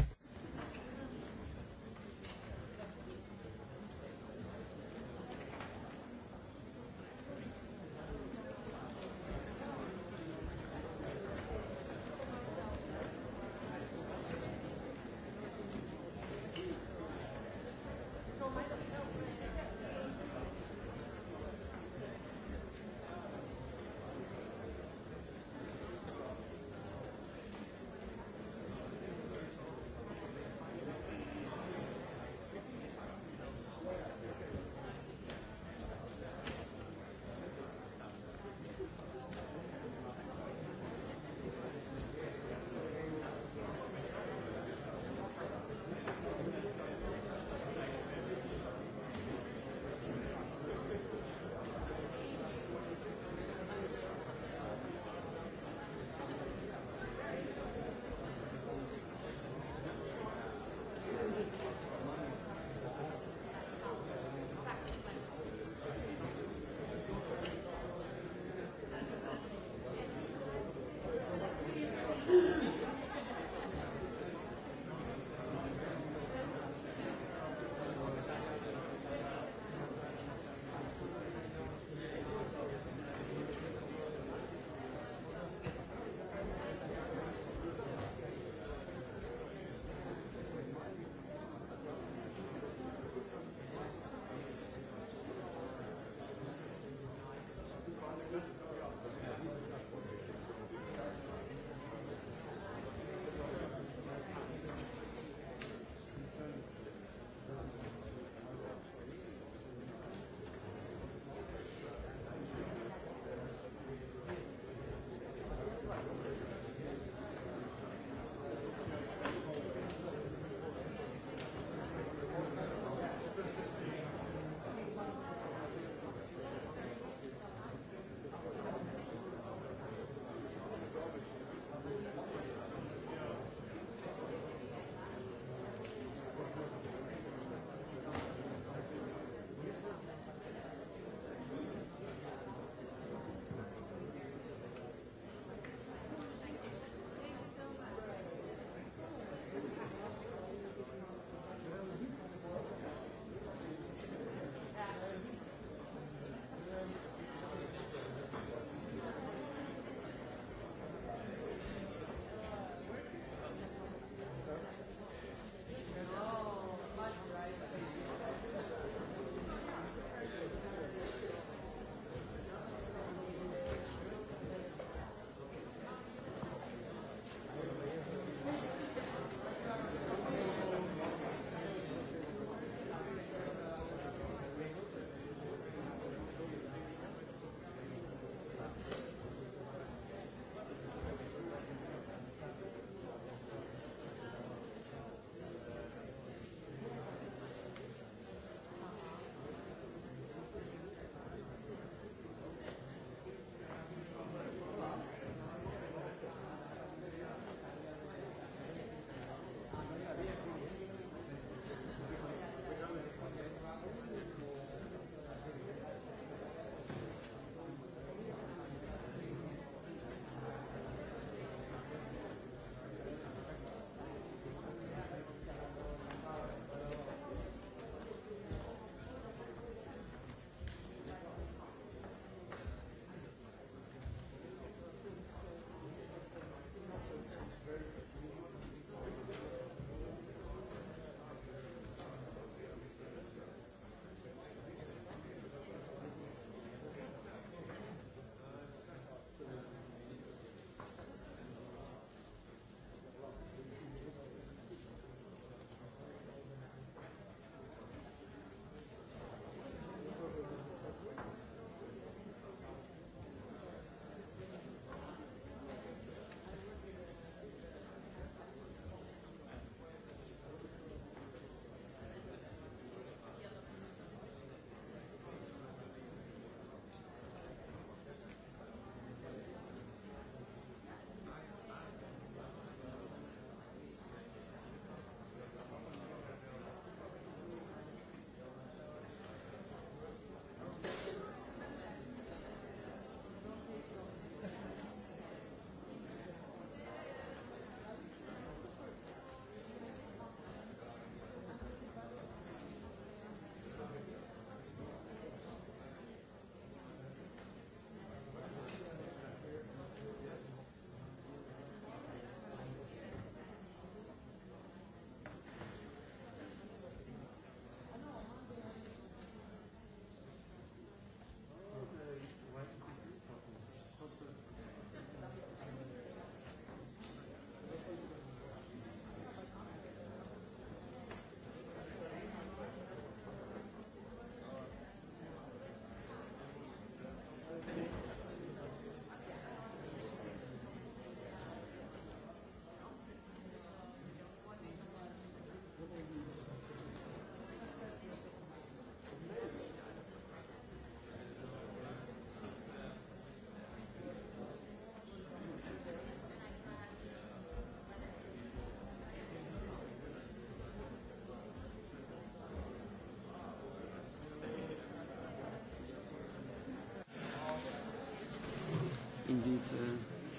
indeed.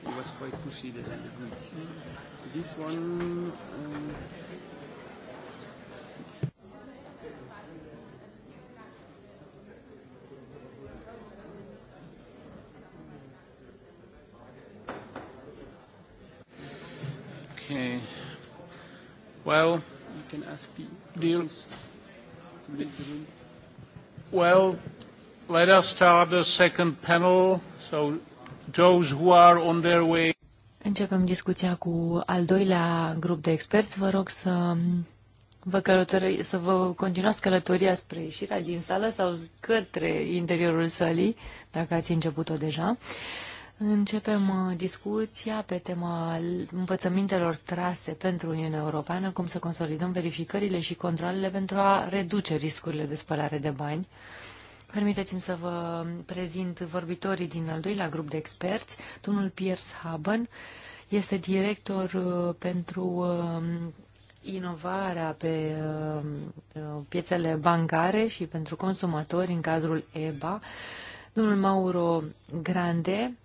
Uh, it was quite pushy the end This one. Um, Okay. Well, you can ask deals. Well, let us start the second panel. So Those who are on their way... Începem discuția cu al doilea grup de experți. Vă rog să vă, călători, să vă continuați călătoria spre ieșirea din sală sau către interiorul sălii, dacă ați început-o deja. Începem uh, discuția pe tema învățămintelor trase pentru Uniunea Europeană, cum să consolidăm verificările și controlele pentru a reduce riscurile de spălare de bani. Permiteți-mi să vă prezint vorbitorii din al doilea grup de experți. Domnul Piers Haben este director uh, pentru um, inovarea pe uh, uh, piețele bancare și pentru consumatori în cadrul EBA. Domnul Mauro Grande,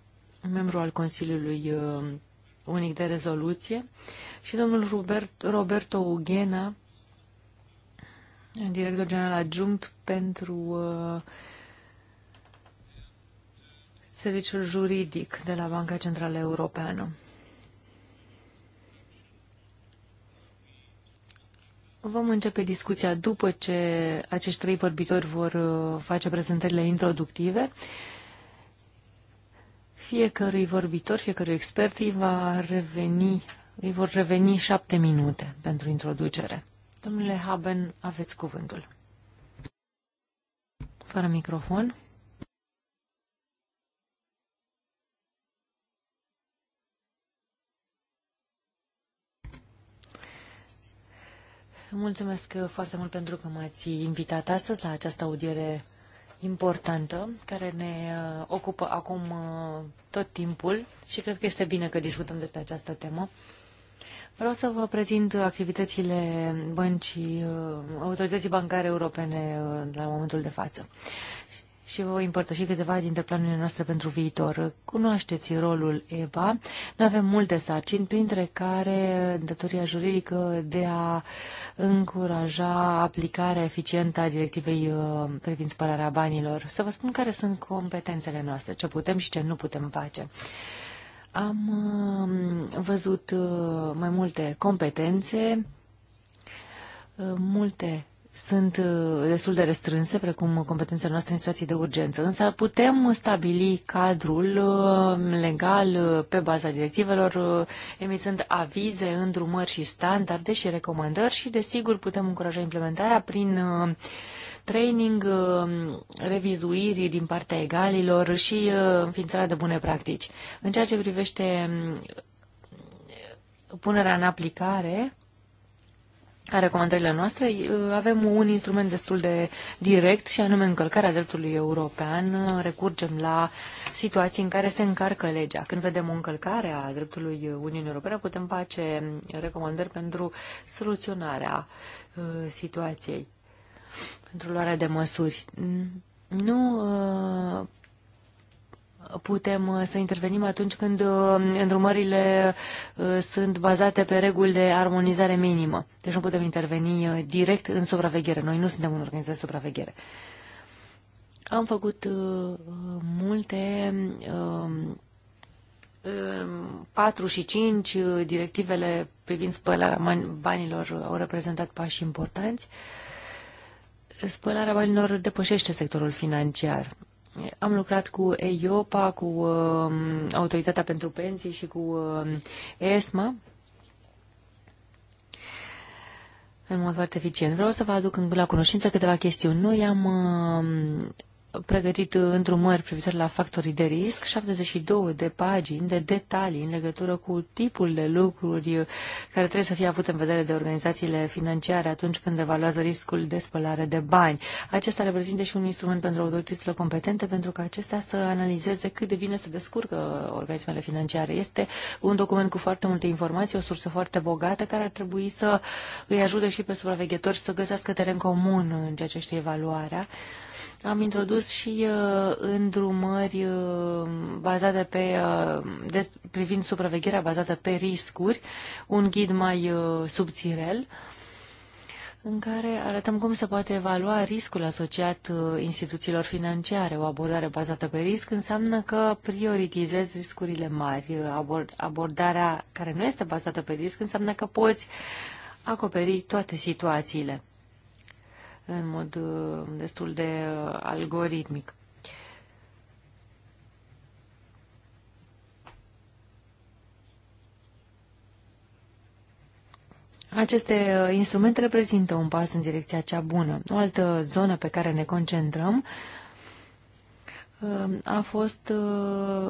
membru al Consiliului Unic de Rezoluție și domnul Robert, Roberto Ughena, director general adjunct pentru uh, serviciul juridic de la Banca Centrală Europeană. Vom începe discuția după ce acești trei vorbitori vor uh, face prezentările introductive. Fiecărui vorbitor, fiecărui expert îi, va reveni, îi vor reveni șapte minute pentru introducere. Domnule Haben, aveți cuvântul. Fără microfon. Mulțumesc foarte mult pentru că m-ați invitat astăzi la această audiere importantă care ne uh, ocupă acum uh, tot timpul și cred că este bine că discutăm despre această temă. Vreau să vă prezint activitățile băncii, uh, autorității bancare europene uh, la momentul de față și vă voi împărtăși câteva dintre planurile noastre pentru viitor. Cunoașteți rolul EBA, noi avem multe sarcini, printre care datoria juridică de a încuraja aplicarea eficientă a directivei uh, privind spălarea banilor. Să vă spun care sunt competențele noastre, ce putem și ce nu putem face. Am uh, văzut uh, mai multe competențe, uh, multe sunt destul de restrânse, precum competențele noastre în situații de urgență, însă putem stabili cadrul legal pe baza directivelor, emițând avize, îndrumări și standarde și recomandări și, desigur, putem încuraja implementarea prin training, uh, revizuiri din partea egalilor și uh, înființarea de bune practici. În ceea ce privește um, punerea în aplicare a recomandările noastre, uh, avem un instrument destul de direct și anume încălcarea dreptului european. Recurgem la situații în care se încarcă legea. Când vedem o încălcare a dreptului Uniunii Europene, putem face um, recomandări pentru soluționarea situației pentru luarea de măsuri. Nu uh, putem uh, să intervenim atunci când uh, îndrumările sunt bazate pe reguli de armonizare minimă. Deci nu putem interveni direct în supraveghere. Noi nu suntem un organizație de supraveghere. Am făcut multe um, um, patru și cinci directivele privind spălarea banilor au reprezentat pași importanți. Uh, Spălarea banilor depășește sectorul financiar. Am lucrat cu EIOPA, cu uh, Autoritatea pentru Pensii și cu uh, ESMA în mod foarte eficient. Vreau să vă aduc în la cunoștință câteva chestiuni. Noi am uh, pregătit îndrumări privitor la factorii de risc, 72 de pagini de detalii în legătură cu tipul de lucruri care trebuie să fie avute în vedere de organizațiile financiare atunci când evaluează riscul de spălare de bani. Acesta reprezintă și un instrument pentru autoritățile competente pentru că acestea să analizeze cât de bine se descurcă organismele financiare. Este un document cu foarte multe informații, o sursă foarte bogată care ar trebui să îi ajute și pe supraveghetori să găsească teren comun în ceea ce știe evaluarea. Am introdus inclus și uh, îndrumări uh, bazate pe, uh, de, privind supravegherea bazată pe riscuri, un ghid mai uh, subțirel, în care arătăm cum se poate evalua riscul asociat uh, instituțiilor financiare. O abordare bazată pe risc înseamnă că prioritizezi riscurile mari. Abord, abordarea care nu este bazată pe risc înseamnă că poți acoperi toate situațiile în mod uh, destul de uh, algoritmic. Aceste uh, instrumente reprezintă un pas în direcția cea bună. O altă zonă pe care ne concentrăm a fost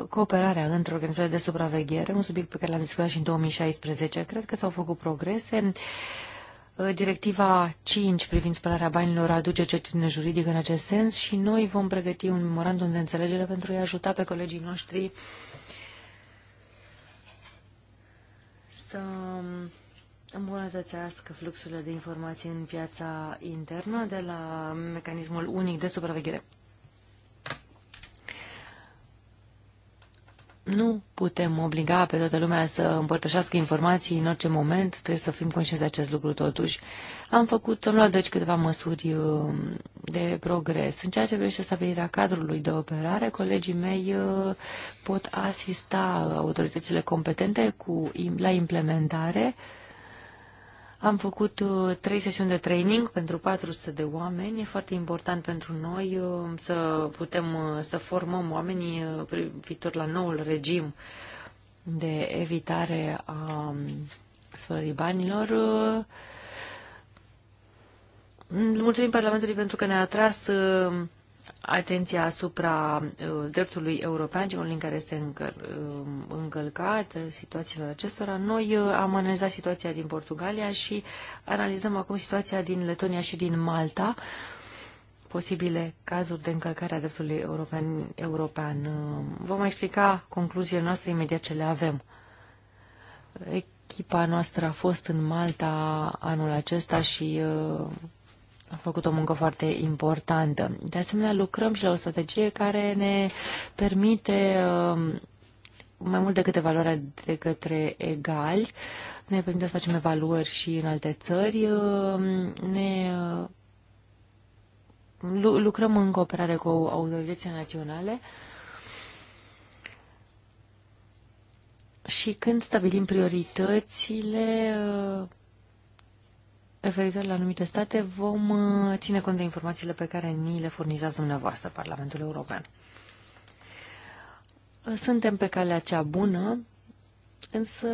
cooperarea între organizațiile de supraveghere, un subiect pe care l-am discutat și în 2016. Cred că s-au făcut progrese. Uh, directiva 5 privind spălarea banilor aduce certitudine juridică în acest sens și noi vom pregăti un memorandum de înțelegere pentru a-i ajuta pe colegii noștri să îmbunătățească fluxurile de informații în piața internă de la mecanismul unic de supraveghere. nu putem obliga pe toată lumea să împărtășească informații în orice moment, trebuie să fim conștienți de acest lucru totuși. Am făcut, am luat deci câteva măsuri um, de progres. În ceea ce privește stabilirea cadrului de operare, colegii mei uh, pot asista autoritățile competente cu, la implementare am făcut uh, trei sesiuni de training pentru 400 de oameni. E foarte important pentru noi uh, să putem uh, să formăm oamenii privitor la noul regim de evitare a um, sfărării banilor. Mulțumim Parlamentului pentru că ne-a atras atenția asupra uh, dreptului european, celor în care este um, încălcat, uh, situațiilor acestora. Noi uh, am analizat situația din Portugalia și analizăm acum situația din Letonia și din Malta, posibile cazuri de încălcare a dreptului european. european. Vom explica concluziile noastre imediat ce le avem. Echipa noastră a fost în Malta anul acesta și a făcut o muncă foarte importantă. De asemenea, lucrăm și la o strategie care ne permite um, mai mult decât evaluarea de către egali, ne permite să facem evaluări și în alte țări, um, ne uh, lucrăm în cooperare cu autoritățile naționale și când stabilim prioritățile, uh, referitor la anumite state, vom uh, ține cont de informațiile pe care ni le furnizați dumneavoastră, Parlamentul European. Suntem pe calea cea bună, însă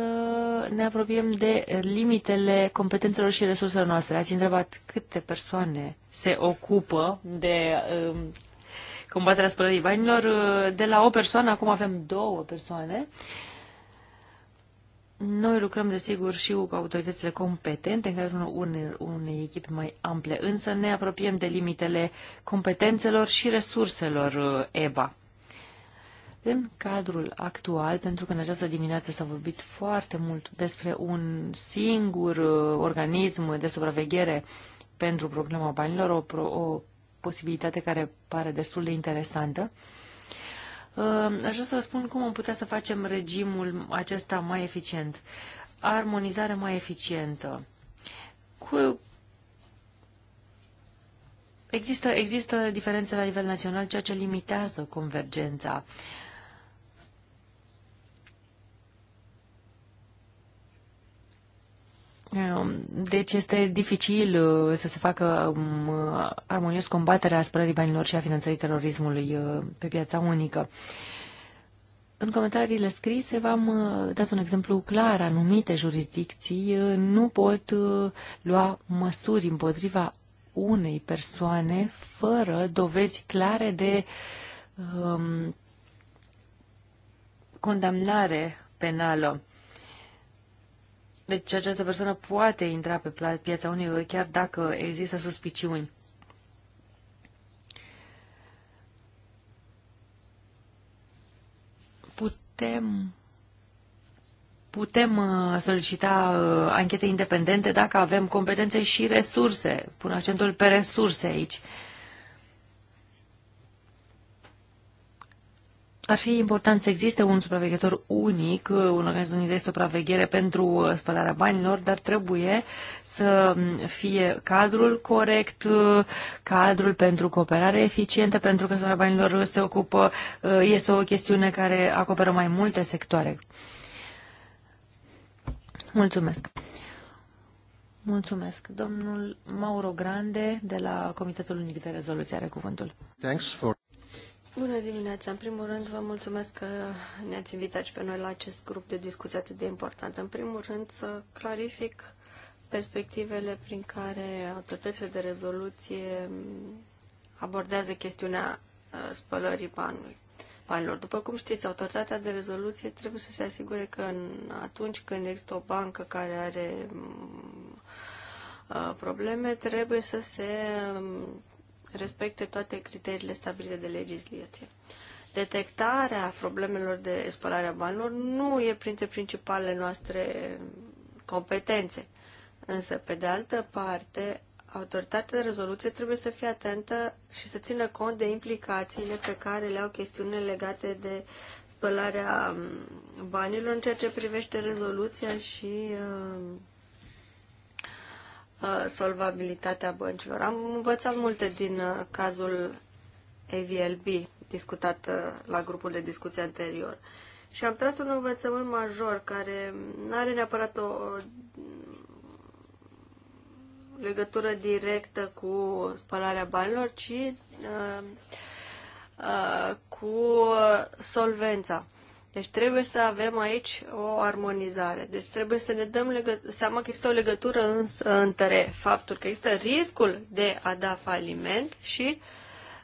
ne apropiem de limitele competențelor și resurselor noastre. Ați întrebat câte persoane se ocupă de um, combaterea spălării banilor. Uh, de la o persoană, acum avem două persoane. Uh, noi lucrăm, desigur, și cu autoritățile competente în cadrul unei, unei echipe mai ample, însă ne apropiem de limitele competențelor și resurselor uh, EBA. În cadrul actual, pentru că în această dimineață s-a vorbit foarte mult despre un singur uh, organism de supraveghere pentru problema banilor, o, o posibilitate care pare destul de interesantă, Aș vrea să vă spun cum am putea să facem regimul acesta mai eficient. Armonizare mai eficientă. Cu Există, există diferențe la nivel național, ceea ce limitează convergența. Uh, Um, deci este dificil uh, să se facă um, armonios combaterea spălării banilor și a finanțării terorismului uh, pe piața unică. În comentariile scrise v-am uh, dat un exemplu clar. Anumite jurisdicții nu pot lua măsuri împotriva unei persoane fără dovezi clare de um, condamnare penală. Deci această persoană poate intra pe piața unui euro chiar dacă există suspiciuni. Putem putem uh, solicita uh, anchete independente dacă avem competențe și resurse. Pun accentul pe resurse aici. ar fi important să existe un supraveghetor unic, un organism unic de supraveghere pentru spălarea banilor, dar trebuie să fie cadrul corect, cadrul pentru cooperare eficientă, pentru că spălarea banilor se ocupă, este o chestiune care acoperă mai multe sectoare. Mulțumesc. Mulțumesc. Domnul Mauro Grande de la Comitetul Unic de Rezoluție are cuvântul. Thanks for... Bună dimineața! În primul rând, vă mulțumesc că ne-ați invitat și pe noi la acest grup de discuții atât de important. În primul rând, să clarific perspectivele prin care autoritățile de rezoluție abordează chestiunea uh, spălării banului. Banilor. După cum știți, autoritatea de rezoluție trebuie să se asigure că în, atunci când există o bancă care are mm, uh, probleme, trebuie să se mm, respecte toate criteriile stabilite de legislație. Detectarea problemelor de spălare a banilor nu e printre principalele noastre competențe. Însă, pe de altă parte, autoritatea de rezoluție trebuie să fie atentă și să țină cont de implicațiile pe care le au chestiunile legate de spălarea mm, banilor în ceea ce privește rezoluția și uh, Uh, solvabilitatea băncilor. Am învățat multe din uh, cazul AVLB discutat uh, la grupul de discuție anterior. Și am tras un învățământ major care nu are neapărat o legătură directă cu spălarea banilor, ci uh, uh, cu solvența. Deci trebuie să avem aici o armonizare. Deci trebuie să ne dăm legă- seama că există o legătură în- între faptul că există riscul de a da faliment și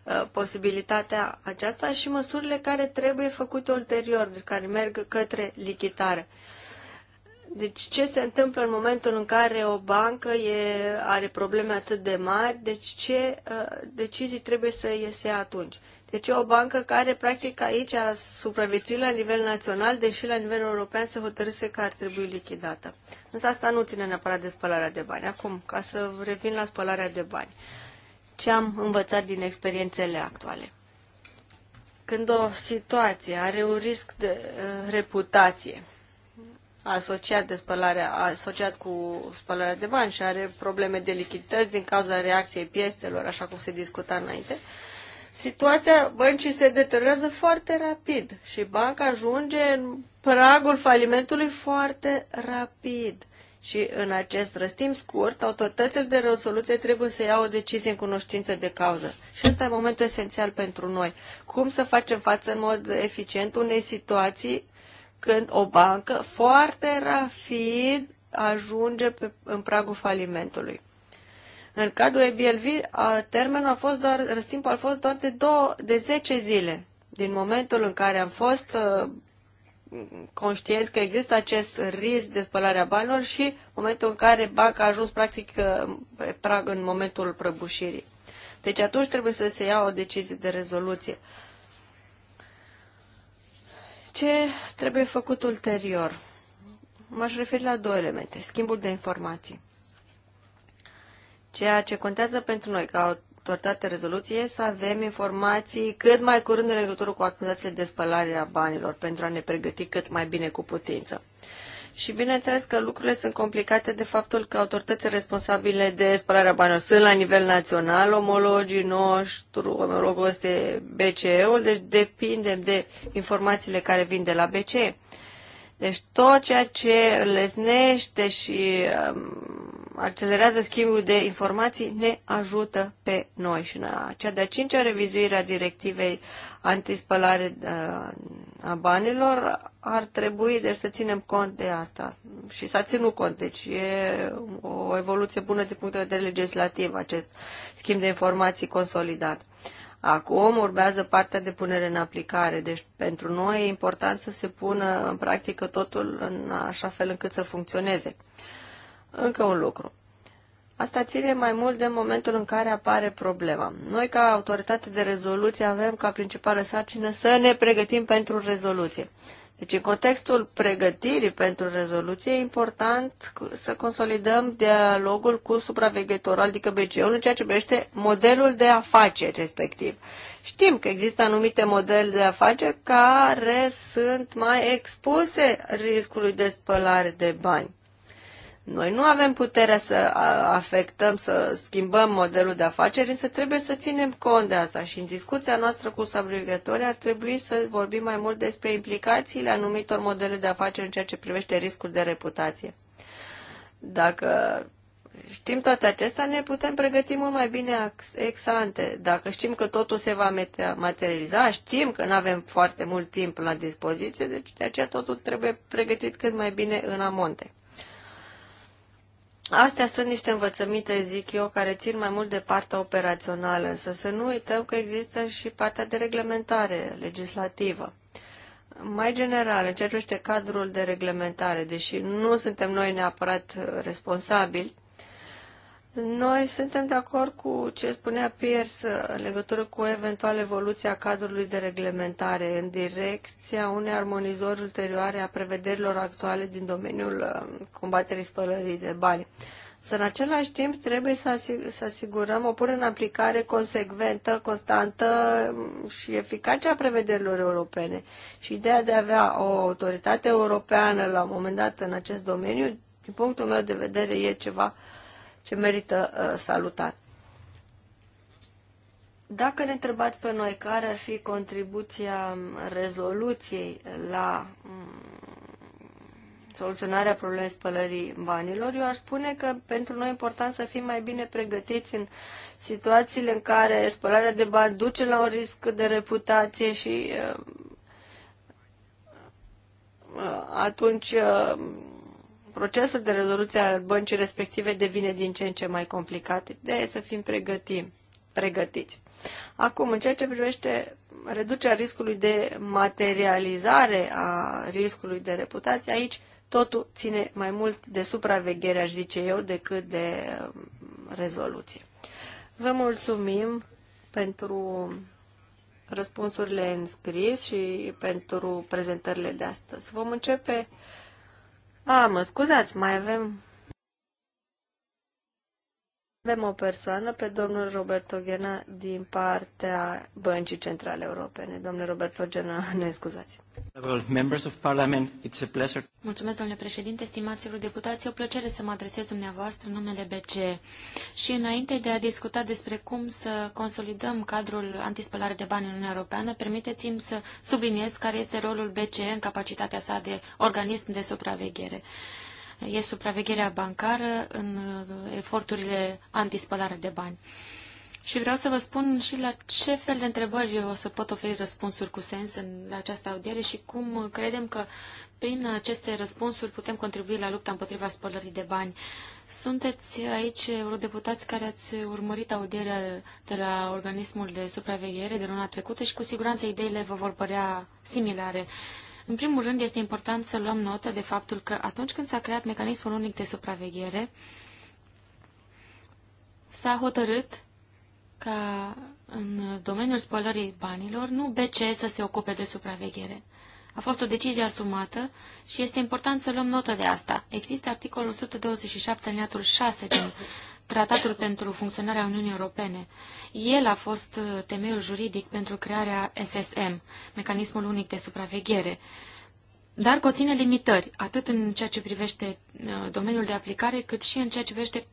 uh, posibilitatea aceasta și măsurile care trebuie făcute ulterior, deci care merg către lichitare. Deci ce se întâmplă în momentul în care o bancă e, are probleme atât de mari, deci ce uh, decizii trebuie să iese atunci. Deci e o bancă care practic aici a supraviețuit la nivel național, deși la nivel european se hotărâse că ar trebui lichidată. Însă asta nu ține neapărat de spălarea de bani. Acum, ca să revin la spălarea de bani, ce am învățat din experiențele actuale? Când o situație are un risc de uh, reputație asociat, de spălarea, asociat cu spălarea de bani și are probleme de lichidități din cauza reacției piestelor, așa cum se discuta înainte, uh, situația băncii se deteriorează foarte rapid și banca ajunge în pragul falimentului foarte rapid. Și în acest răstim scurt, autoritățile de rezoluție trebuie să iau o decizie în cunoștință de cauză. Și ăsta e momentul esențial pentru noi. Cum să facem față în mod eficient unei situații când o bancă foarte rapid ajunge pe, în pragul falimentului. În cadrul EBLV, a, termenul a fost doar, răstimpul a fost doar de, două, de 10 zile. Din momentul în care am fost a, conștienți că există acest risc de spălare a banilor și momentul în care banca a ajuns practic pe prag în momentul prăbușirii. Deci atunci trebuie să se ia o decizie de rezoluție. Ce trebuie făcut ulterior? M-aș referi la două elemente. Schimbul de informații. Ceea ce contează pentru noi ca autoritate rezoluție să avem informații cât mai curând în legătură cu acuzațiile de spălare a banilor pentru a ne pregăti cât mai bine cu putință. Și bineînțeles că lucrurile sunt complicate de faptul că autoritățile responsabile de spălarea banilor sunt la nivel național, omologii noștri, omologul este BCE-ul, deci depindem de informațiile care vin de la BCE. Deci tot ceea ce lesnește și um, accelerează schimbul de informații ne ajută pe noi. Și în cea de-a cincea revizuire a directivei antispălare uh, a banilor ar trebui deci să ținem cont de asta. Și s-a ținut cont, deci e o evoluție bună din punct de vedere legislativ acest schimb de informații consolidat. Acum urmează partea de punere în aplicare, deci pentru noi e important să se pună în practică totul în așa fel încât să funcționeze. Încă un lucru. Asta ține mai mult de momentul în care apare problema. Noi, ca autoritate de rezoluție, avem ca principală sarcină să ne pregătim pentru rezoluție. Deci, în contextul pregătirii pentru rezoluție, e important să consolidăm dialogul cu supraveghetorul, adică BCE-ul, în ceea ce privește modelul de afaceri respectiv. Știm că există anumite modele de afaceri care sunt mai expuse riscului de spălare de bani. Noi nu avem puterea să afectăm, să schimbăm modelul de afaceri, însă trebuie să ținem cont de asta și în discuția noastră cu subrogatorii ar trebui să vorbim mai mult despre implicațiile anumitor modele de afaceri în ceea ce privește riscul de reputație. Dacă știm toate acestea, ne putem pregăti mult mai bine ex ante. Dacă știm că totul se va materializa, știm că nu avem foarte mult timp la dispoziție, deci de aceea totul trebuie pregătit cât mai bine în amonte. Astea sunt niște învățăminte, zic eu, care țin mai mult de partea operațională, însă să nu uităm că există și partea de reglementare legislativă. Mai general, în ce cadrul de reglementare, deși nu suntem noi neapărat responsabili, noi suntem de acord cu ce spunea Pierce în legătură cu eventual evoluția cadrului de reglementare în direcția unei armonizări ulterioare a prevederilor actuale din domeniul uh, combaterii spălării de bani. Să în același timp trebuie să, asigurăm o punere în aplicare consecventă, constantă mm, și eficace a prevederilor europene. Și ideea de a avea o autoritate europeană la un moment dat în acest domeniu, din punctul meu de vedere, e ceva uh, ce merită uh, salutat. Dacă ne întrebați pe noi care ar fi contribuția um, rezoluției la um, soluționarea problemei spălării banilor, eu aș spune că pentru noi e important să fim mai bine pregătiți în situațiile în care spălarea de bani duce la un risc de reputație și uh, uh, atunci uh, procesul de rezoluție al băncii respective devine din ce în ce mai complicat. De e să fim pregătim, pregătiți. Acum, în ceea ce privește reducerea riscului de materializare a riscului de reputație, aici totul ține mai mult de supraveghere, aș zice eu, decât de um, rezoluție. Vă mulțumim pentru răspunsurile în scris și pentru prezentările de astăzi. Vom începe a, mă scuzați, mai avem avem o persoană pe domnul Roberto Ghena din partea Băncii Centrale Europene. Domnule Roberto Ghena, ne scuzați. Members of Parliament, it's a pleasure. Mulțumesc, domnule președinte, stimaților deputați. E o plăcere să mă adresez dumneavoastră în numele BCE. Și înainte de a discuta despre cum să consolidăm cadrul antispălare de bani în Uniunea Europeană, permiteți-mi să subliniez care este rolul BCE în capacitatea sa de organism de supraveghere e supravegherea bancară în uh, eforturile antispălare de bani. Și vreau să vă spun și la ce fel de întrebări o să pot oferi răspunsuri cu sens în, această audiere și cum credem că prin aceste răspunsuri putem contribui la lupta împotriva spălării de bani. Sunteți aici eurodeputați care ați urmărit audierea de la organismul de supraveghere de luna trecută și cu siguranță ideile vă vor părea similare. În primul rând, este important să luăm notă de faptul că atunci când s-a creat mecanismul unic de supraveghere, s-a hotărât ca în domeniul spălării banilor, nu BC să se ocupe de supraveghere. A fost o decizie asumată și este important să luăm notă de asta. Există articolul 127, alineatul 6 din Tratatul pentru funcționarea Uniunii Europene. El a fost uh, temeiul juridic pentru crearea SSM, Mecanismul Unic de Supraveghere, dar conține limitări, atât în ceea ce privește uh, domeniul de aplicare, cât și în ceea ce privește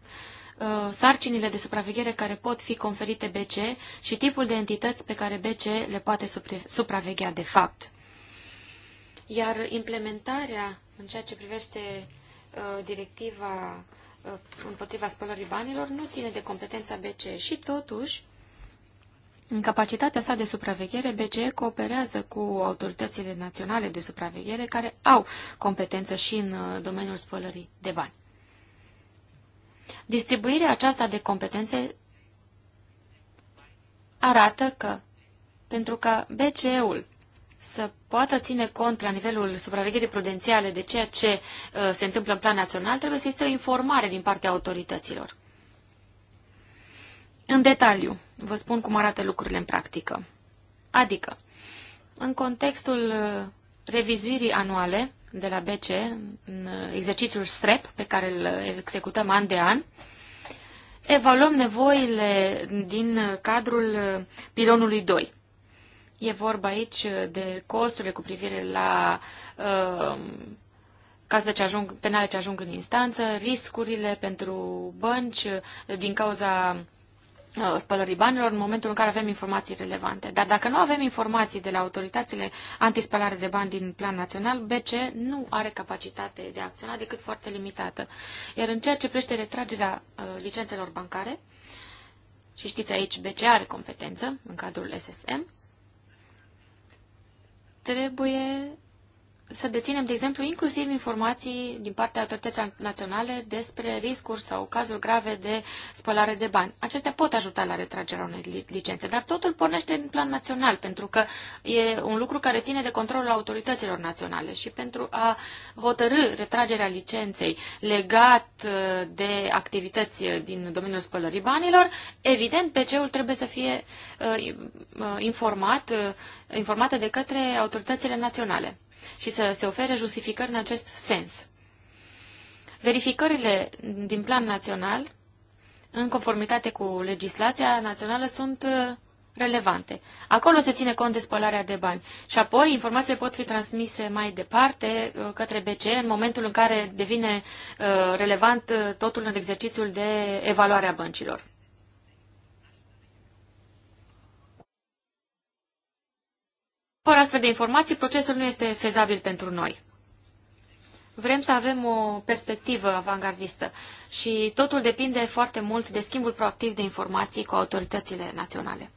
uh, sarcinile de supraveghere care pot fi conferite BC și tipul de entități pe care BC le poate supraveghea de fapt. Iar implementarea în ceea ce privește directiva Uh, împotriva spălării banilor nu ține de competența BCE și totuși, în capacitatea sa de supraveghere, BCE cooperează cu autoritățile naționale de supraveghere care au competență și în uh, domeniul spălării de bani. Distribuirea aceasta de competențe arată că, pentru ca BCE-ul să poată ține cont la nivelul supravegherii prudențiale de ceea ce uh, se întâmplă în plan național, trebuie să existe o informare din partea autorităților. În detaliu, vă spun cum arată lucrurile în practică. Adică, în contextul uh, revizuirii anuale de la BC, în uh, exercițiul SREP, pe care îl executăm an de an, evaluăm nevoile din cadrul pilonului 2. E vorba aici de costurile cu privire la uh, um, cazurile ce ajung, penale ce ajung în instanță, riscurile pentru bănci din cauza uh, spălării banilor în momentul în care avem informații relevante. Dar dacă nu avem informații de la autoritățile antispălare de bani din plan național, BC nu are capacitate de a acționa decât foarte limitată. Iar în ceea ce privește retragerea uh, licențelor bancare, și știți aici, BC are competență în cadrul SSM, trebuie să deținem, de exemplu, inclusiv informații din partea autorităților naționale despre riscuri sau cazuri grave de spălare de bani. Acestea pot ajuta la retragerea unei licențe, dar totul pornește în plan național, pentru că e un lucru care ține de controlul autorităților naționale și pentru a hotărâ retragerea licenței legat uh, de activități din domeniul spălării banilor, evident, PC-ul trebuie să fie uh, uh, informat, informată de către autoritățile naționale și să se ofere justificări în acest sens. Verificările din plan național, în conformitate cu legislația națională, sunt uh, relevante. Acolo se ține cont de spălarea de bani și apoi informațiile pot fi transmise mai departe uh, către BCE în momentul în care devine uh, relevant totul în exercițiul de evaluare a băncilor. Fără astfel de informații, procesul nu este fezabil pentru noi. Vrem să avem o perspectivă avangardistă și totul depinde foarte mult de schimbul proactiv de informații cu autoritățile naționale.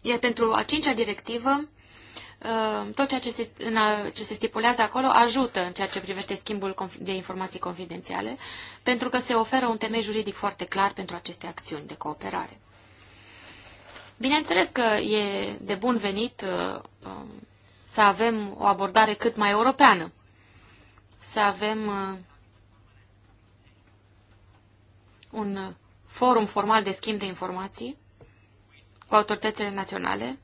Iar pentru a cincea directivă, Uh, tot ceea ce se, în a, ce se stipulează acolo ajută în ceea ce privește schimbul de informații confidențiale, pentru că se oferă un temei juridic foarte clar pentru aceste acțiuni de cooperare. Bineînțeles că e de bun venit uh, um, să avem o abordare cât mai europeană, să avem uh, un forum formal de schimb de informații cu autoritățile naționale,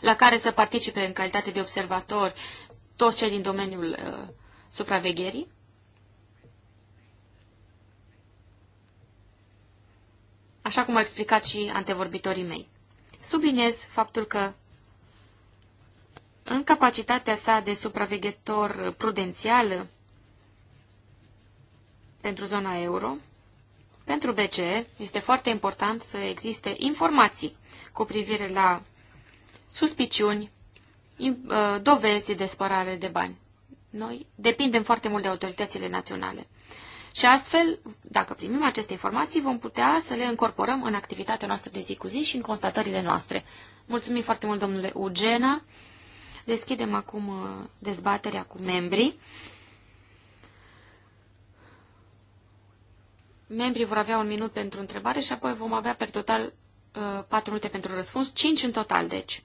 la care să participe în calitate de observatori toți cei din domeniul uh, supravegherii? Așa cum au explicat și antevorbitorii mei. Subliniez faptul că în capacitatea sa de supraveghetor prudențial pentru zona euro, pentru BCE este foarte important să existe informații cu privire la suspiciuni, uh, dovezi de spărare de bani. Noi depindem foarte mult de autoritățile naționale. Și astfel, dacă primim aceste informații, vom putea să le incorporăm în activitatea noastră de zi cu zi și în constatările noastre. Mulțumim foarte mult, domnule Ugena. Deschidem acum uh, dezbaterea cu membrii. Membrii vor avea un minut pentru întrebare și apoi vom avea pe total uh, patru minute pentru răspuns, cinci în total, deci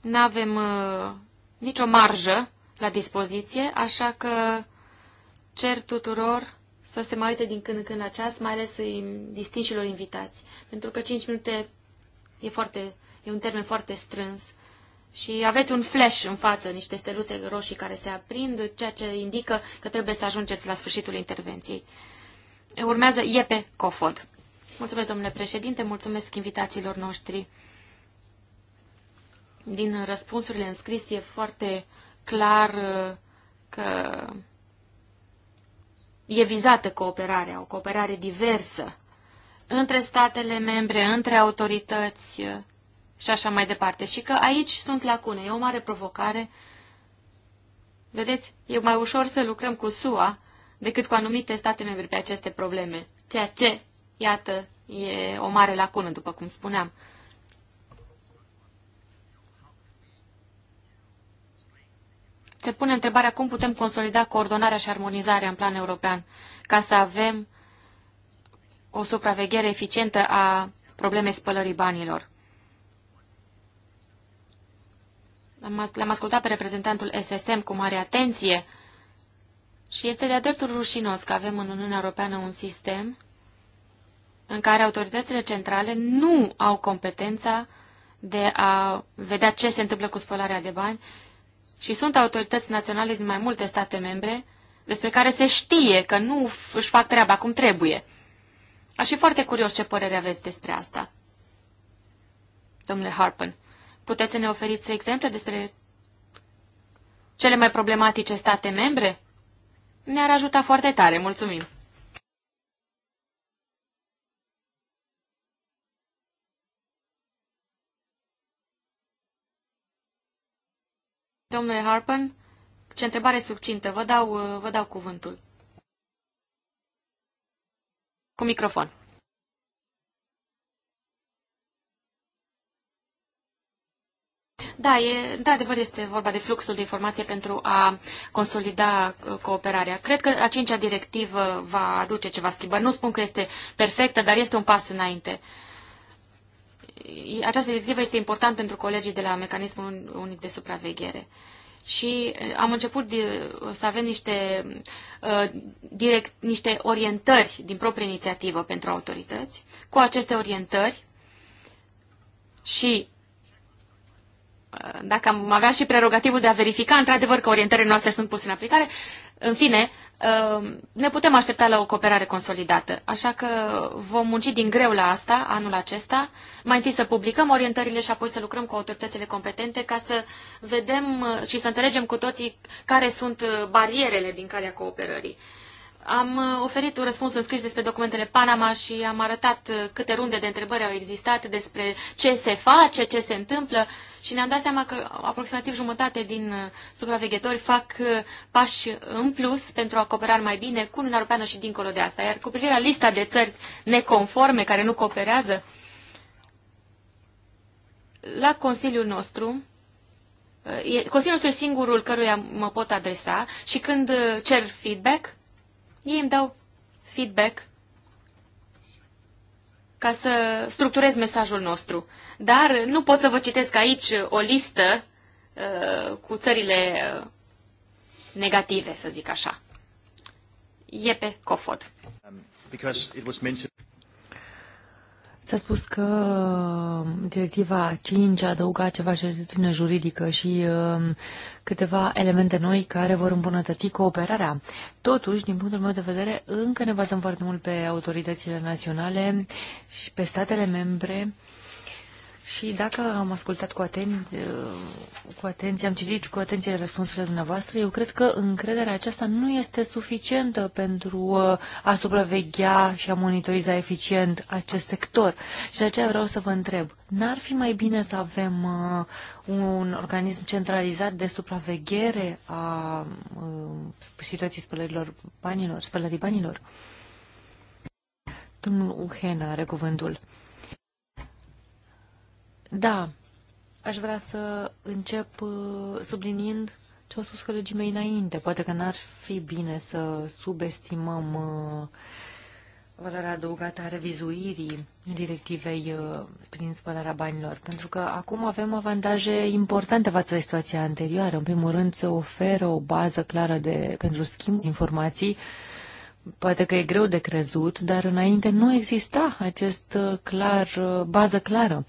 nu avem uh, nicio marjă la dispoziție, așa că cer tuturor să se mai uite din când în când la ceas, mai ales distinșilor invitați, pentru că 5 minute e, foarte, e un termen foarte strâns. Și aveți un flash în față, niște steluțe roșii care se aprind, ceea ce indică că trebuie să ajungeți la sfârșitul intervenției. Urmează Iepe Cofod. Mulțumesc, domnule președinte, mulțumesc invitațiilor noștri din răspunsurile scris e foarte clar uh, că e vizată cooperarea, o cooperare diversă între statele membre, între autorități uh, și așa mai departe. Și că aici sunt lacune. E o mare provocare. Vedeți, e mai ușor să lucrăm cu SUA decât cu anumite state membre pe aceste probleme. Ceea ce, iată, e o mare lacună, după cum spuneam. se pune întrebarea cum putem consolida coordonarea și armonizarea în plan european ca să avem o supraveghere eficientă a problemei spălării banilor. L-am ascultat pe reprezentantul SSM cu mare atenție și este de-a dreptul rușinos că avem în Uniunea Europeană un sistem în care autoritățile centrale nu au competența de a vedea ce se întâmplă cu spălarea de bani și sunt autorități naționale din mai multe state membre despre care se știe că nu își fac treaba cum trebuie. Aș fi foarte curios ce părere aveți despre asta. Domnule Harpen, puteți să ne oferiți exemple despre cele mai problematice state membre? Ne-ar ajuta foarte tare, mulțumim! Domnule Harpen, ce întrebare succintă. Vă dau, vă dau cuvântul. Cu microfon. Da, într-adevăr este vorba de fluxul de informație pentru a consolida uh, cooperarea. Cred că a cincea directivă va aduce ceva schimbări. Nu spun că este perfectă, dar este un pas înainte această directivă este importantă pentru colegii de la Mecanismul Unic de Supraveghere. Și eh, am început să avem niște, eh, direct, niște orientări din proprie inițiativă pentru autorități. Cu aceste orientări și eh, dacă am avea și prerogativul de a verifica într-adevăr că orientările noastre sunt puse în aplicare, în fine, uh, ne putem aștepta la o cooperare consolidată, așa că vom munci din greu la asta anul acesta. Mai întâi să publicăm orientările și apoi să lucrăm cu autoritățile competente ca să vedem uh, și să înțelegem cu toții care sunt uh, barierele din calea cooperării. Am uh, oferit un răspuns în scris despre documentele Panama și am arătat uh, câte runde de întrebări au existat despre ce se face, ce se întâmplă și ne-am dat seama că aproximativ jumătate din uh, supraveghetori fac pași în plus pentru a coopera mai bine cu Uniunea Europeană și dincolo de asta. Iar cu privire la lista de țări neconforme care nu cooperează, la Consiliul nostru, Consiliul nostru e singurul căruia mă pot adresa și când cer feedback, ei îmi dau feedback ca să structurez mesajul nostru. Dar nu pot să vă citesc aici o listă uh, cu țările uh, negative, să zic așa. E pe cofot. Um, S-a spus că uh, directiva 5 adăuga ceva certitudine juridică și uh, câteva elemente noi care vor îmbunătăți cooperarea. Totuși, din punctul meu de vedere, încă ne bazăm foarte mult pe autoritățile naționale și pe statele membre și dacă am ascultat cu atenție, uh, cu atenție, am citit cu atenție răspunsurile dumneavoastră, eu cred că încrederea aceasta nu este suficientă pentru uh, a supraveghea și a monitoriza eficient acest sector. Și de aceea vreau să vă întreb, n-ar fi mai bine să avem uh, un organism centralizat de supraveghere a situației spălărilor banilor, spălării banilor? Domnul Uhena are cuvântul. Da, aș vrea să încep uh, subliniind ce au spus colegii mei înainte. Poate că n-ar fi bine să subestimăm uh, valoarea adăugată a revizuirii directivei uh, prin spălarea banilor, pentru că acum avem avantaje importante față de situația anterioară. În primul rând, se oferă o bază clară de, pentru schimb de informații poate că e greu de crezut, dar înainte nu exista acest clar, bază clară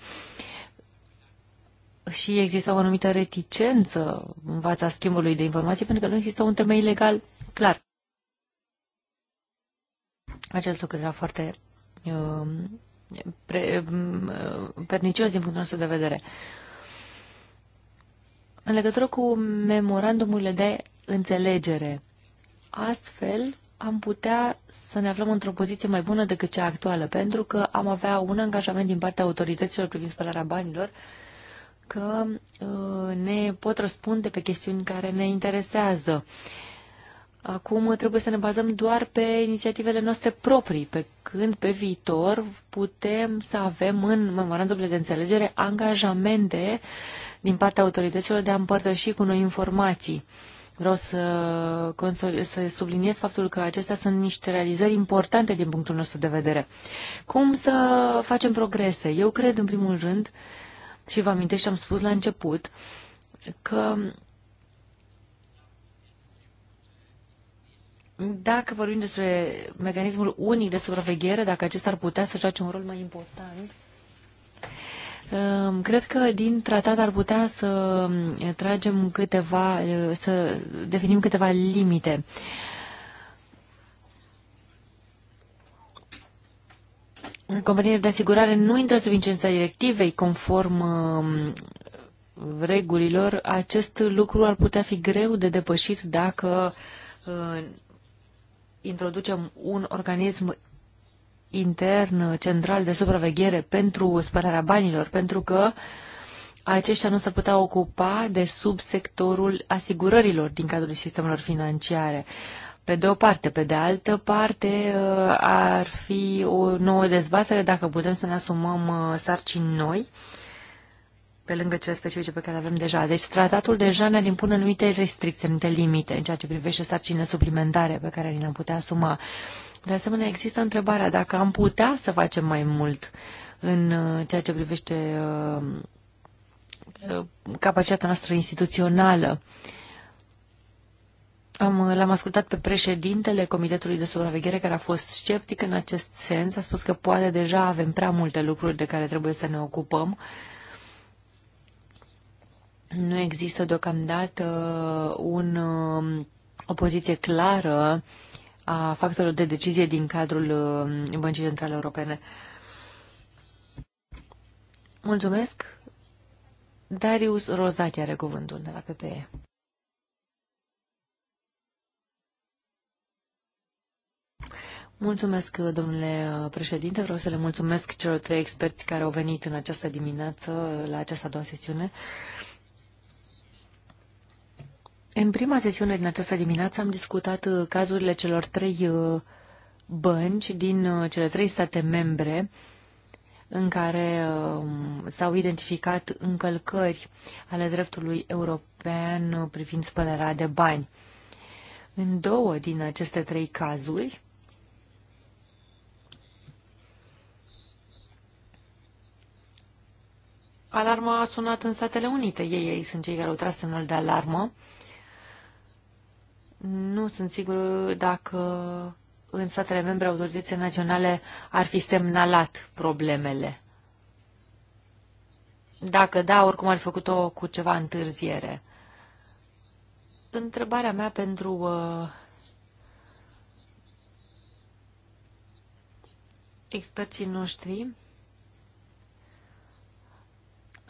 și exista o anumită reticență în fața schimbului de informații, pentru că nu există un temei legal clar. Acest lucru era foarte uh, uh, pernicios din punctul nostru de vedere. În legătură cu memorandumurile de înțelegere, astfel am putea să ne aflăm într-o poziție mai bună decât cea actuală, pentru că am avea un angajament din partea autorităților privind spălarea banilor uh, că uh, ne pot răspunde pe chestiuni care ne interesează. Acum trebuie să ne bazăm doar pe inițiativele noastre proprii, pe când pe viitor putem să avem în memorandumurile de înțelegere angajamente din partea autorităților de a împărtăși cu noi informații. Vreau să, să subliniez faptul că acestea sunt niște realizări importante din punctul nostru de vedere. Cum să facem progrese? Eu cred, în primul rând, și vă amintești, am spus la început că dacă vorbim despre mecanismul unic de supraveghere, dacă acesta ar putea să joace un rol mai important, um, Cred că din tratat ar putea să um, tragem câteva, uh, să definim câteva limite. companiile de asigurare nu intră sub incența directivei conform um, regulilor, acest lucru ar putea fi greu de depășit dacă uh, introducem un organism intern, uh, central de supraveghere pentru spălarea banilor, pentru că aceștia nu s-ar putea ocupa de subsectorul asigurărilor din cadrul sistemelor financiare pe de o parte. Pe de altă parte, uh, ar fi o nouă dezbatere dacă putem să ne asumăm uh, sarcini noi, pe lângă cele specifice pe care le avem deja. Deci tratatul deja ne impune anumite restricții, anumite limite în ceea ce privește sarcinile suplimentare pe care le-am putea asuma. De asemenea, există întrebarea dacă am putea să facem mai mult în uh, ceea ce privește capacitatea noastră instituțională. Uh, am, l-am ascultat pe președintele Comitetului de Supraveghere care a fost sceptic în acest sens. A spus că poate deja avem prea multe lucruri de care trebuie să ne ocupăm. Nu există deocamdată uh, un, uh, o poziție clară a factorilor de decizie din cadrul uh, Băncii Centrale Europene. Mulțumesc. Darius Rozati are cuvântul de la PPE. Mulțumesc, domnule uh, președinte. Vreau să le mulțumesc celor trei experți care au venit în această dimineață la această a doua sesiune. În prima sesiune din această dimineață am discutat uh, cazurile celor trei uh, bănci din cele trei state membre în care um, s-au identificat încălcări ale dreptului european privind spălarea de bani. În două din aceste trei cazuri, alarma a sunat în Statele Unite. Ei, ei sunt cei care au tras semnul de alarmă. Nu sunt sigur dacă în statele membre autoritățile naționale ar fi semnalat problemele. Dacă da, oricum ar fi făcut-o cu ceva întârziere. Întrebarea mea pentru uh, experții noștri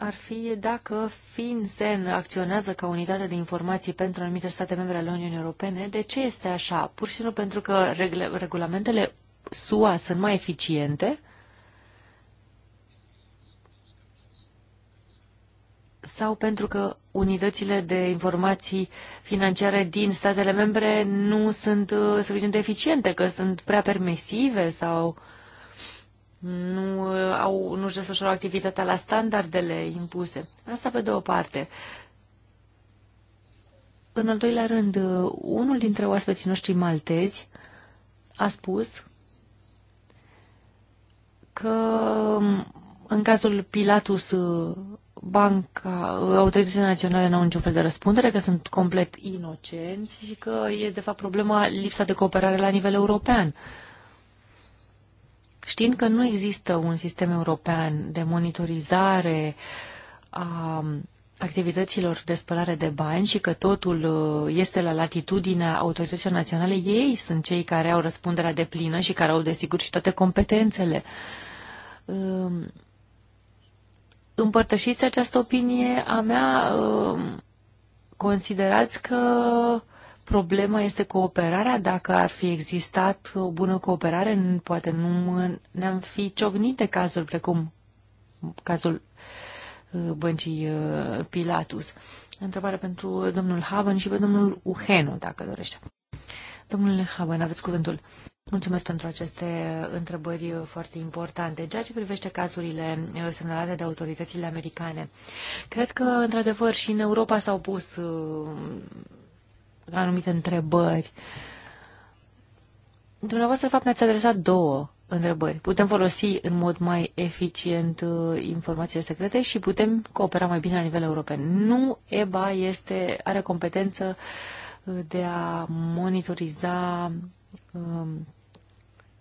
ar fi dacă FinCEN acționează ca unitate de informații pentru anumite state membre ale Uniunii Europene. De ce este așa? Pur și simplu pentru că regulamentele SUA sunt mai eficiente sau pentru că unitățile de informații financiare din statele membre nu sunt uh, suficient de eficiente, că sunt prea permisive sau uh, nu uh, au, nu-și desfășoară activitatea la standardele impuse. Asta pe două parte. În al doilea rând, uh, unul dintre oaspeții noștri maltezi a spus că um, în cazul Pilatus, uh, banca, autoritățile naționale nu au niciun fel de răspundere, că sunt complet inocenți și că e, de fapt, problema lipsa de cooperare la nivel european. Uh, Știind că nu există un sistem european de monitorizare a activităților de spălare de bani și că totul uh, este la latitudinea autorităților naționale, ei sunt cei care au răspunderea de plină și care au, desigur, și toate competențele. Um, împărtășiți această opinie a mea? Um, considerați că Problema este cooperarea. Dacă ar fi existat o bună cooperare, poate nu ne-am fi ciognit de cazuri precum cazul uh, băncii uh, Pilatus. Întrebare pentru domnul Haven și pe domnul Uhenu, dacă dorește. Domnule Haven, aveți cuvântul. Mulțumesc pentru aceste întrebări uh, foarte importante. ceea ce privește cazurile semnalate de autoritățile americane, cred că, într-adevăr, și în Europa s-au pus anumite întrebări. Dumneavoastră, de fapt, ne-ați adresat două întrebări. Putem folosi în mod mai eficient uh, informațiile secrete și putem coopera mai bine la nivel european. Nu EBA este, are competență uh, de a monitoriza um,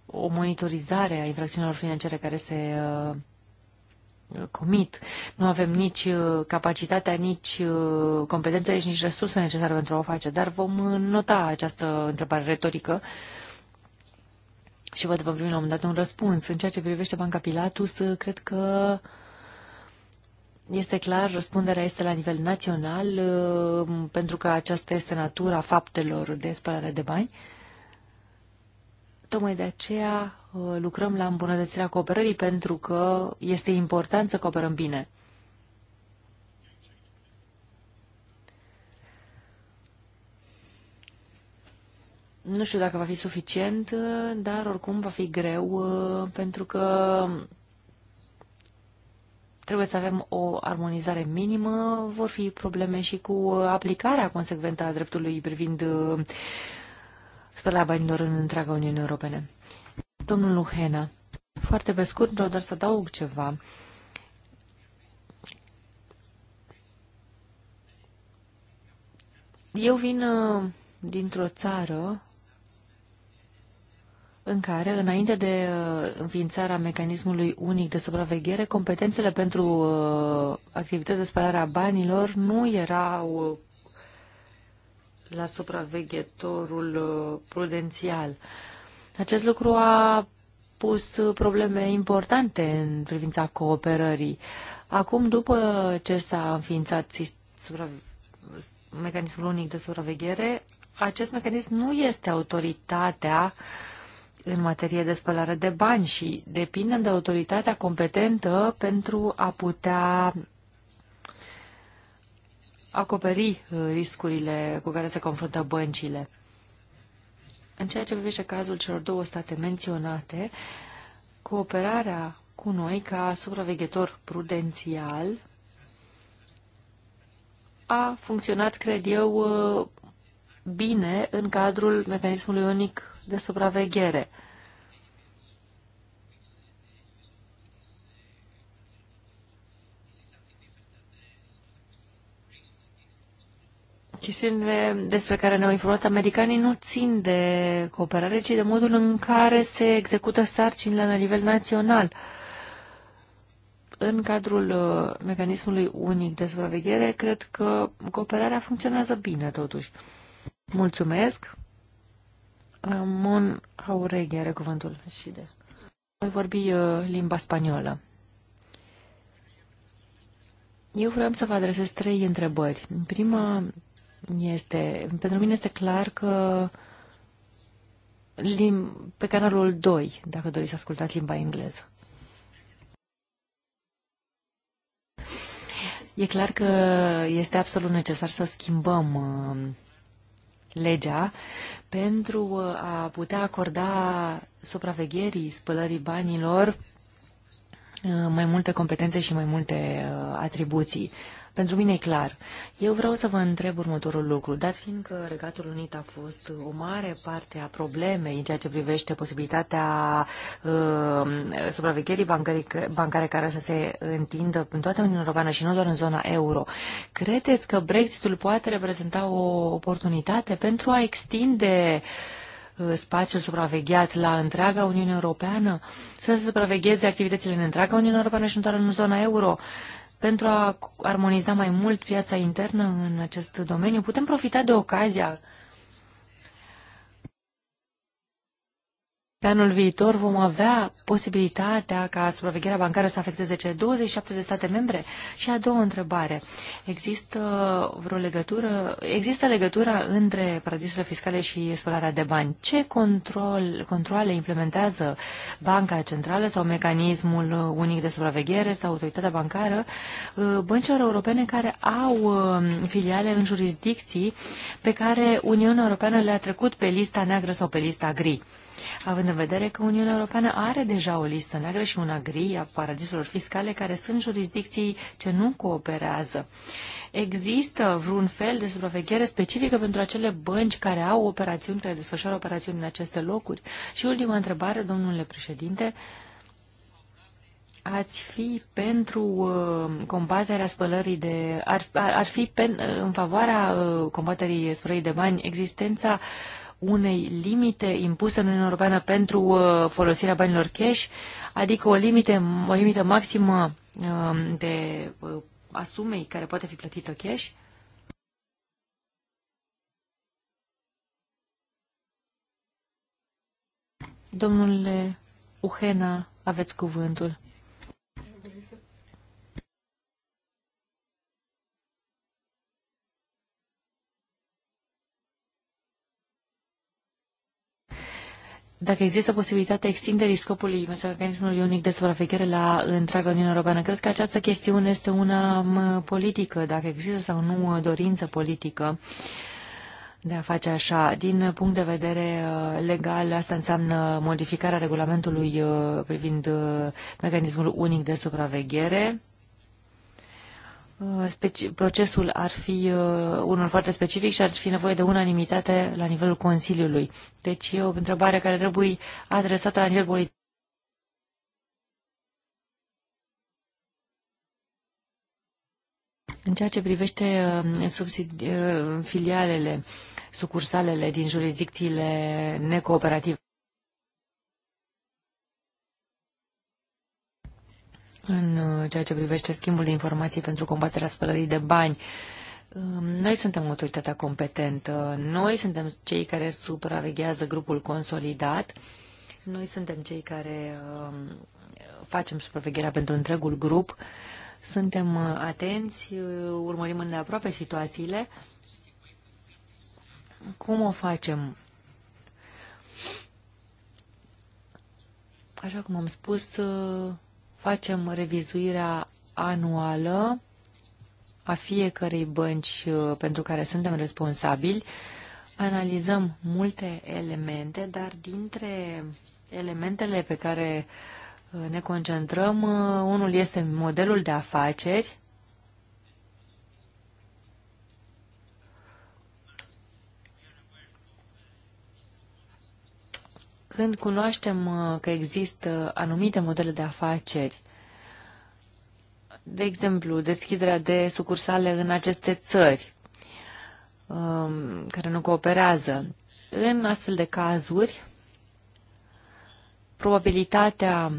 o monitorizare a infracțiunilor financiare care se uh, comit. Nu avem nici uh, capacitatea, nici uh, competențele și nici resursele necesare pentru a o face, dar vom uh, nota această întrebare retorică și văd vă primi la un moment dat un răspuns. În ceea ce privește Banca Pilatus, cred că este clar, răspunderea este la nivel național, pentru că aceasta este natura faptelor de spălare de bani. Tocmai de aceea uh, lucrăm la îmbunătățirea cooperării pentru că este important să cooperăm bine. Nu știu dacă va fi suficient, uh, dar oricum va fi greu uh, pentru că trebuie să avem o armonizare minimă, vor fi probleme și cu aplicarea consecventă a dreptului privind spălarea banilor în întreaga Uniune Europene. Domnul Luhena, foarte pe scurt, vreau doar să adaug ceva. Eu vin uh, dintr-o țară în care, înainte de uh, înființarea mecanismului unic de supraveghere, competențele pentru uh, activități de spălare a banilor nu erau la supraveghetorul uh, prudențial. Acest lucru a pus probleme importante în privința cooperării. Acum, după ce s-a înființat mecanismul unic de supraveghere, acest mecanism nu este autoritatea în materie de spălare de bani și depindem de autoritatea competentă pentru a putea acoperi uh, riscurile cu care se confruntă băncile. În ceea ce privește cazul celor două state menționate, cooperarea cu noi ca supraveghetor prudențial a funcționat, cred eu, uh, bine în cadrul mecanismului unic de supraveghere. Chestiunile despre care ne-au informat americanii nu țin de cooperare, ci de modul în care se execută sarcinile la nivel național. În cadrul uh, mecanismului unic de supraveghere, cred că cooperarea funcționează bine, totuși. Mulțumesc! Ramon Aureghi are cuvântul și de. Voi vorbi uh, limba spaniolă. Eu vreau să vă adresez trei întrebări. Prima este, pentru mine este clar că lim, pe canalul 2, dacă doriți să ascultați limba engleză. E clar că este absolut necesar să schimbăm uh, legea pentru uh, a putea acorda supravegherii spălării banilor uh, mai multe competențe și mai multe atribuții pentru mine e clar. Eu vreau să vă întreb următorul lucru. Dat fiind că Regatul Unit a fost o mare parte a problemei în ceea ce privește posibilitatea uh, supravegherii bancare, bancare care să se întindă în toată Uniunea Europeană și nu doar în zona euro, credeți că Brexitul poate reprezenta o oportunitate pentru a extinde uh, spațiul supravegheat la întreaga Uniune Europeană, să se supravegheze activitățile în întreaga Uniune Europeană și nu doar în zona euro. Pentru a armoniza mai mult piața internă în acest domeniu, putem profita de ocazia Pe anul viitor vom avea posibilitatea ca supravegherea bancară să afecteze cele 27 de state membre? Și a doua întrebare. Există vreo legătură, există legătura între paradisurile fiscale și spălarea de bani? Ce control, controle implementează Banca Centrală sau mecanismul unic de supraveghere sau autoritatea bancară uh, băncilor europene care au um, filiale în jurisdicții pe care Uniunea Europeană le-a trecut pe lista neagră sau pe lista gri? având în vedere că Uniunea Europeană are deja o listă neagră și una gri a paradisurilor fiscale care sunt jurisdicții ce nu cooperează. Există vreun fel de supraveghere specifică pentru acele bănci care au operațiuni, care desfășoară operațiuni în aceste locuri? Și ultima întrebare, domnule președinte, ați fi pentru uh, combaterea spălării de... ar, ar, ar fi pen, în favoarea uh, combaterii spălării de bani existența unei limite impuse în Uniunea Europeană pentru uh, folosirea banilor cash, adică o, limite, o limită maximă um, de uh, asumei care poate fi plătită cash? Domnule Uhena, aveți cuvântul. dacă există posibilitatea extinderii scopului mecanismului unic de supraveghere la întreaga Uniune Europeană. Cred că această chestiune este una politică, dacă există sau nu uh, dorință politică de a face așa. Din punct de vedere uh, legal, asta înseamnă modificarea regulamentului uh, privind mecanismul unic de supraveghere Uh, procesul ar fi uh, unul foarte specific și ar fi nevoie de unanimitate la nivelul Consiliului. Deci e o întrebare care trebuie adresată la nivel politic. În ceea ce privește uh, filialele, sucursalele din jurisdicțiile necooperative, în uh, ceea ce privește schimbul de informații pentru combaterea spălării de bani. Um, noi suntem autoritatea competentă, noi suntem cei care supraveghează grupul consolidat, noi suntem cei care um, facem supravegherea pentru întregul grup, suntem uh, atenți, uh, urmărim îndeaproape situațiile. Cum o facem? Așa cum am spus, facem revizuirea anuală a fiecărei bănci uh, pentru care suntem responsabili, analizăm multe elemente, dar dintre elementele pe care uh, ne concentrăm, uh, unul este modelul de afaceri, Când cunoaștem uh, că există anumite modele de afaceri, de exemplu, deschiderea de sucursale în aceste țări um, care nu cooperează, în astfel de cazuri, probabilitatea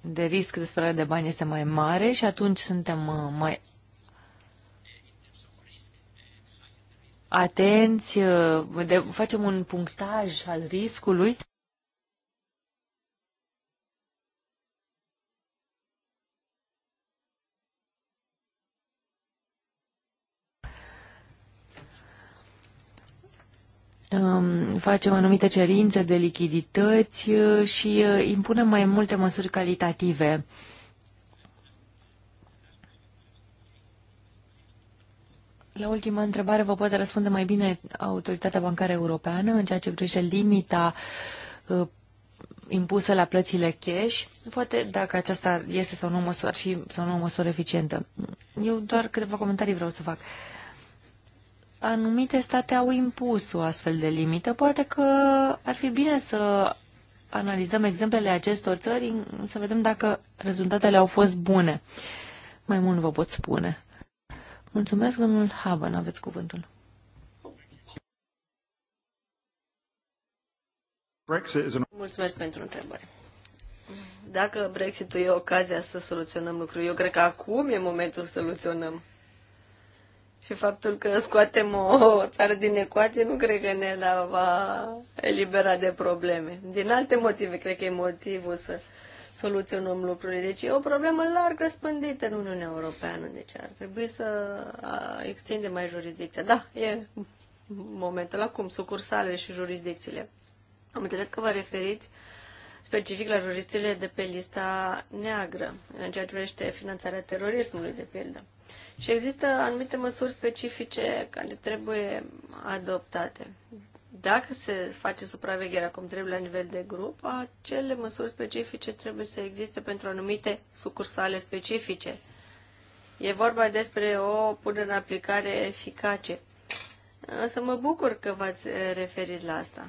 de risc de spălare de bani este mai mare și atunci suntem uh, mai atenți, uh, de, facem un punctaj al riscului. Um, facem anumite cerințe de lichidități uh, și uh, impunem mai multe măsuri calitative. La ultima întrebare vă poate răspunde mai bine Autoritatea Bancară Europeană în ceea ce privește limita uh, impusă la plățile cash, poate dacă aceasta este sau nu o măsură, ar fi sau nu o măsură eficientă. Eu doar câteva comentarii vreau să fac. Anumite state au impus o astfel de limită. Poate că ar fi bine să analizăm exemplele acestor țări, să vedem dacă rezultatele au fost bune. Mai mult vă pot spune. Mulțumesc, domnul Haban, aveți cuvântul. Mulțumesc pentru întrebare. Dacă Brexit-ul e ocazia să soluționăm lucruri, eu cred că acum e momentul să soluționăm. Și faptul că scoatem o țară din ecuație nu cred că ne la va elibera de probleme. Din alte motive, cred că e motivul să soluționăm lucrurile. Deci e o problemă larg răspândită în Uniunea Europeană, deci ar trebui să extindem mai jurisdicția. Da, e momentul acum, sucursalele și jurisdicțiile. Am înțeles că vă referiți specific la juristele de pe lista neagră, în ceea ce privește finanțarea terorismului, de pildă. Și există anumite măsuri specifice care trebuie adoptate dacă se face supravegherea cum trebuie la nivel de grup, acele măsuri specifice trebuie să existe pentru anumite sucursale specifice. E vorba despre o punere în aplicare eficace. Să mă bucur că v-ați referit la asta.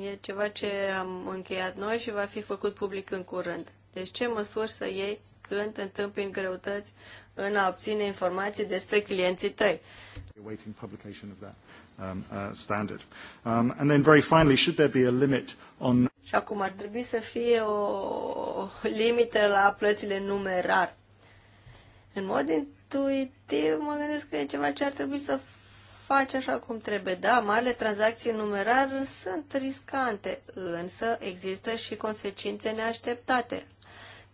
E ceva ce am încheiat noi și va fi făcut public în curând. Deci ce măsuri să iei când întâmpini greutăți în a obține informații despre clienții tăi? Um, uh, standard. Um, and then very finally, should there be a limit on... Și acum ar trebui să fie o limită la plățile numerar. În mod intuitiv mă gândesc că e ceva ce ar trebui să faci așa cum trebuie. Da, marile tranzacții numerar sunt riscante, însă există și consecințe neașteptate.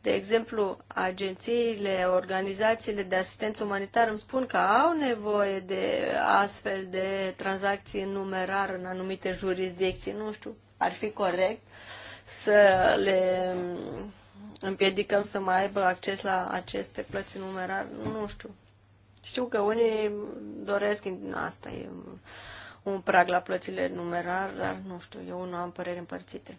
De exemplu, agențiile, organizațiile de asistență umanitară îmi spun că au nevoie de astfel de tranzacții numerar în anumite jurisdicții. Nu știu, ar fi corect să le împiedicăm să mai aibă acces la aceste plăți numerar. Nu știu. Știu că unii doresc asta, e un prag la plățile numerar, dar nu știu, eu nu am păreri împărțite.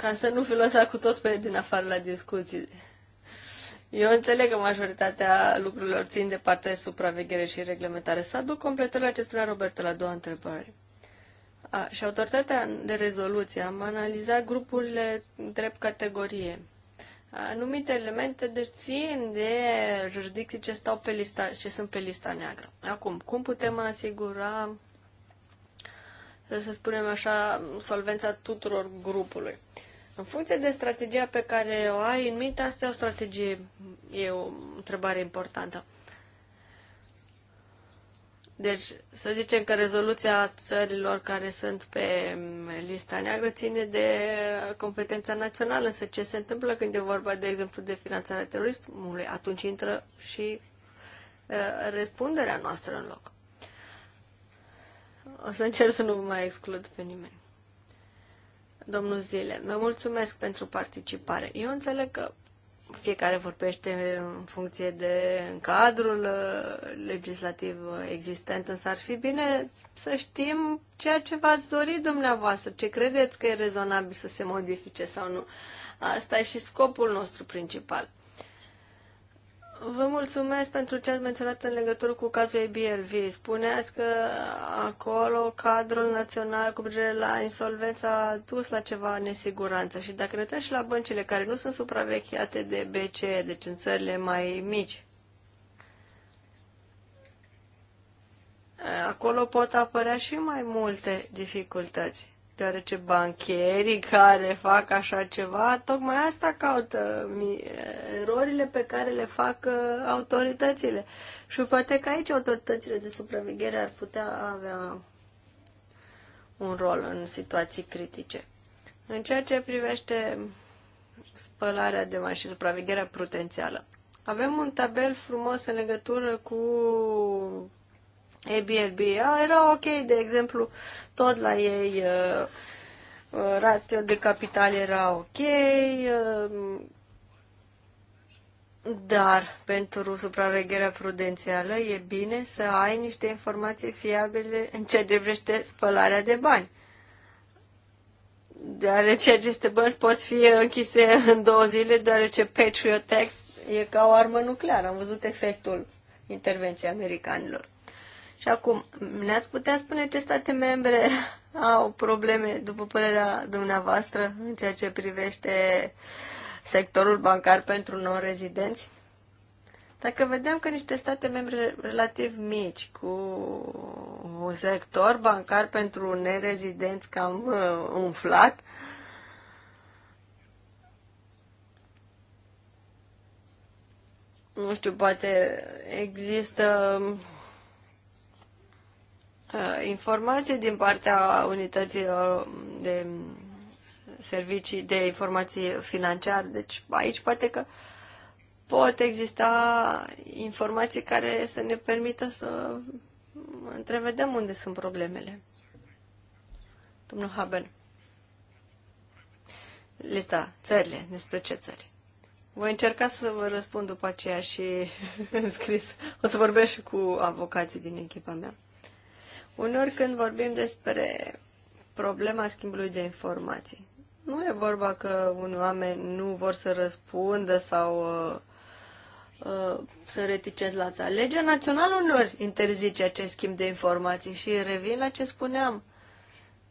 ca să nu fi lăsat cu toți pe din afară la discuții. Eu înțeleg că majoritatea lucrurilor țin de partea de supraveghere și reglementare. Să aduc completările ce spunea Roberto la două întrebări. A, și autoritatea de rezoluție am analizat grupurile drept categorie. Anumite elemente de deci, țin de jurisdicții ce, stau pe lista, ce sunt pe lista neagră. Acum, cum putem asigura, să spunem așa, solvența tuturor grupului? Uh, în funcție de strategia pe care o ai în minte, asta e o strategie, e o întrebare importantă. Deci, să zicem că rezoluția țărilor care sunt pe lista neagră ține de competența națională, însă ce se întâmplă când e vorba, de exemplu, de finanțarea terorismului, atunci intră și uh, răspunderea noastră în loc. O să încerc să nu mai exclud pe nimeni domnul Zile. Vă mulțumesc pentru participare. Eu înțeleg că fiecare vorbește în funcție de cadrul uh, legislativ existent, însă ar fi bine să știm ceea ce v-ați dorit dumneavoastră, ce credeți că e rezonabil să se modifice sau nu. Asta e și scopul nostru principal. Vă mulțumesc pentru ce ați menționat în legătură cu cazul ABLV. Spuneați că acolo cadrul național cu privire la insolvență a dus la ceva nesiguranță și dacă ne și la băncile care nu sunt supravecheate de BCE, deci în țările mai mici, acolo pot apărea și mai multe dificultăți deoarece bancherii care fac așa ceva, tocmai asta caută erorile pe care le fac uh, autoritățile. Și poate că aici autoritățile de supraveghere ar putea avea un rol în situații critice. În ceea ce privește spălarea de mașini, și supravegherea prudențială, avem un tabel frumos în legătură cu Airbnb. Era ok, de exemplu, tot la ei uh, uh, ratio de capital era ok, uh, dar pentru supravegherea prudențială e bine să ai niște informații fiabile în ceea ce privește spălarea de bani. Deoarece aceste bani pot fi închise în două zile, deoarece Patriot Act e ca o armă nucleară. Am văzut efectul intervenției americanilor. Și acum, ne-ați putea spune ce state membre [laughs] au probleme, după părerea dumneavoastră, în ceea ce privește sectorul bancar pentru non-rezidenți? Dacă vedem că niște state membre relativ mici, cu un sector bancar pentru nerezidenți cam uh, umflat, nu știu, poate există Uh, informații din partea unității uh, de servicii de informații financiare. Deci aici poate că pot exista informații care să ne permită să întrevedem unde sunt problemele. Domnul Haber, lista, țările, despre ce țări? Voi încerca să vă răspund după aceea și [laughs] scris. O să vorbesc și cu avocații din echipa mea. Uneori când vorbim despre problema schimbului de informații, nu e vorba că unii oameni nu vor să răspundă sau uh, uh, să reticez la țară. Legea națională unor interzice acest schimb de informații și revin la ce spuneam.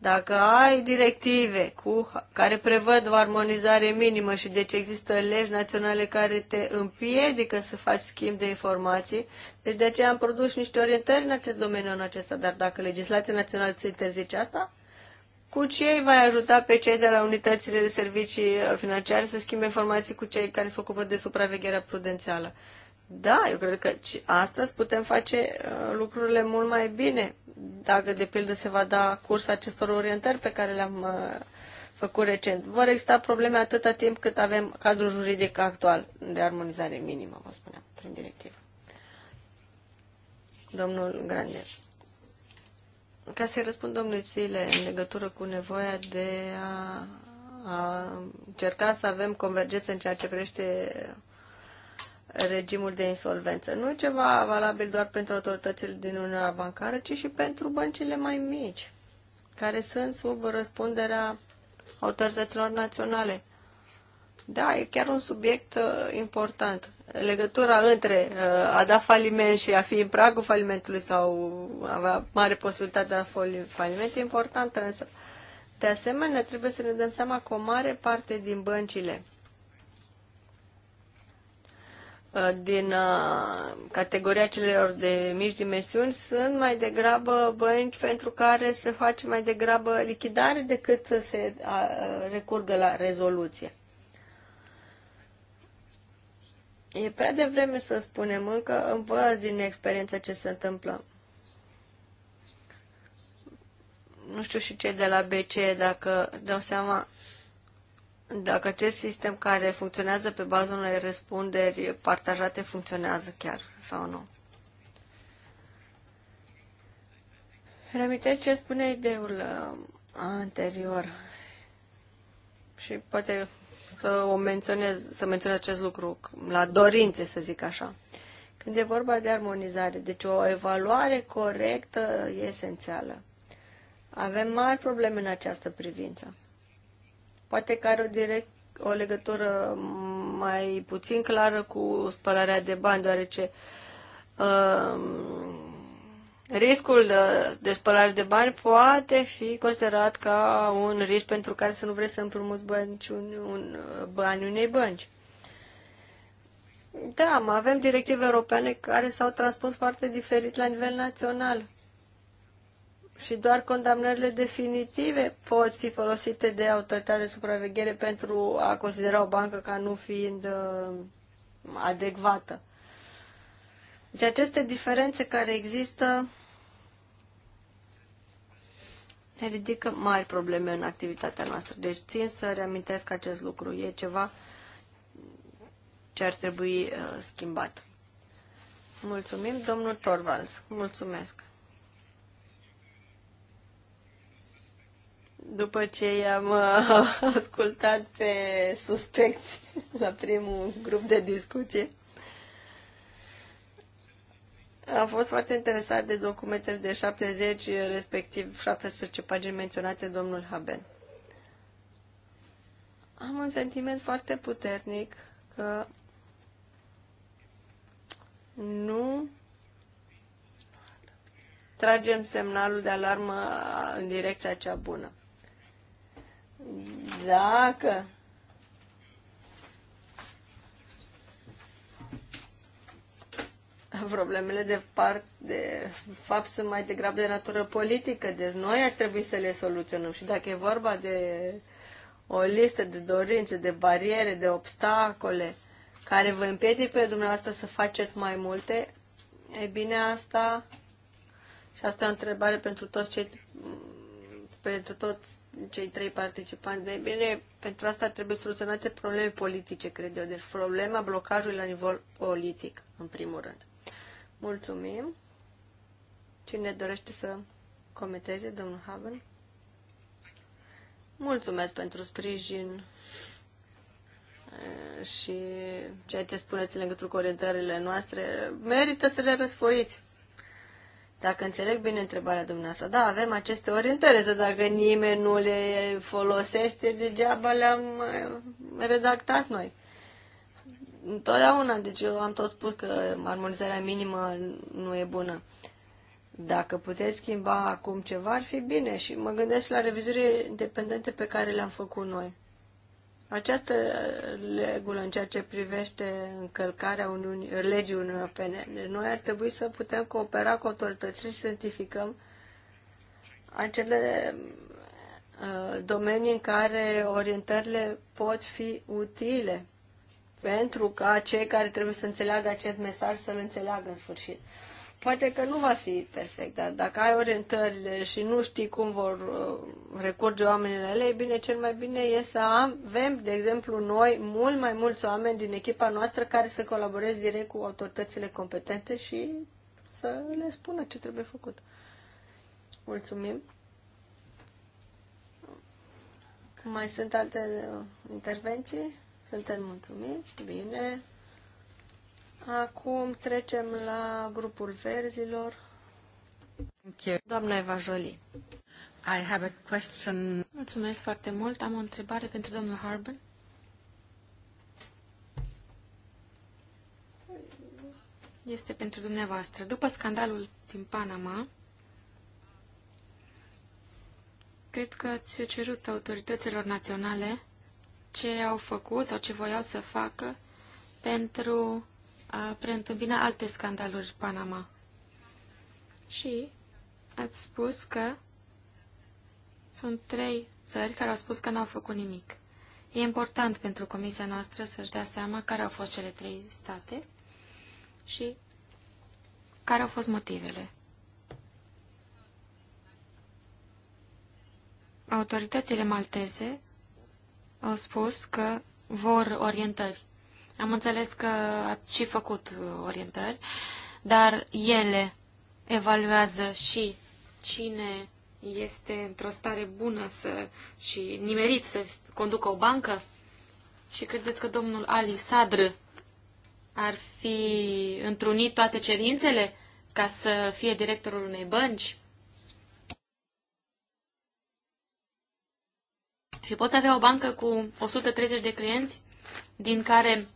Dacă ai directive cu, care prevăd o armonizare minimă și deci există legi naționale care te împiedică să faci schimb de informații, deci de aceea am produs niște orientări în acest domeniu în acesta, dar dacă legislația națională ți interzice asta, cu ce îi vai ajuta pe cei de la unitățile de servicii financiare să schimbe informații cu cei care se ocupă de supravegherea prudențială? Da, eu cred că astăzi putem face uh, lucrurile mult mai bine dacă, de pildă, se va da curs acestor orientări pe care le-am uh, făcut recent. Vor exista probleme atâta timp cât avem cadrul juridic actual de armonizare minimă, vă spuneam, prin directivă. Domnul Grande. Ca să-i răspund domnului Țile în legătură cu nevoia de a, a încerca să avem convergență în ceea ce privește regimul de insolvență. Nu e ceva valabil doar pentru autoritățile din Uniunea Bancară, ci și pentru băncile mai mici, care sunt sub răspunderea autorităților naționale. Da, e chiar un subiect uh, important. Legătura între uh, a da faliment și a fi în pragul falimentului sau avea mare posibilitate de a da faliment e importantă, însă, de asemenea, trebuie să ne dăm seama că o mare parte din băncile Uh, din uh, categoria celor de mici dimensiuni sunt mai degrabă bănci pentru care se face mai degrabă lichidare decât să se uh, recurgă la rezoluție. E prea devreme să spunem încă, învăț din experiență ce se întâmplă. Nu știu și ce de la BC dacă dau seama dacă acest sistem care funcționează pe baza unei răspunderi partajate funcționează chiar sau nu. Reamintesc ce spune ideul uh, anterior și poate să o menționez, să menționez acest lucru la dorințe, să zic așa. Când e vorba de armonizare, deci o evaluare corectă e esențială. Avem mari probleme în această privință. Poate că are o, direct, o legătură mai puțin clară cu spălarea de bani, deoarece uh, riscul de spălare de bani poate fi considerat ca un risc pentru care să nu vrei să împrumuți bani, un, bani unei bănci. Da, mai avem directive europene care s-au transpus foarte diferit la nivel național și doar condamnările definitive pot fi folosite de autoritatea de supraveghere pentru a considera o bancă ca nu fiind uh, adecvată. Deci aceste diferențe care există ne ridică mari probleme în activitatea noastră. Deci țin să reamintesc acest lucru. E ceva ce ar trebui uh, schimbat. Mulțumim, domnul Torvalds. Mulțumesc. După ce i-am uh, [laughs] ascultat pe suspecți [laughs] la primul grup de discuție, am fost foarte interesat de documentele de 70, respectiv 17 pagini menționate domnul Haben. Am un sentiment foarte puternic că nu tragem semnalul de alarmă în direcția cea bună. Dacă problemele de, part, de fapt sunt mai degrabă de natură politică, deci noi ar trebui să le soluționăm. Și dacă e vorba de o listă de dorințe, de bariere, de obstacole care vă împiedică pe dumneavoastră să faceți mai multe, e bine asta și asta e o întrebare pentru toți cei pentru toți cei trei participanți. De bine, pentru asta trebuie soluționate probleme politice, cred eu. Deci problema blocajului la nivel politic, în primul rând. Mulțumim. Cine dorește să comenteze, domnul Haven? Mulțumesc pentru sprijin eh, și ceea ce spuneți în legătură cu orientările noastre. Merită să le răsfoiți. Dacă înțeleg bine întrebarea dumneavoastră, da, avem aceste orientări, să dacă nimeni nu le folosește, degeaba le-am uh, redactat noi. Întotdeauna, deci eu am tot spus că armonizarea minimă nu e bună. Dacă puteți schimba acum ceva, ar fi bine și mă gândesc la revizurile independente pe care le-am făcut noi. Această regulă în ceea ce privește încălcarea Uniunii, legii Uniunii Europene, deci noi ar trebui să putem coopera cu autoritățile și să identificăm acele uh, domenii în care orientările pot fi utile pentru ca cei care trebuie să înțeleagă acest mesaj să-l înțeleagă în sfârșit poate că nu va fi perfect, dar dacă ai orientările și nu știi cum vor uh, recurge oamenii la ele, bine, cel mai bine e să avem, de exemplu, noi mult mai mulți oameni din echipa noastră care să colaboreze direct cu autoritățile competente și să le spună ce trebuie făcut. Mulțumim. Mai sunt alte uh, intervenții? Suntem mulțumiți? Bine. Acum trecem la grupul verzilor. Doamna Eva Jolie. I have a question. Mulțumesc foarte mult. Am o întrebare pentru domnul Harben. Este pentru dumneavoastră. După scandalul din Panama, cred că ați cerut autorităților naționale ce au făcut sau ce voiau să facă pentru a preîntâmpina alte scandaluri Panama. Și ați spus că sunt trei țări care au spus că n-au făcut nimic. E important pentru comisia noastră să-și dea seama care au fost cele trei state și care au fost motivele. Autoritățile malteze au spus că vor orientări am înțeles că ați și făcut uh, orientări, dar ele evaluează și cine este într-o stare bună să, și nimerit să conducă o bancă? Și credeți că domnul Ali Sadr ar fi întrunit toate cerințele ca să fie directorul unei bănci? Și poți avea o bancă cu 130 de clienți, din care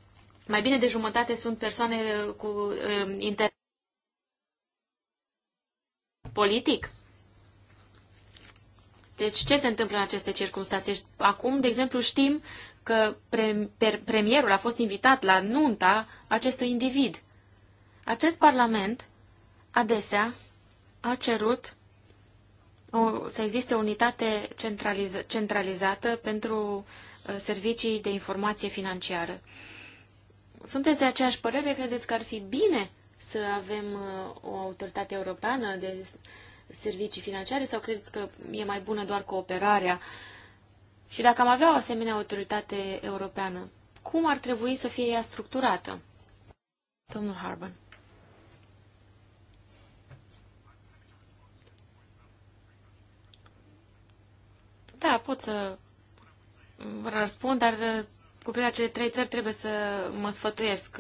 mai bine de jumătate sunt persoane cu uh, um, interes politic. Deci ce se întâmplă în aceste circunstanțe? Acum, de exemplu, știm că pre- pre- premierul a fost invitat la nunta acestui individ. Acest parlament adesea a cerut o, să existe unitate centraliz- centralizată pentru uh, servicii de informație financiară. Uh, sunteți de aceeași părere? Credeți că ar fi bine să avem uh, o autoritate europeană de servicii financiare sau credeți că e mai bună doar cooperarea? Și dacă am avea o asemenea autoritate europeană, cum ar trebui să fie ea structurată? Domnul Harban. Da, pot să răspund, dar uh, cu privire la cele trei țări trebuie să mă sfătuiesc.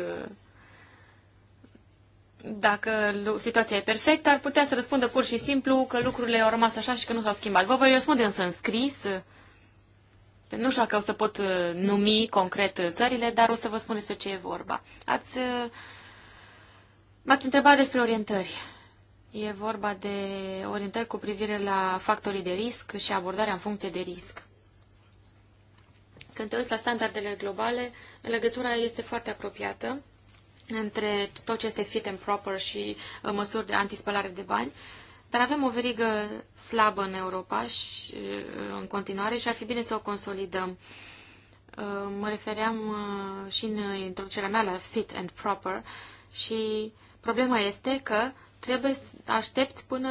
Dacă situația e perfectă, ar putea să răspundă pur și simplu că lucrurile au rămas așa și că nu s-au schimbat. Vă voi răspunde însă în scris. Nu știu că o să pot uh, numi concret uh, țările, dar o să vă spun despre ce e vorba. Ați, uh, m-ați întrebat despre orientări. E vorba de orientări cu privire la factorii de risc și abordarea în funcție de risc. Când te uiți la standardele globale, legătura este foarte apropiată între tot ce este fit and proper și uh, măsuri de antispălare de bani. Dar avem o verigă slabă în Europa și, uh, în continuare și ar fi bine să o consolidăm. Uh, mă refeream și în introducerea mea la fit and proper și problema este că trebuie să aștepți până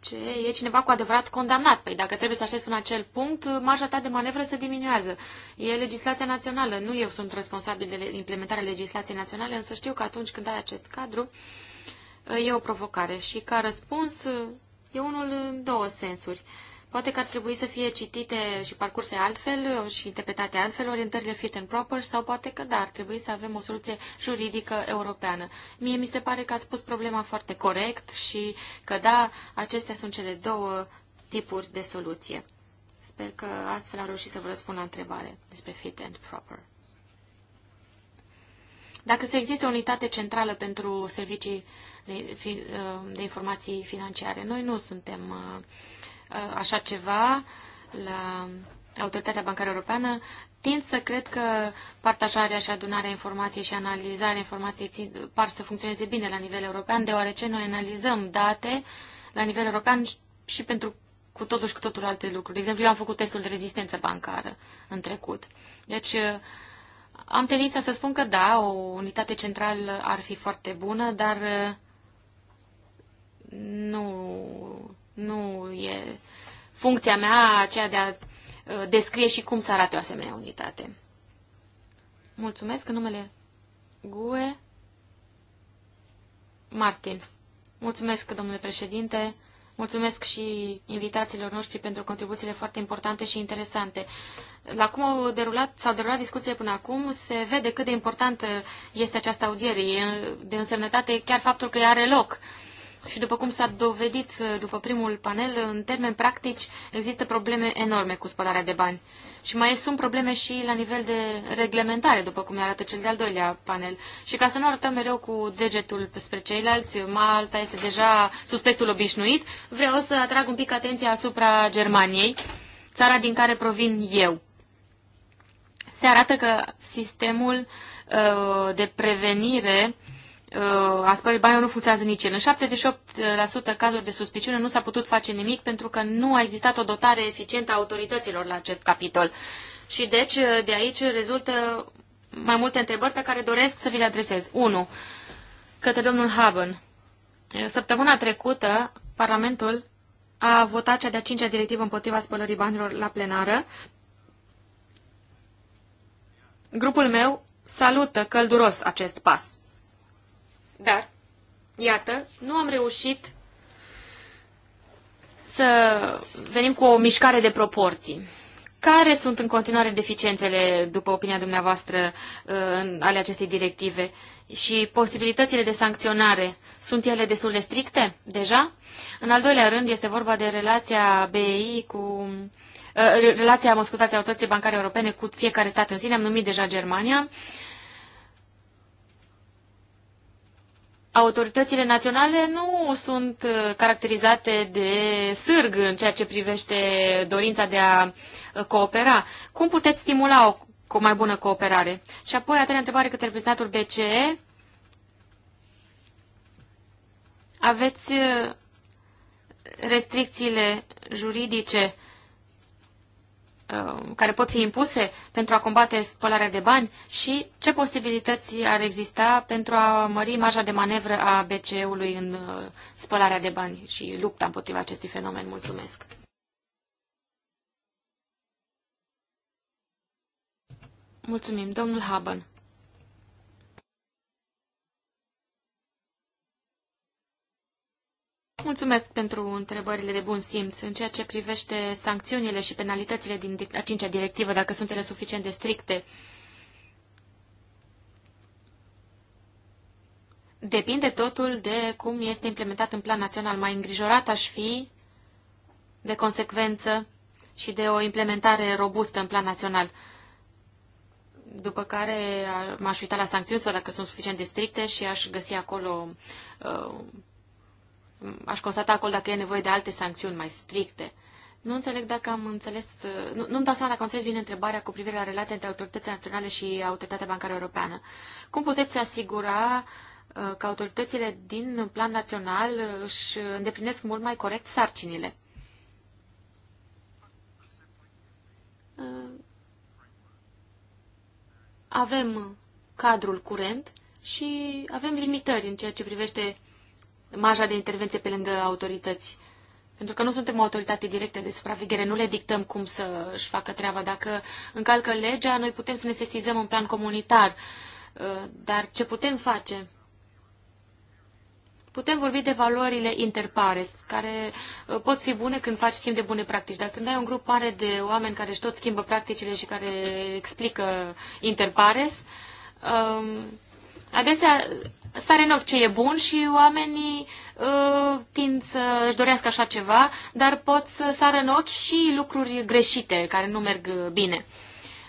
ce e cineva cu adevărat condamnat. Păi dacă trebuie să aștepți până acel punct, marja ta de manevră se diminuează. E legislația națională. Nu eu sunt responsabil de implementarea legislației naționale, însă știu că atunci când ai acest cadru, e o provocare. Și ca răspuns, e unul în două sensuri. Uh, Poate că ar trebui să fie citite și parcurse altfel și interpretate altfel orientările fit and proper sau poate că da, ar trebui să avem o soluție juridică europeană. Mie mi se pare că ați spus problema foarte corect și că da, acestea sunt cele două tipuri de soluție. Sper că astfel am reușit să vă răspund la întrebare despre fit and proper. Dacă se există o unitate centrală pentru servicii de, de informații financiare, noi nu suntem uh, Uh, așa ceva la Autoritatea Bancară Europeană, tind să cred că partajarea și adunarea informației și analizarea informației țin, par să funcționeze bine la nivel european, deoarece noi analizăm date la nivel european și pentru cu totul și cu totul alte lucruri. De exemplu, eu am făcut testul de rezistență bancară în trecut. Deci, uh, am tendința să spun că da, o unitate centrală ar fi foarte bună, dar uh, nu nu e funcția mea aceea de a uh, descrie și cum să arate o asemenea unitate. Mulțumesc în numele GUE Martin. Mulțumesc, domnule președinte. Mulțumesc și invitațiilor noștri pentru contribuțiile foarte importante și interesante. La cum au derulat, s-au derulat discuțiile până acum, se vede cât de importantă este această audiere. E de însemnătate chiar faptul că ea are loc. Uh, și după cum s-a dovedit uh, după primul panel, în termeni practici există probleme enorme cu spălarea de bani. Și mai sunt probleme și la nivel de reglementare, după cum arată cel de-al doilea panel. Și ca să nu arătăm mereu cu degetul spre ceilalți, Malta este deja suspectul obișnuit, vreau să atrag un pic atenția asupra Germaniei, țara din care provin eu. Se arată că sistemul uh, de prevenire uh, Uh, a spălării banii nu funcționează nici el. În 78% cazuri de suspiciune nu s-a putut face nimic pentru că nu a existat o dotare eficientă a autorităților la acest capitol. Și deci uh, de aici rezultă mai multe întrebări pe care doresc să vi le adresez. 1. Către domnul Haben. Uh, săptămâna trecută, Parlamentul a votat cea de-a cincea directivă împotriva spălării banilor la plenară. Grupul meu salută călduros acest pas. Dar, iată, nu am reușit să venim cu o mișcare de proporții. Care sunt în continuare deficiențele, după opinia dumneavoastră, uh, ale acestei directive și posibilitățile de sancționare? Sunt ele destul de stricte deja? În al doilea rând este vorba de relația BEI cu uh, relația, mă scuzați, autorității bancare europene cu fiecare stat în sine, am numit deja Germania. Uh, autoritățile naționale nu sunt uh, caracterizate de sârg în ceea ce privește dorința de a uh, coopera. Cum puteți stimula o, cu mai bună cooperare? Și apoi, a treia întrebare către reprezentantul BCE. Aveți uh, restricțiile juridice Um, care pot fi impuse pentru a combate spălarea de bani și ce posibilități ar exista pentru a mări marja de manevră a BCE-ului în uh, spălarea de bani și lupta împotriva acestui fenomen. Mulțumesc! Mulțumim, domnul Haban. Mulțumesc pentru întrebările de bun simț. În ceea ce privește sancțiunile și penalitățile din a cincea directivă, dacă sunt ele suficient de stricte, depinde totul de cum este implementat în plan național. Mai îngrijorat aș fi de consecvență și de o implementare robustă în plan național. După care m-aș uita la sancțiuni, să dacă sunt suficient de stricte și aș găsi acolo uh, aș constata acolo dacă e nevoie de alte sancțiuni mai stricte. Nu înțeleg dacă am înțeles, nu, nu-mi dau seama dacă am înțeles bine întrebarea cu privire la relația între autoritățile naționale și Autoritatea Bancară Europeană. Cum puteți asigura uh, că autoritățile din plan național își îndeplinesc mult mai corect sarcinile? Uh, avem cadrul curent și avem limitări în ceea ce privește marja de intervenție pe lângă autorități. Pentru că nu suntem o autoritate directă de supraveghere, nu le dictăm cum să își facă treaba. Dacă încalcă legea, noi putem să ne sesizăm în plan comunitar. Uh, dar ce putem face? Putem vorbi de valorile interpares, care uh, pot fi bune când faci schimb de bune practici. Dar când ai un grup mare de oameni care își tot schimbă practicile și care explică interpares, um, adesea sare în ochi ce e bun și oamenii uh, tind să își dorească așa ceva, dar pot să sară în ochi și lucruri greșite care nu merg bine.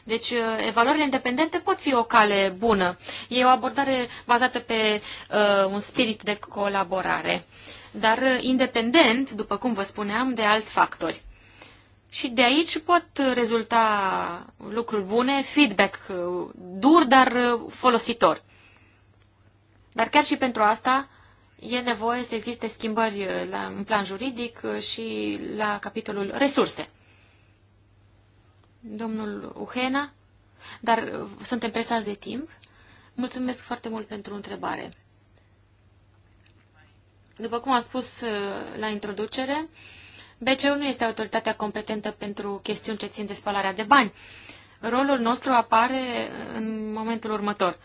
Deci, uh, evaluările independente pot fi o cale bună. E o abordare bazată pe uh, un spirit de colaborare, dar uh, independent, după cum vă spuneam, de alți factori. Și de aici pot rezulta lucruri bune, feedback uh, dur, dar folositor. Dar chiar și pentru asta e nevoie să existe schimbări uh, la, în plan juridic uh, și la capitolul resurse. Domnul Uhena, dar uh, suntem presați de timp. Mulțumesc foarte mult pentru întrebare. După cum am spus la introducere, BCU nu este autoritatea competentă pentru chestiuni ce țin de spălarea de bani. Rolul nostru apare în momentul următor.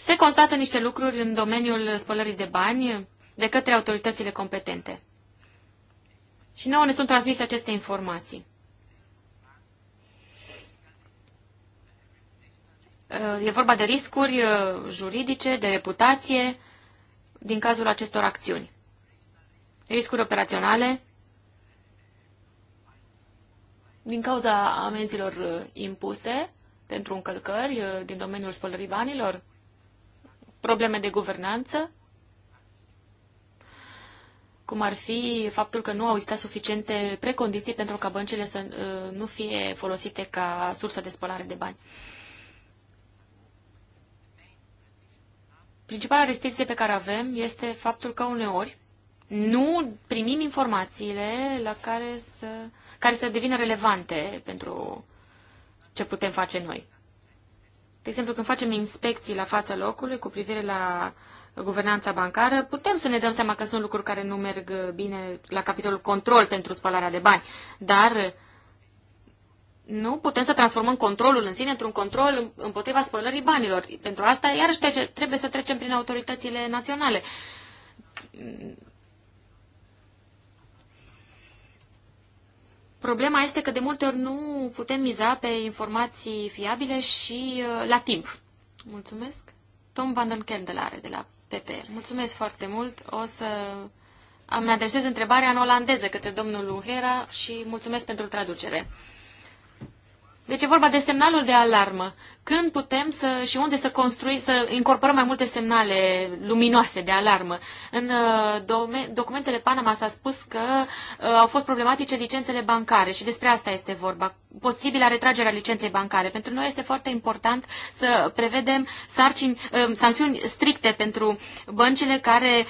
se constată niște lucruri în domeniul spălării de bani de către autoritățile competente. Și nouă ne sunt transmise aceste informații. Uh, e vorba de riscuri uh, juridice, de reputație din cazul acestor acțiuni. Riscuri operaționale din cauza amenzilor uh, impuse pentru încălcări din domeniul spălării banilor, probleme de guvernanță, cum ar fi faptul că nu au existat suficiente precondiții pentru ca băncile să uh, nu fie folosite ca sursă de spălare de bani. Principala restricție pe care avem este faptul că uneori nu primim informațiile la care să, care să devină relevante pentru ce putem face noi de exemplu, când facem inspecții la fața locului cu privire la guvernanța bancară, putem să ne dăm seama că sunt lucruri care nu merg bine la capitolul control pentru spălarea de bani, dar nu putem să transformăm controlul în sine într-un control împotriva spălării banilor. Pentru asta, iarăși, trece, trebuie să trecem prin autoritățile naționale Problema este că de multe ori nu putem miza pe informații fiabile și uh, la timp. Mulțumesc. Tom Van den Kendelare de la PPR. Mulțumesc foarte mult. O să am adresez întrebarea în olandeză către domnul Luhera și mulțumesc pentru traducere. Deci e vorba de semnalul de alarmă. Când putem să, și unde să construim, să incorporăm mai multe semnale luminoase de alarmă. În uh, documentele Panama s-a spus că uh, au fost problematice licențele bancare și despre asta este vorba. Posibilă retragerea licenței bancare. Pentru noi este foarte important să prevedem sarcini, uh, sancțiuni stricte pentru băncile care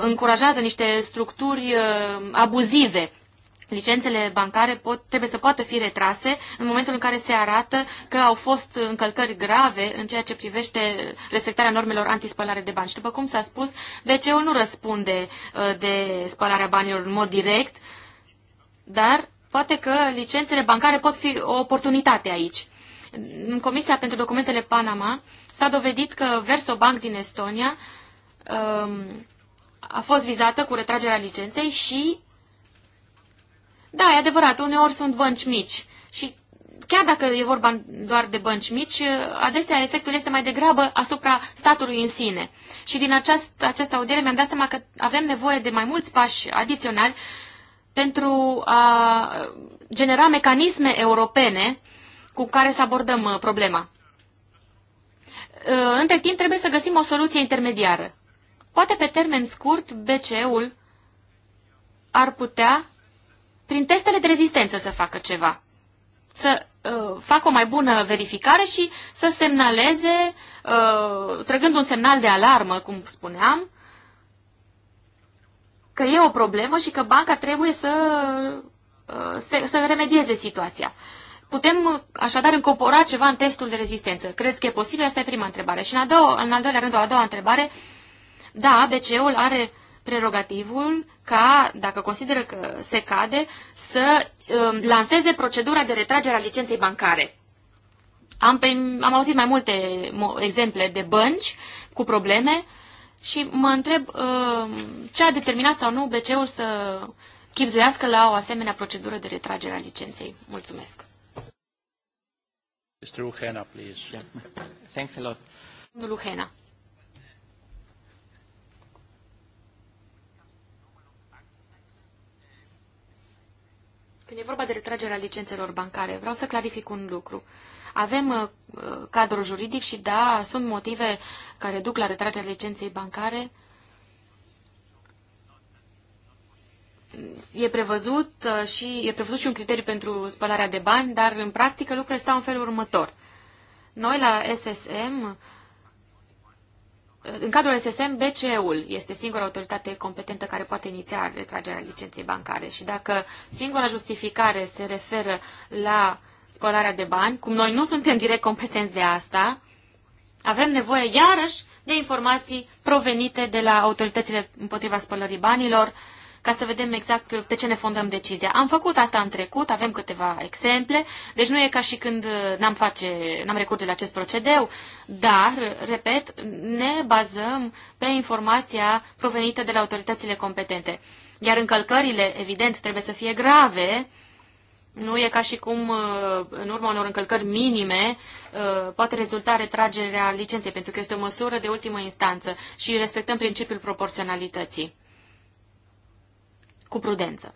încurajează niște structuri abuzive licențele bancare pot, trebuie să poată fi retrase în momentul în care se arată că au fost încălcări grave în ceea ce privește respectarea normelor antispălare de bani. Și după cum s-a spus, BCE-ul nu răspunde uh, de spălarea banilor în mod direct, dar poate că licențele bancare pot fi o oportunitate aici. În Comisia pentru Documentele Panama s-a dovedit că Versobank din Estonia um, a fost vizată cu retragerea licenței și da, e adevărat, uneori sunt bănci mici și chiar dacă e vorba doar de bănci mici, adesea efectul este mai degrabă asupra statului în sine. Și din această, această audiere mi-am dat seama că avem nevoie de mai mulți pași adiționali pentru a genera mecanisme europene cu care să abordăm uh, problema. Uh, între timp trebuie să găsim o soluție intermediară. Poate pe termen scurt BCE-ul ar putea prin testele de rezistență să facă ceva. Să uh, facă o mai bună verificare și să semnaleze, uh, trăgând un semnal de alarmă, cum spuneam, că e o problemă și că banca trebuie să, uh, se, să remedieze situația. Putem uh, așadar încorpora ceva în testul de rezistență. Credeți că e posibil? Asta e prima întrebare. Și în, a doua, în al doilea rând, o a doua întrebare. Da, BCE-ul are uh, prerogativul ca, dacă consideră că se cade, să um, lanseze procedura de retragere a licenței bancare. Am, pe, am auzit mai multe exemple de bănci cu probleme și mă întreb um, ce a determinat sau nu BC-ul să chipzuiască la o asemenea procedură de retragere a licenței. Mulțumesc. Mr. Uhena, please. Yeah. Thanks a lot. Domnul Când e vorba de retragerea licențelor bancare, vreau să clarific un lucru. Avem uh, cadru juridic și da, sunt motive care duc la retragerea licenței bancare. E prevăzut, uh, și, e prevăzut și un criteriu pentru spălarea de bani, dar în practică lucrurile stau în felul următor. Noi la SSM uh, în cadrul SSM, BCE-ul este singura autoritate competentă care poate iniția retragerea licenței bancare și dacă singura justificare se referă la spălarea de bani, cum noi nu suntem direct competenți de asta, avem nevoie iarăși de informații provenite de la autoritățile împotriva spălării banilor, uh, ca să vedem exact pe ce ne fondăm decizia. Am făcut asta în trecut, avem câteva exemple, deci nu e ca și când uh, n-am, face, n-am recurge la acest procedeu, dar, repet, ne bazăm pe informația provenită de la autoritățile competente. Iar încălcările, evident, trebuie să fie grave, nu e ca și cum, uh, în urma unor încălcări minime, uh, poate rezulta retragerea licenței, pentru că este o măsură de ultimă instanță și respectăm principiul proporționalității cu prudență.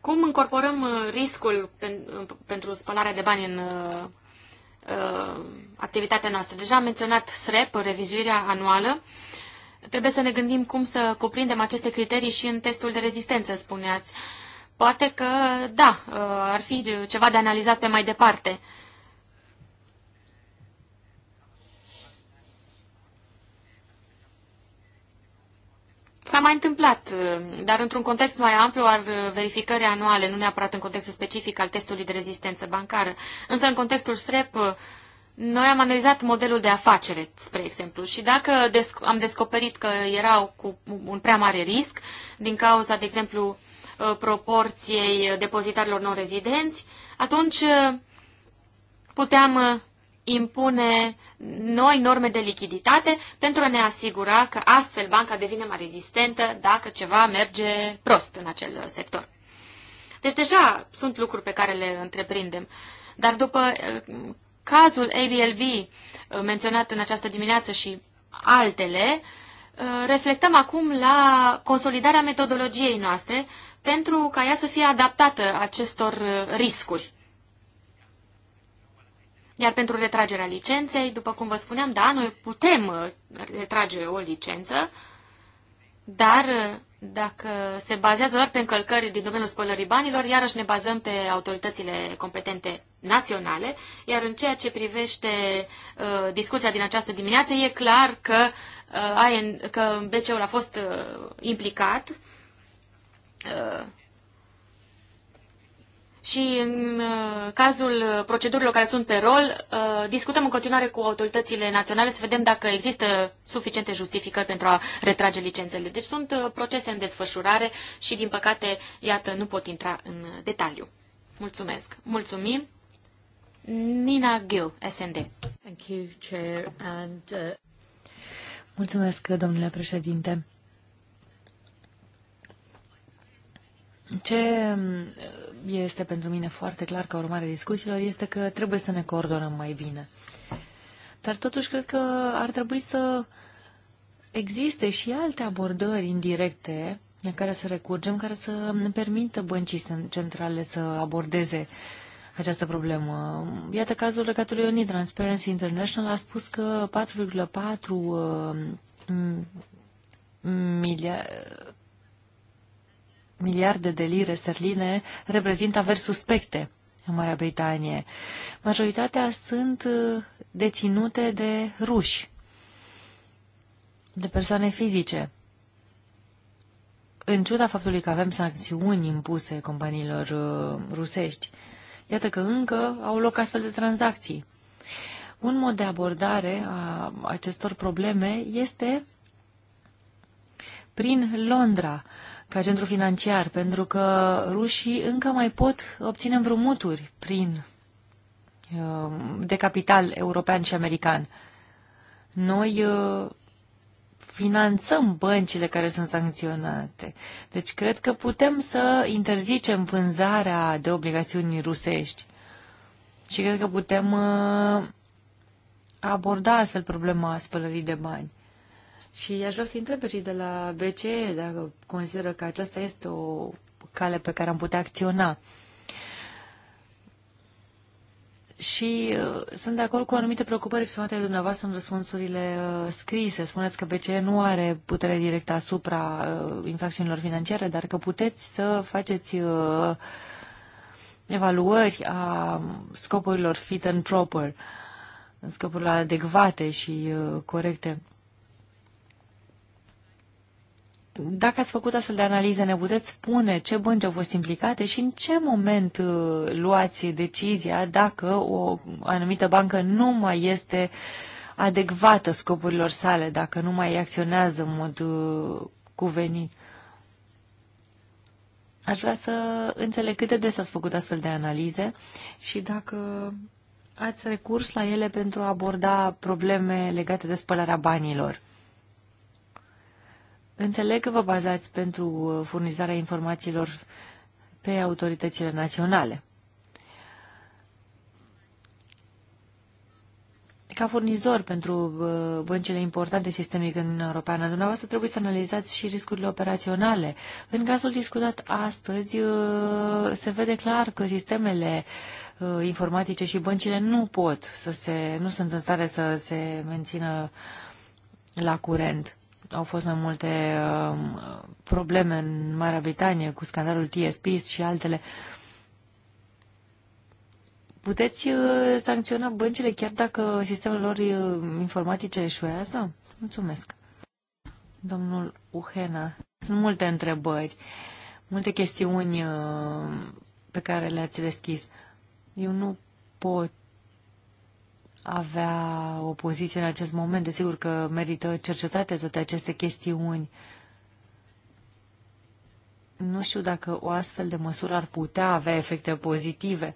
Cum incorporăm uh, riscul uh, pentru spălarea de bani în uh, activitatea noastră? Deja am menționat SREP, revizuirea anuală. Trebuie să ne gândim cum să cuprindem aceste criterii și în testul de rezistență, spuneați. Poate că, da, ar fi ceva de analizat pe mai departe. S-a mai întâmplat, uh, dar într-un context mai amplu al verificării anuale, nu neapărat în contextul specific al testului de rezistență bancară. Însă în contextul SREP, uh, noi am analizat modelul de afacere, spre exemplu, și dacă am descoperit că erau cu un prea mare risc, din cauza, de exemplu, uh, proporției depozitarilor non-rezidenți, atunci puteam impune noi norme de lichiditate pentru a ne asigura că astfel banca devine mai rezistentă dacă ceva merge prost în acel sector. Deci deja sunt lucruri pe care le întreprindem. Dar după eh, cazul ABLB eh, menționat în această dimineață și altele, eh, reflectăm acum la consolidarea metodologiei noastre pentru ca ea să fie adaptată acestor riscuri. Iar pentru retragerea licenței, după cum vă spuneam, da, noi putem uh, retrage o licență, dar uh, dacă se bazează doar pe încălcări din domeniul spălării banilor, iarăși ne bazăm pe autoritățile competente naționale, iar în ceea ce privește uh, discuția din această dimineață, e clar că, uh, că bc ul a fost uh, implicat uh, și în uh, cazul procedurilor care sunt pe rol, uh, discutăm în continuare cu autoritățile naționale să vedem dacă există suficiente justificări pentru a retrage licențele. Deci sunt uh, procese în desfășurare și, din păcate, iată, nu pot intra în detaliu. Mulțumesc. Mulțumim. Nina Gil, SND. Thank you, Chair, and, uh... Mulțumesc, domnule președinte. Ce este pentru mine foarte clar ca urmare discuțiilor este că trebuie să ne coordonăm mai bine. Dar totuși cred că ar trebui să existe și alte abordări indirecte la care să recurgem, care să ne permită băncii centrale să abordeze această problemă. Iată cazul legatului Unii. Transparency International a spus că 4,4 uh, milia- miliarde de lire sterline reprezintă averi suspecte în Marea Britanie. Majoritatea sunt uh, deținute de ruși, de persoane fizice. În ciuda faptului că avem sancțiuni impuse companiilor uh, rusești, iată că încă au loc astfel de tranzacții. Un mod de abordare a acestor probleme este prin Londra, ca centru financiar, pentru că rușii încă mai pot obține împrumuturi prin uh, de capital european și american. Noi uh, finanțăm băncile care sunt sancționate. Deci cred că putem să interzicem vânzarea de obligațiuni rusești. Și cred că putem uh, aborda astfel problema spălării de bani. Și aș vrea să întreb pe cei de la BCE dacă consideră că aceasta este o cale pe care am putea acționa. Și uh, sunt de acord cu anumite preocupări exprimate de dumneavoastră în răspunsurile uh, scrise. Spuneți că BCE nu are putere directă asupra uh, infracțiunilor financiare, dar că puteți să faceți uh, evaluări a scopurilor fit and proper, scopurile adecvate și uh, corecte. Dacă ați făcut astfel de analize, ne puteți spune ce bănci au fost implicate și în ce moment uh, luați decizia dacă o anumită bancă nu mai este adecvată scopurilor sale, dacă nu mai acționează în mod uh, cuvenit. Aș vrea să înțeleg cât de des ați făcut astfel de analize și dacă ați recurs la ele pentru a aborda probleme legate de spălarea banilor. Înțeleg că vă bazați pentru uh, furnizarea informațiilor pe autoritățile naționale. Ca furnizor pentru uh, băncile importante sistemic în Europeană, dumneavoastră trebuie să analizați și riscurile operaționale. În cazul discutat astăzi, uh, se vede clar că sistemele informatice și băncile nu pot să se, nu sunt în stare să se mențină la curent au fost mai multe um, probleme în Marea Britanie cu scandalul TSP și altele. Puteți uh, sancționa băncile chiar dacă sistemul lor uh, informatice eșuează? Mulțumesc. Domnul Uhena, sunt multe întrebări, multe chestiuni uh, pe care le-ați deschis. Eu nu pot avea o poziție în acest moment. Desigur că merită cercetate toate aceste chestiuni. Nu știu dacă o astfel de măsură ar putea avea efecte pozitive.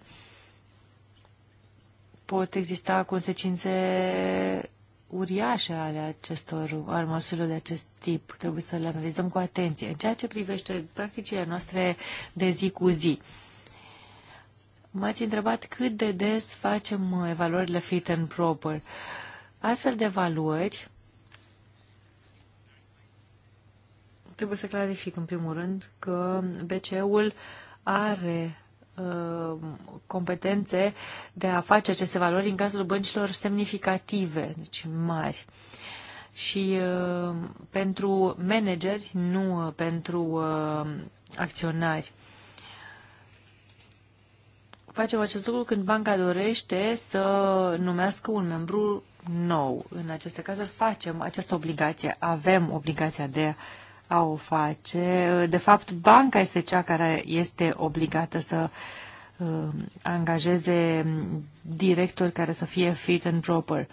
Pot exista consecințe uriașe ale acestor armăsurilor de acest tip. Trebuie să le analizăm cu atenție. În ceea ce privește practicile noastre de zi cu zi, uh, m-ați întrebat cât de des facem uh, evaluările fit and proper. Astfel de evaluări trebuie să clarific în primul rând că BCE-ul are uh, competențe de a face aceste valori în cazul băncilor semnificative, deci mari. Și uh, pentru manageri, nu uh, pentru uh, acționari facem acest lucru când banca dorește să numească un membru nou. În aceste cazuri facem această obligație, avem obligația de a o face. De fapt, banca este cea care este obligată să uh, angajeze directori care să fie fit and proper.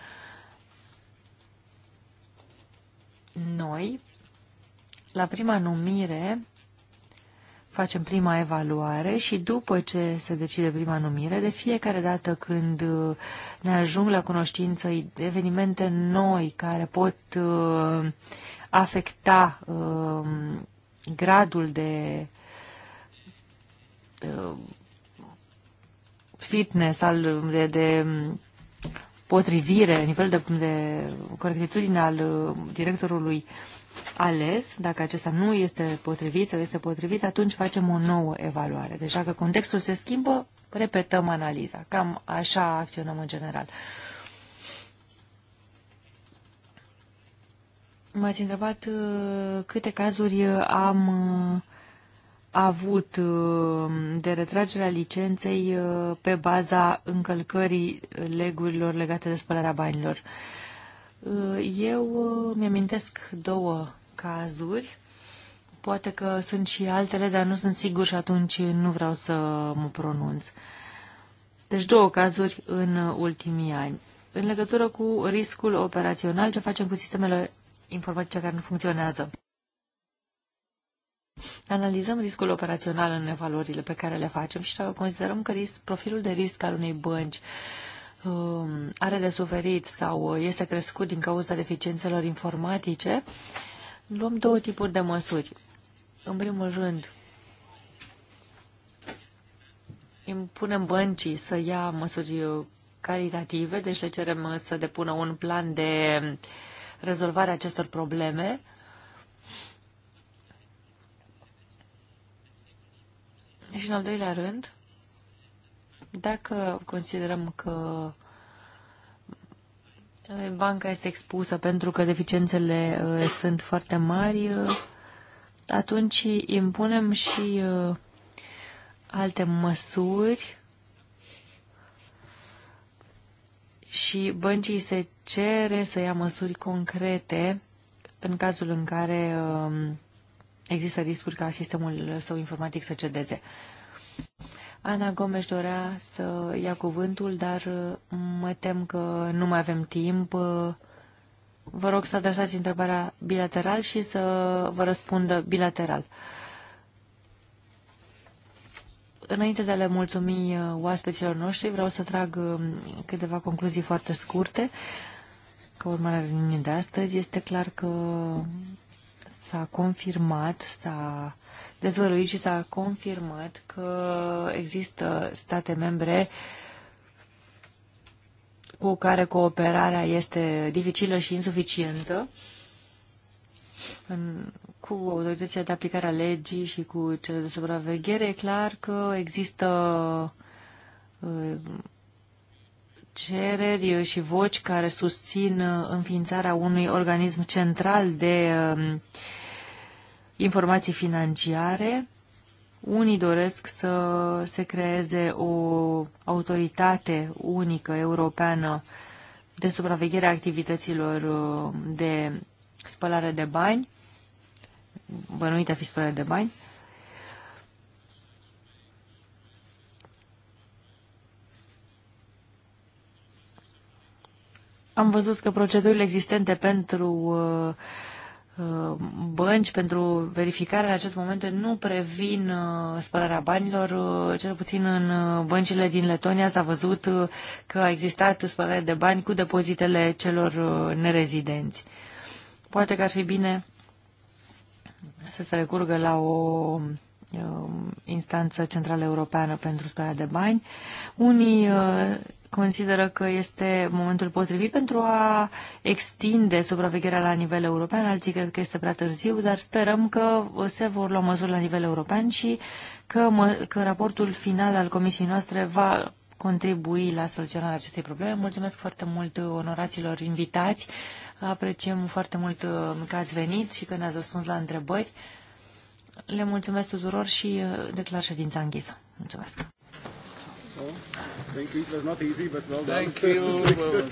Noi, la prima numire, facem prima evaluare și după ce se decide prima numire, de fiecare dată când uh, ne ajung la cunoștință evenimente noi care pot uh, afecta um, gradul de uh, fitness, al, de, de potrivire, nivel de, de corectitudine al directorului ales, dacă acesta nu este potrivit sau este potrivit, atunci facem o nouă evaluare. Deci dacă contextul se schimbă, repetăm analiza. Cam așa acționăm în general. M-ați întrebat uh, câte cazuri uh, am uh, avut de retragerea licenței pe baza încălcării legurilor legate de spălarea banilor. Uh, eu uh, mi-amintesc două cazuri. Poate că sunt și altele, dar nu sunt sigur și atunci nu vreau să mă pronunț. Deci două cazuri în ultimii ani. În legătură cu riscul operațional, ce facem cu sistemele informatice care nu funcționează? Analizăm riscul operațional în evaluările pe care le facem și considerăm că risc, profilul de risc al unei bănci uh, Um, are de suferit sau uh, este crescut din cauza deficiențelor informatice, luăm două tipuri de măsuri. În primul rând, impunem băncii să ia măsuri uh, caritative, deci le cerem uh, să depună un plan de rezolvare a acestor probleme. Și în al doilea rând, dacă considerăm că eh, banca este expusă pentru că deficiențele eh, sunt foarte mari, eh, atunci impunem și alte măsuri și băncii se cere să ia măsuri concrete în cazul în care există riscuri ca sistemul său informatic să cedeze. Ana Gomes dorea să ia cuvântul, dar uh, mă tem că nu mai avem timp. Uh, vă rog să adresați întrebarea bilateral și să vă răspundă bilateral. Înainte de a le mulțumi uh, oaspeților noștri, vreau să trag um, câteva concluzii foarte scurte. Ca urmare a reuniunii de astăzi, este clar că s-a confirmat, s-a dezvăluit și s-a confirmat că există state membre cu care cooperarea este dificilă și insuficientă în, cu autoritățile de aplicare a legii și cu cele de supraveghere. E clar că există uh, cereri și voci care susțin înființarea unui organism central de uh, informații financiare. Unii doresc să se creeze o autoritate unică europeană de supraveghere a activităților uh, de spălare de bani, bănuite a fi spălare de bani. Am văzut că procedurile existente pentru uh, Uh, bănci pentru verificare în acest moment nu previn uh, spălarea banilor. Uh, cel puțin în băncile din Letonia s-a văzut că a existat spălare de bani cu depozitele celor nerezidenți. Poate că ar fi bine să se recurgă la o um, instanță centrală europeană pentru spălarea de bani. Unii consideră că este momentul potrivit pentru a extinde supravegherea la nivel european, alții cred că este prea târziu, dar sperăm că se vor lua măsuri la nivel european și că, mă, că raportul final al comisiei noastre va contribui la soluționarea acestei probleme. Mulțumesc foarte mult onoraților invitați, apreciem foarte mult uh, că ați venit și că ne-ați răspuns la întrebări. Le mulțumesc tuturor și uh, declar ședința închisă. Mulțumesc! So, thank you. It was not easy, but well done. Thank you.